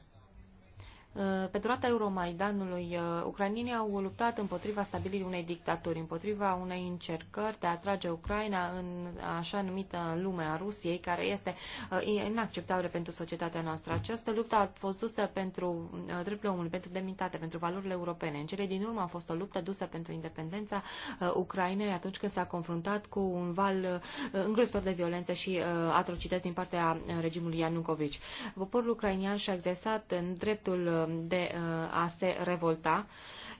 C: Uh, Pe durata Euromaidanului, uh, ucrainienii au luptat împotriva stabilirii unei dictaturi, împotriva unei încercări de a atrage Ucraina în așa numită lume a Rusiei, care este uh, inacceptabilă pentru societatea noastră. Această luptă a fost dusă pentru dreptul omului, pentru demnitate, pentru valorile europene. În cele din urmă a fost o luptă dusă pentru independența Ucrainei atunci când s-a confruntat cu un val îngrozitor de violență și atrocități din partea regimului Ianucovici. Poporul ucrainian și-a exersat în dreptul de uh, a se revolta.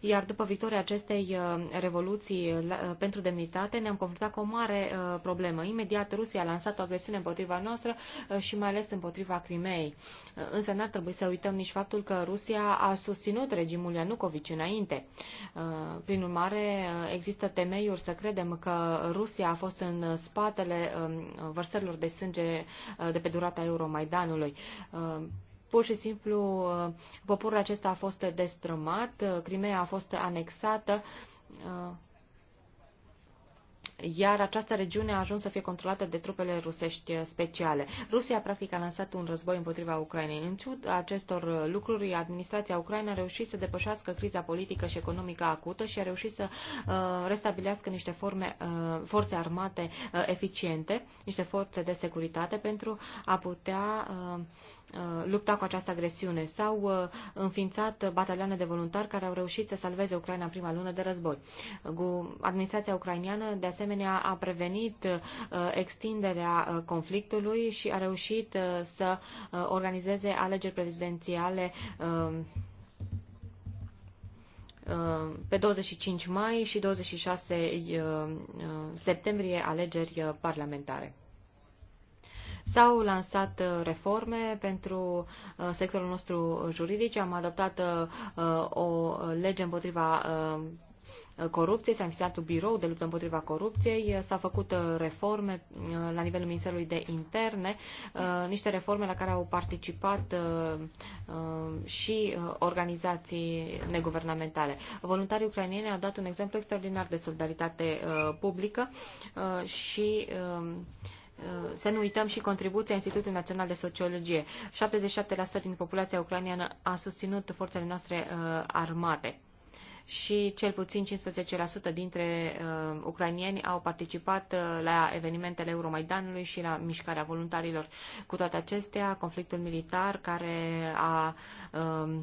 C: Iar după victoria acestei uh, revoluții uh, pentru demnitate ne-am confruntat cu o mare problemă. Imediat Rusia a lansat o agresiune împotriva noastră și mai ales împotriva Crimei. Însă n-ar trebui să uităm nici faptul că Rusia a susținut regimul Ianucovici înainte. Prin urmare, există temeiuri să credem că Rusia a fost în spatele um, vărsărilor de sânge de pe durata Euromaidanului. Pur și simplu, uh, poporul acesta a fost destrămat, uh, Crimea a fost anexată, uh, iar această regiune a ajuns să fie controlată de trupele rusești speciale. Rusia, practic, a lansat un război împotriva Ucrainei. În ciuda acestor lucruri, administrația Ucraina a reușit să depășească criza politică și economică acută și a reușit să uh, restabilească niște forme, uh, forțe armate uh, eficiente, niște forțe de securitate pentru a putea uh, Uh, lupta cu această agresiune. S-au uh, înființat batalioane de voluntari care au reușit să salveze Ucraina în prima lună de război. Administrația ucrainiană, de asemenea, a prevenit uh, extinderea conflictului și a reușit să organizeze alegeri prezidențiale pe 25 mai și 26 septembrie alegeri parlamentare. S-au lansat uh, reforme pentru uh, sectorul nostru juridic, am adoptat uh, o lege împotriva corupției, s-a înființat un birou de luptă împotriva corupției, s-au făcut reforme la nivelul Ministerului de Interne, niște reforme la care au participat și organizații neguvernamentale. Voluntarii ucrainieni au dat un exemplu extraordinar de solidaritate publică și um, Uh, să nu uităm și contribuția Institutului Național de Sociologie. 77% din populația ucraineană a susținut forțele noastre uh, armate și cel puțin 15% dintre uh, ucrainieni au participat uh, la evenimentele Euromaidanului și la mișcarea voluntarilor. Cu toate acestea, conflictul militar care a uh,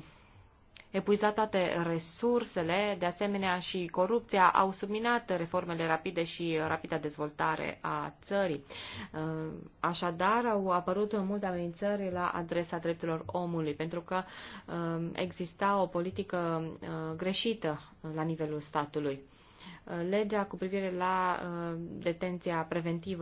C: epuizat toate resursele, de asemenea și corupția au subminat reformele rapide și rapida dezvoltare a țării. Uh, așadar, au apărut multe amenințări la adresa drepturilor omului, pentru că uh, exista o politică uh, greșită la nivelul statului. Legea cu privire la detenția preventivă